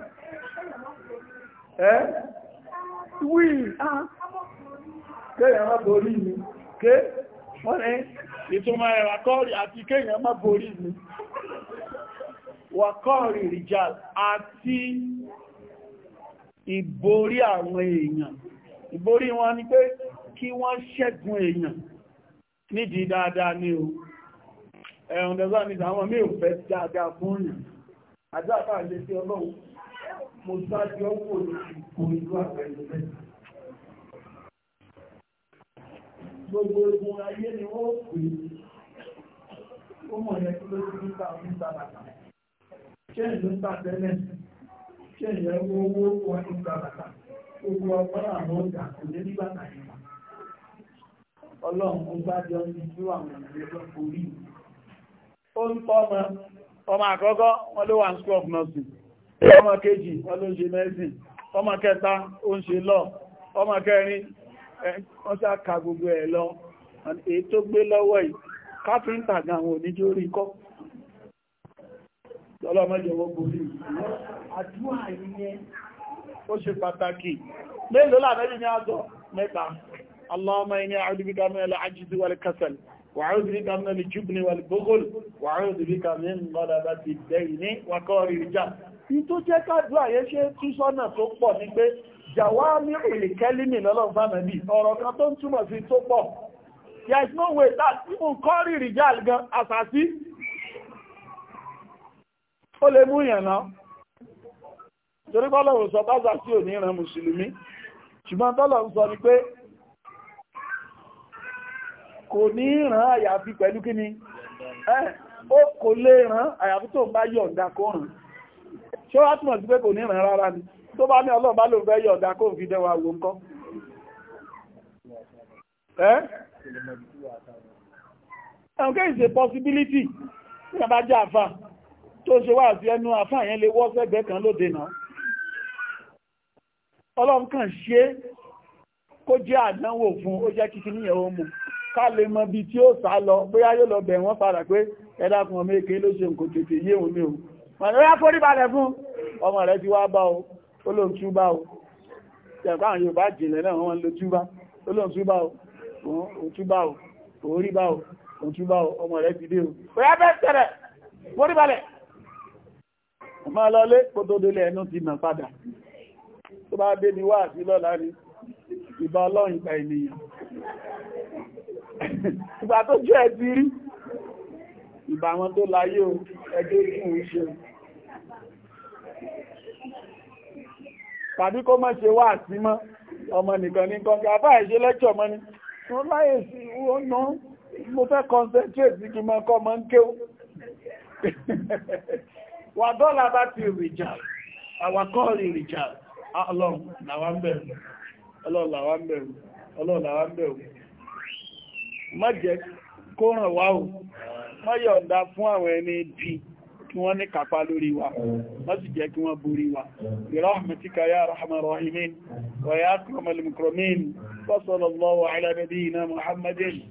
wí kéèyàn má borí mi ké wọ́n ní ìtumọ̀ ẹ̀ wàkọ́ọ̀rì àti kéèyàn má borí mi wàkọ́ọ̀rì rìjàl àti ìborí àwọn èèyàn ìborí wọn ni pé kí wọ́n ṣẹ́gun èèyàn nídìí dáadáa ní o ẹ̀rùn dẹ̀zọ́ ní àwọn mí ò fẹ́ dáadáa fún yìí àjáfà lè fi ọlọ́run mo sáájú ọkọ̀ olùkò ìlú àpẹẹrẹ gbogbo ogun ayé ni wọ́n pè ó mọ̀ yẹn kí ló ti ń ta ọdún sábàtà ṣé ìlú ń ta tẹ́lẹ̀ ṣé ìyẹn owó wọn ń ta bàtà gbogbo ọgbọ́n àwọn ọjà kò ní nígbà tàyè ọlọ́run ó gbájọ́ ní ìlú àwọn ìlú orí ìlú ó ń tọ́ ọmọ ọmọ àkọ́kọ́ wọ́n ló wà ní school of nursing ọmọ kejì wọ́n ló ń ṣe medicine ọmọ kẹta ó ń ṣe ọmọ kẹrin wọ́n sá ka gbogbo ẹ̀ lọ èyí tó gbé lọ́wọ́ yìí káfíńtà gan àwọn oníjó rí kọ́ wọ́n borí وأعوذ بك من الجبن والبغل وأعوذ بك من غلبة الدين وقهر الرجال tó jẹ́ kádùá yẹn ṣe tú sọ́nà tó pọ̀ ní pé jàwámi ìlìkẹ́lìmì lọ́lọ́fàmà bí ọ̀rọ̀ kan tó ń túmọ̀ sí tó pọ̀ there is no way that even kọ́rì rìjáàl gan àsàsí ó lè mú yàn náà torí bọ́lọ̀ sọ bá sàsí ò ní ìran mùsùlùmí ṣùgbọ́n tọ́lọ̀ ń sọ ni pé kò ní ràn àyàfi pẹ̀lú kí ni ó kò lè ràn àyàfi tó bá yọ̀ǹda kó ràn ṣé wá túnmọ̀ sí pé kò ní ràn rárá ni tó bá ní ọlọ́run bá ló fẹ́ yọ̀ǹda kó fi dẹwà wò ń kọ́ ẹ̀hùnkẹ́ ìṣe possibility ní àbá jẹ́ àfà tó ṣe wà sí ẹnu àfà yẹn lè wọ́ sẹ́gbẹ́ kan lóde náà ọlọ́run kàn ṣe kó jẹ́ àdánwò fún ó jẹ́ kíkí níyẹ̀wó mú ká lè mọ bí tí ó sá lọ bóyá yóò lọ bẹ̀ wọ́n padà pé ẹ̀dàkùn ọmọ èké ló ṣe nǹkan tètè yé òun ní o mọ̀lẹ́yà forí balẹ̀ fún ọmọ rẹ̀ ti wá bá o olóòtúbá o ṣẹ̀kọ́ àwọn Yorùbá jìnlẹ̀ náà wọ́n lo túbá olóòtúbá o òtúbá o orí bá o òtúbá o ọmọ rẹ̀ ti dé o bóyá bẹ́ẹ̀ tẹ̀rẹ̀ forí balẹ̀ ọmọ ọlọ́lé kótódélé ẹnu ti nà padà tó bá dé ni wá àti lọ́la ni ìbá ọlọ́run ìgbà ènìyàn ìgbà tó jẹ́ ẹ̀bí rí ìbà wọn tó láyé o ẹgbẹ́ ìkùn ìṣe tàbí kó má ṣe wá àti mọ́ ọmọ nìkan ní kan gàbá ìṣe lẹ́kṣọ̀ mọ́ ni tó láyé sí ó ná mo fẹ́ concentrate sí kí mọ́ kọ́ mọ́ ń kéw wà dọ́là bá ti rìjà àwàkọ́ rí rìjà ah, ọlọ́run làwọn bẹ̀rù má jẹ́ kó ràn wá o má yọ̀ǹda fún àwọn ẹni bí kí wọ́n ní kàpá lórí wa má sì jẹ́ kí wọ́n borí wa ìrọ́hàmàtíkà yá rahman rahimin wa ya akramal mukramin wa sallallahu ala nabiyyina muhammadin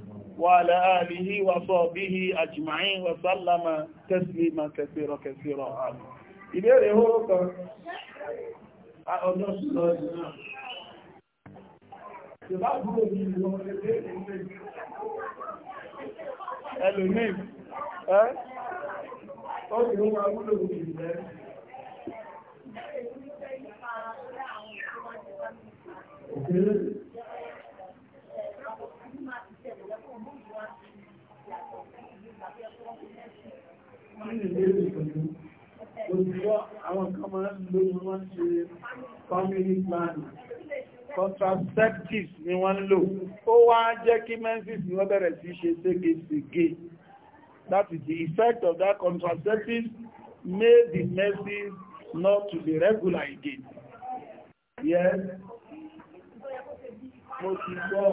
ìbábúrò ní ìlú ẹlòmí ẹ́ ó sì ń wá wúlò ní ìlú Òkèrè Òṣìṣọ́ àwọn kan lórí wọ́n ṣe family planning contraceptives ni wọ́n lò ó wá jẹ́ kí menses ni wọ́n bẹ̀rẹ̀ sí ṣe ségesège that is the effect of that contraceptive made the menses not to be regular again yes mo ti gbọ́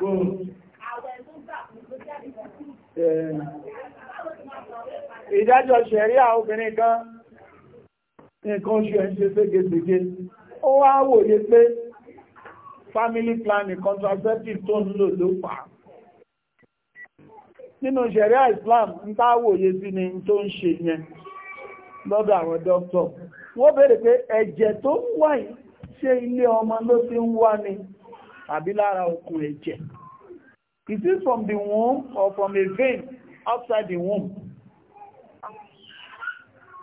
Good. Ìdájọ́ ṣẹ̀rí àwọn obìnrin kan nǹkan oṣù ẹ̀ ń ó wá wòye pé family planning contraceptive tó ń lò ló fà nínú ṣẹ̀ríà Islam ń tá wòye sí ni tó ń ṣe yẹn lọ́dọ̀ àwọn dókítọ̀ wọ́n béèrè pé ẹ̀jẹ̀ tó ń wá yìí ilé ọmọ ló ti ń wá ni àbí lára okùn ẹ̀jẹ̀ is it from the womb or from a vein outside the womb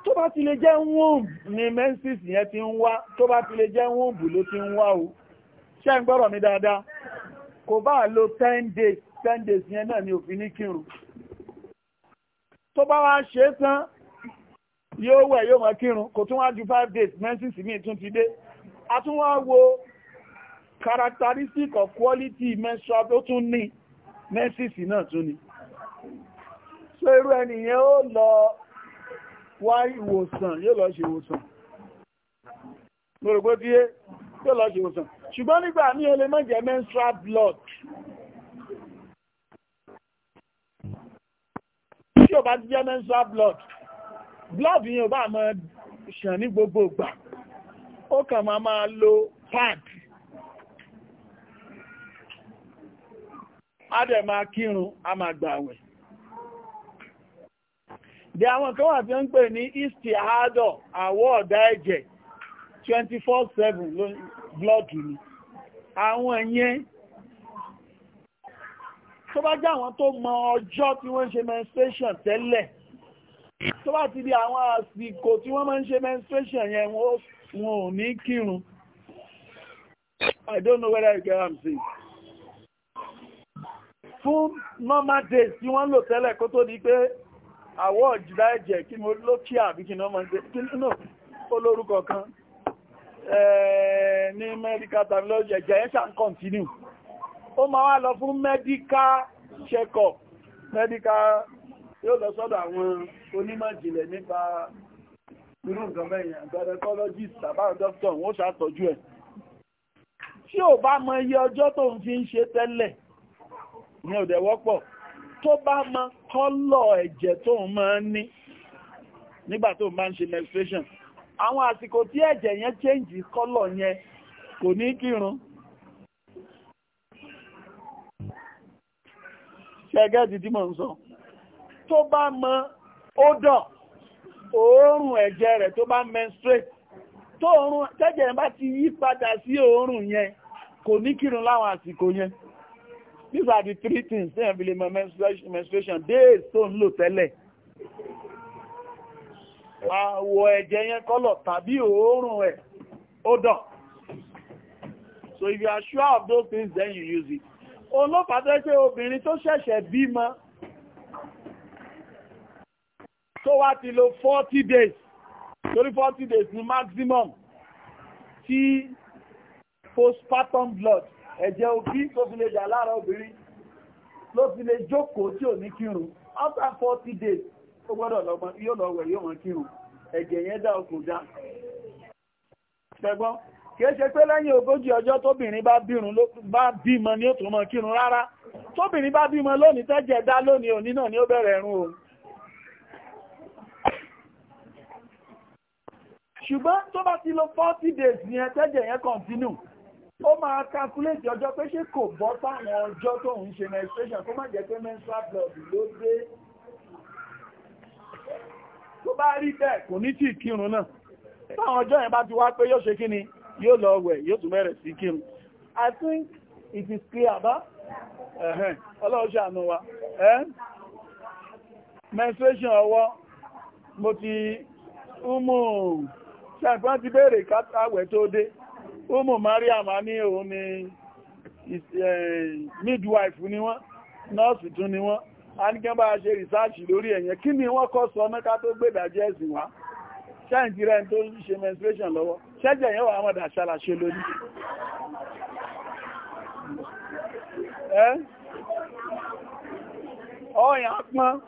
tó bá ti lè jẹ́ womb ni menses yẹn ti ń wá tó bá ti lè jẹ́ womb ló ti ń wá o ṣé ń gbọ́rọ̀ mi dáadáa kò bá lo ten days ten days yẹn náà ni òfin ní kírun tó bá wá ṣe é tán yóò wẹ̀ yóò mọ̀ kírun kò tún wá ju five days menses mi tún ti dé a tún wá wo characteristic of quality menstrual tó tún ní menses náà tún ni so irú ẹnìyẹn ó lọ wá ìwòsàn yóò lọ ṣe ìwòsàn lórúkọ díẹ̀ yóò lọ ṣe ìwòsàn ṣùgbọ́n nígbà míì ó lè má jẹ́ menstrual blood tí ò bá ti jẹ́ menstrual blood blood yìí ò bá máa ṣàn ní gbogbo ìgbà ó kàn máa máa lo pad á dẹ̀ máa kírun á máa gbààwẹ̀ di àwọn kan wà tí ó ń pè ní istihado àwọ̀ ọ̀dá ẹ̀jẹ̀ 24/7 ló blood ni àwọn yẹn tó bá jẹ́ àwọn tó mọ ọjọ́ tí wọ́n ń ṣe menstruation tẹ́lẹ̀ tó bá ti di àwọn àsìkò tí wọ́n máa ń ṣe menstruation yẹn wọ́n ò ní kírun I don't know whether you get what I'm saying fún normal days tí wọ́n lò tẹ́lẹ̀ kó tó di pé àwọ́ ìjìdá ẹ̀jẹ̀ kí mo ló kí àbí kí náà máa ń gbé kí nínú olórúkọ kan ní medical terminology ẹ̀jẹ̀ yẹn ṣàn continue ó máa wá lọ fún medical check-up medical yóò lọ sọ́dọ̀ àwọn onímọ̀ ìjìnlẹ̀ nípa irú nǹkan mẹ́yìn gynecologist tàbá doctor wọ́n ṣàtọ́jú ẹ̀ tí ò bá mọ iye ọjọ́ tó ń fi ń ṣe tẹ́lẹ̀ ní òdẹ̀ wọ́pọ̀ tó bá mọ kọ́lọ̀ ẹ̀jẹ̀ tó máa ń ní nígbà tó máa ń ṣe menstruation àwọn àsìkò tí ẹ̀jẹ̀ yẹn change kọ́lọ̀ yẹn kò ní kírun ṣẹgẹ́dì tí mò ń sọ tó bá mọ ódọ̀ òórùn ẹ̀jẹ̀ rẹ̀ tó bá menstruate tó òórùn tẹ́jẹ̀ bá ti yí padà sí òórùn yẹn kò ní kírun láwọn àsìkò yẹn these are the three things tí ẹ̀bí lè mọ menstruation days tó ń lò tẹ́lẹ̀ àwọ̀ ẹ̀jẹ̀ yẹn kọ́lọ̀ tàbí òórùn ẹ̀ so if you are sure of those things then you use it olófà tẹ́ pé obìnrin tó ṣẹ̀ṣẹ̀ bímọ So wá ti lo 40 days torí 40 days ni maximum tí postpartum blood ẹ̀jẹ̀ òbí tó fi lè dà lára obìnrin ló fi lè jókòó tí ò ní kírun after forty days ó gbọ́dọ̀ lọ́mọ yóò lọ wẹ̀ yóò mọ kírun ẹ̀jẹ̀ yẹn dá okùn dá ṣẹgbọ́n kìí ṣe pé lẹ́yìn ogójì ọjọ́ tóbìnrin bá bímọ ní òtún mọ kírun rárá tóbìnrin bá bímọ lónìí tẹ́jẹ̀ dá lónìí òní náà ni ó bẹ̀rẹ̀ ẹ̀rùn o ṣùgbọ́n tó bá ti lọ 40 days ni ẹ tẹ́jẹ̀ yẹn continue ó máa calculate ọjọ́ pé ṣé kò bọ́ fáwọn ọjọ́ tó ń ṣe menstruation kó má jẹ́ pé menstrual blood ló dé tó bá rí bẹ́ẹ̀ kò ní tí kírun náà ti wá pé yóò ṣe kí ni yóò lọ yóò tún sí kírun I think it is clear bá ọlọ́run ṣe àánú wa menstruation ọwọ́ mo ti ti béèrè tó dé ọmọ Mariam ní òun ni eh, midwife ni wọ́n nọ́ọ̀sì tún ni wọ́n a ní kẹ́bà ṣe rìsáàṣì lórí ẹ̀yẹn kí ni wọ́n kọ́ sọ mẹ́ká tó gbèdàjẹ́ ẹ̀sìn wá ṣáìntì tó ṣe menstruation lọ́wọ́ ṣẹ́jẹ̀ yẹn wà mọ̀dà ṣàlàṣe lórí ọ̀yàn pọ́n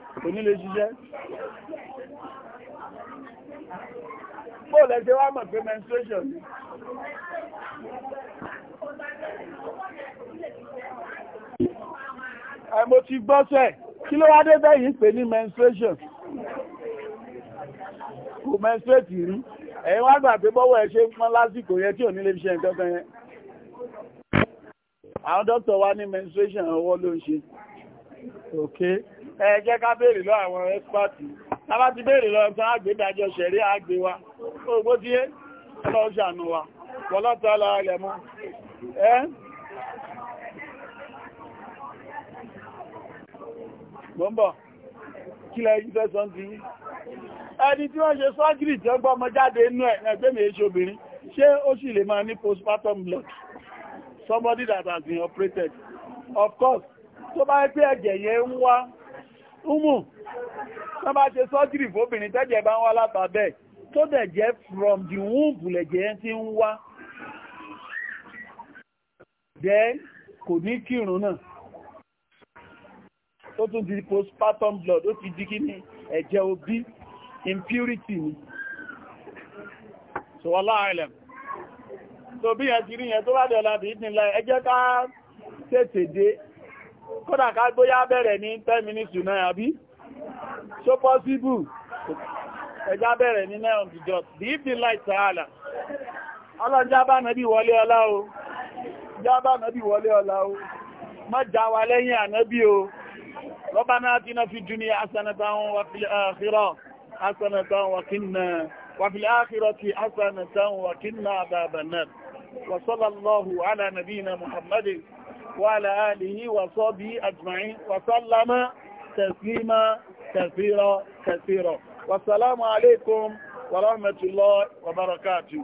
bó lẹ́jẹ́ wá mọ̀ pé menstruation ni mo ti gbọ́sẹ̀ kí ló wá dé bẹ́yìn pè ní menstruation kò menstruate rí ẹ̀yin wá gbà pé bọ́wọ́ ẹ̀ ṣe pọ́n lásìkò yẹn tí ò ní lè fi ṣe nǹkan kan yẹn àwọn dókítà wá ní menstruation ọwọ́ ló ń ṣe ok ẹ jẹ́ ká béèrè lọ àwọn ẹ́sìpáàtì tàbá ti béèrè lọ ẹ̀tọ́ àgbédájọ́ ṣẹ̀rí àgbé wa tí é ọlọ́ṣàánú wa pọ̀lọ́tọ́ alára rẹ̀ mọ́ ẹ́ gbọ́mbọ̀ kí lẹ́ ìfẹ́ sọ́n ti ẹni tí wọ́n ṣe sọ́gírì tí wọ́n gbọ́mọ jáde inú ẹ̀ somebody that has been operated of course tó bá pé ẹ̀jẹ̀ yẹn ń wá umu tó bá ṣe sọ́jírì fóbìnrin tẹ́jẹ̀ bá ń wá látàbẹ̀ tó dẹ̀ jẹ́ from the womb lẹ̀jẹ̀ tí ń wá jẹ́ kò ní kírun náà tó tún di postpartum blood ó ti di kí ni ẹ̀jẹ̀ òbí impurity ni so wọ́n láàrẹ̀lẹ̀ so bí yẹn ti rí yẹn tó bá dẹ̀ ọ̀la bí ìdínlẹ̀ ẹjẹ́ ká tètè dé kódà ká gbóyá bẹ̀rẹ̀ ní 10 minutes to 9 àbí so possible ẹjá bẹ̀rẹ̀ ní 9 to just the evening light sàálà ọlọ́njábá nàbí wọlé ọlá o jábá nàbí wọlé ọlá o má já wa lẹ́yìn ànábí o lọ́bá náà tí náà fi dúní asànàtàn wà fílẹ̀ àkírọ̀ asànàtàn wà kínà àkírọ̀ وعلى آله وصحبه أجمعين وسلم تسليما كثيرا كثيرا والسلام عليكم ورحمة الله وبركاته